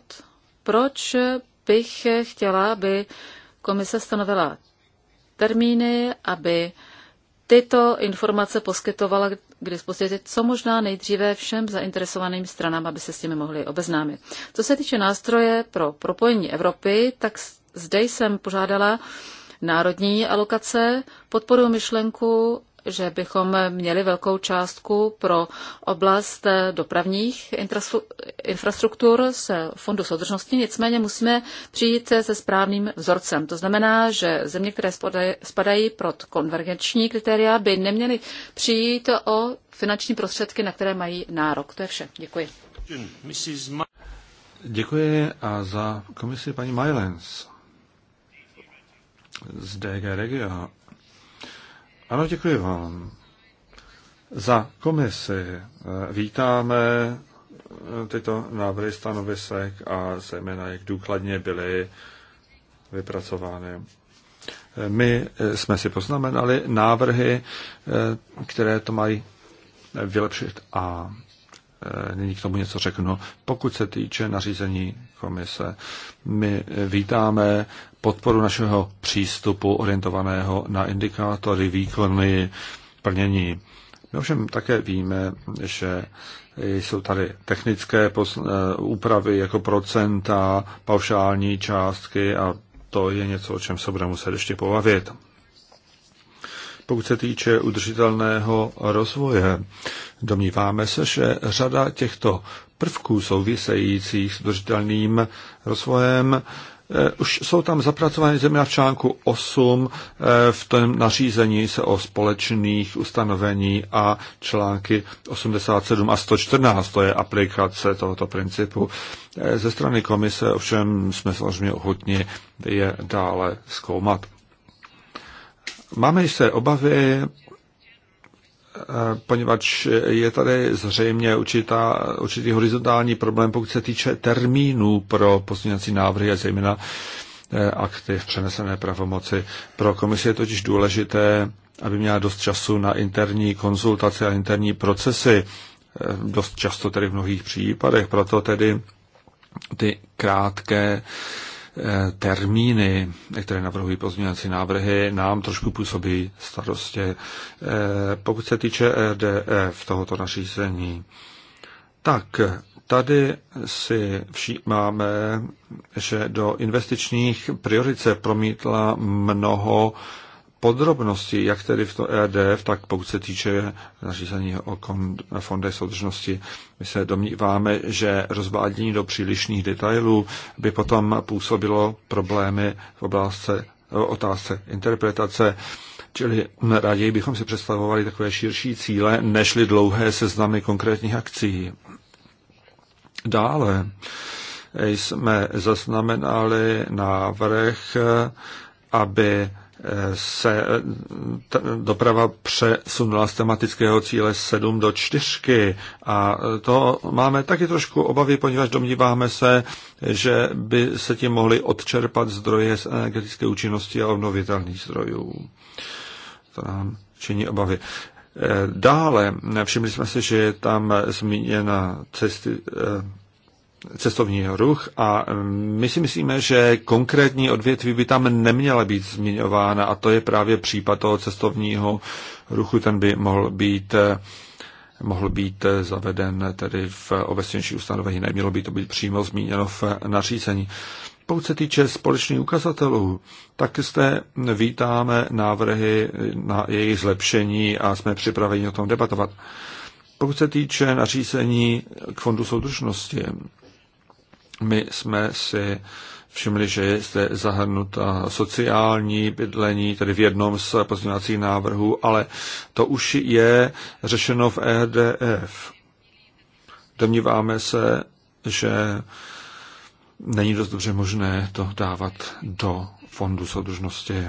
proč bych chtěla, aby komise stanovila termíny, aby tyto informace poskytovala k dispozici co možná nejdříve všem zainteresovaným stranám, aby se s těmi mohli obeznámit. Co se týče nástroje pro propojení Evropy, tak zde jsem požádala národní alokace, podporu myšlenku že bychom měli velkou částku pro oblast dopravních infrastruktur z Fondu soudržnosti, nicméně musíme přijít se správným vzorcem. To znamená, že země, které spadají pod konvergenční kritéria, by neměly přijít o finanční prostředky, na které mají nárok. To je vše. Děkuji. Děkuji a za komisi paní Majlens z DG Regio. Ano, děkuji vám. Za komisi eh, vítáme eh, tyto návrhy stanovisek a zejména jak důkladně byly vypracovány. Eh, my jsme si poznamenali návrhy, které to mají vylepšit a nyní k tomu něco řeknu. Pokud se týče nařízení komise, my vítáme podporu našeho přístupu orientovaného na indikátory, výkony, plnění. My ovšem také víme, že jsou tady technické eh, úpravy jako procenta, paušální částky a to je něco, o čem se budeme muset ještě pobavit. Pokud se týče udržitelného rozvoje, domníváme se, že řada těchto prvků souvisejících s udržitelným rozvojem Eh, už jsou tam zapracovány země v článku 8 eh, v tom nařízení se o společných ustanovení a články 87 a 114, to je aplikace tohoto principu. Eh, ze strany komise ovšem jsme samozřejmě ochotni je dále zkoumat. Máme se obavy Eh, poněvadž je tady zřejmě určitá, určitý horizontální problém, pokud se týče termínů pro pozměňovací návrhy a zejména eh, akty v přenesené pravomoci. Pro komisi je totiž důležité, aby měla dost času na interní konzultace a interní procesy, eh, dost často tedy v mnohých případech, proto tedy ty krátké Eh, termíny, které navrhují pozměňovací návrhy, nám trošku působí starostě. Eh, pokud se týče v tohoto nařízení, tak tady si všímáme, že do investičních priorit se promítla mnoho podrobnosti, jak tedy v to EDF, tak pokud se týče nařízení o fondech soudržnosti, my se domníváme, že rozvádění do přílišných detailů by potom působilo problémy v oblasti otázce interpretace, čili raději bychom si představovali takové širší cíle, nežli dlouhé seznamy konkrétních akcí. Dále jsme zaznamenali návrh, aby se eh, doprava přesunula z tematického cíle 7 do 4 a to máme taky trošku obavy, poněvadž domníváme se, že by se tím mohly odčerpat zdroje z energetické účinnosti a obnovitelných zdrojů. To nám činí obavy. Eh, dále eh, všimli jsme si, že je tam zmíněna cesty, cestovního ruch a my si myslíme, že konkrétní odvětví by tam neměla být zmiňována a to je právě případ toho cestovního ruchu, ten by mohl být eh, mohl být eh, zaveden tedy v obecnější ustanovení, nemělo by to být přímo zmíněno v nařízení. Pokud se týče společných ukazatelů, tak jste vítáme návrhy na jejich zlepšení a jsme připraveni o tom debatovat. Pokud se týče nařízení k fondu soudržnosti, my jsme si všimli, že je zde zahrnuta sociální bydlení, tedy v jednom z pozměňovacích návrhů, ale to už je řešeno v EDF. Domníváme se, že není dost dobře možné to dávat do fondu soudržnosti.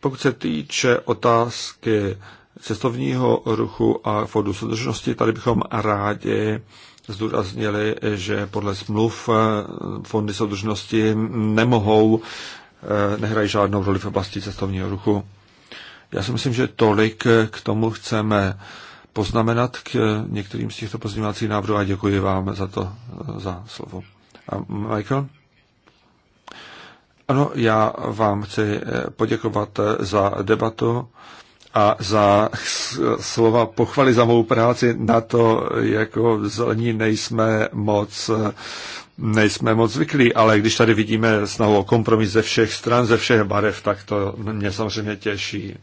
Pokud se týče otázky cestovního ruchu a fondu soudržnosti, tady bychom rádi zdůraznili, že podle smluv eh, fondy soudržnosti nemohou, eh, nehrají žádnou roli v oblasti cestovního ruchu. Já si myslím, že tolik eh, k tomu chceme poznamenat k některým z těchto pozměňovacích návrhů a děkuji vám za to, za slovo. A Michael? Ano, já vám chci poděkovat za debatu a za slova pochvaly za mou práci na to, jako zelení nejsme moc nejsme moc zvyklí, ale když tady vidíme snahu o kompromis ze všech stran, ze všech barev, tak to mě samozřejmě těší.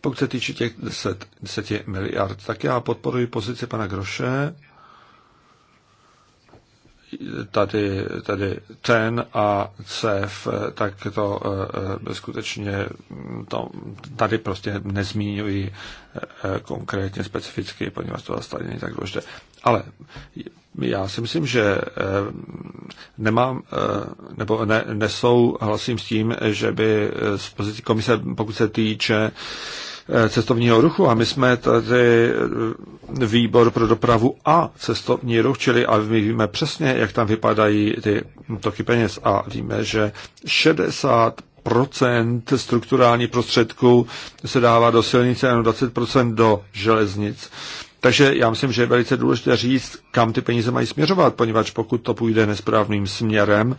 Pokud se týče těch 10, 10 miliard, tak já podporuji pozici pana Groše tady, tady ten a CEF, tak to eh, eh, skutečně to, tady prostě nezmíňuji eh, konkrétně specificky, poněvadž to zase není tak důležité. Ale já si myslím, že nemám, nebo ne, nesouhlasím s tím, že by z pozice komise, pokud se týče Eh, cestovního ruchu a my jsme tady eh, výbor pro dopravu a cestovní ruch, čili a my víme přesně, jak tam vypadají ty toky peněz a víme, že 60 procent strukturální prostředků se dává do silnice a 20% do železnic. Takže já myslím, že je velice důležité říct, kam ty peníze mají směřovat, poněvadž pokud to půjde nesprávným směrem,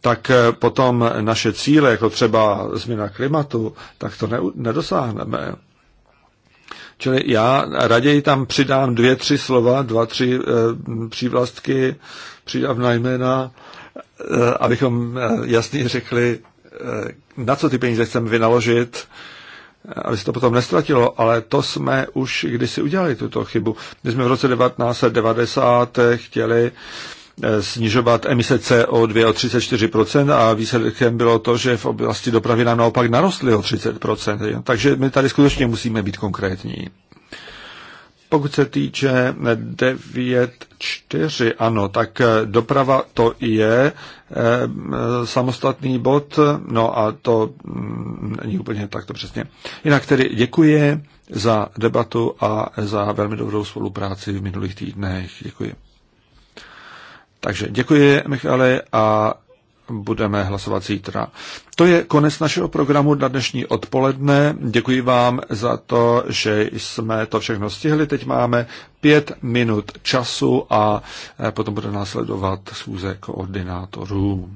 tak eh, potom naše cíle, jako třeba změna klimatu, tak to ne, nedosáhneme. Čili já raději tam přidám dvě, tři slova, dva, tři e, přívlastky, přidám jména, e, abychom e, jasně řekli, e, na co ty peníze chceme vynaložit, e, aby se to potom nestratilo, ale to jsme už kdysi udělali tuto chybu. My jsme v roce 1990 chtěli eh, snižovat emise CO2 o 34% a výsledkem bylo to, že v oblasti dopravy nám naopak narostly o 30%. Takže my tady skutečně musíme být konkrétní. Pokud se týče 9.4, ano, tak eh, doprava to je eh, samostatný bod, no a to mm, není úplně takto přesně. Jinak tedy děkuji za debatu a za velmi dobrou spolupráci v minulých týdnech. Děkuji. Takže děkuji, Michale, a budeme hlasovat zítra. To je konec našeho programu na dnešní odpoledne. Děkuji vám za to, že jsme to všechno stihli. Teď máme pět minut času a eh, potom bude následovat schůze koordinátorů.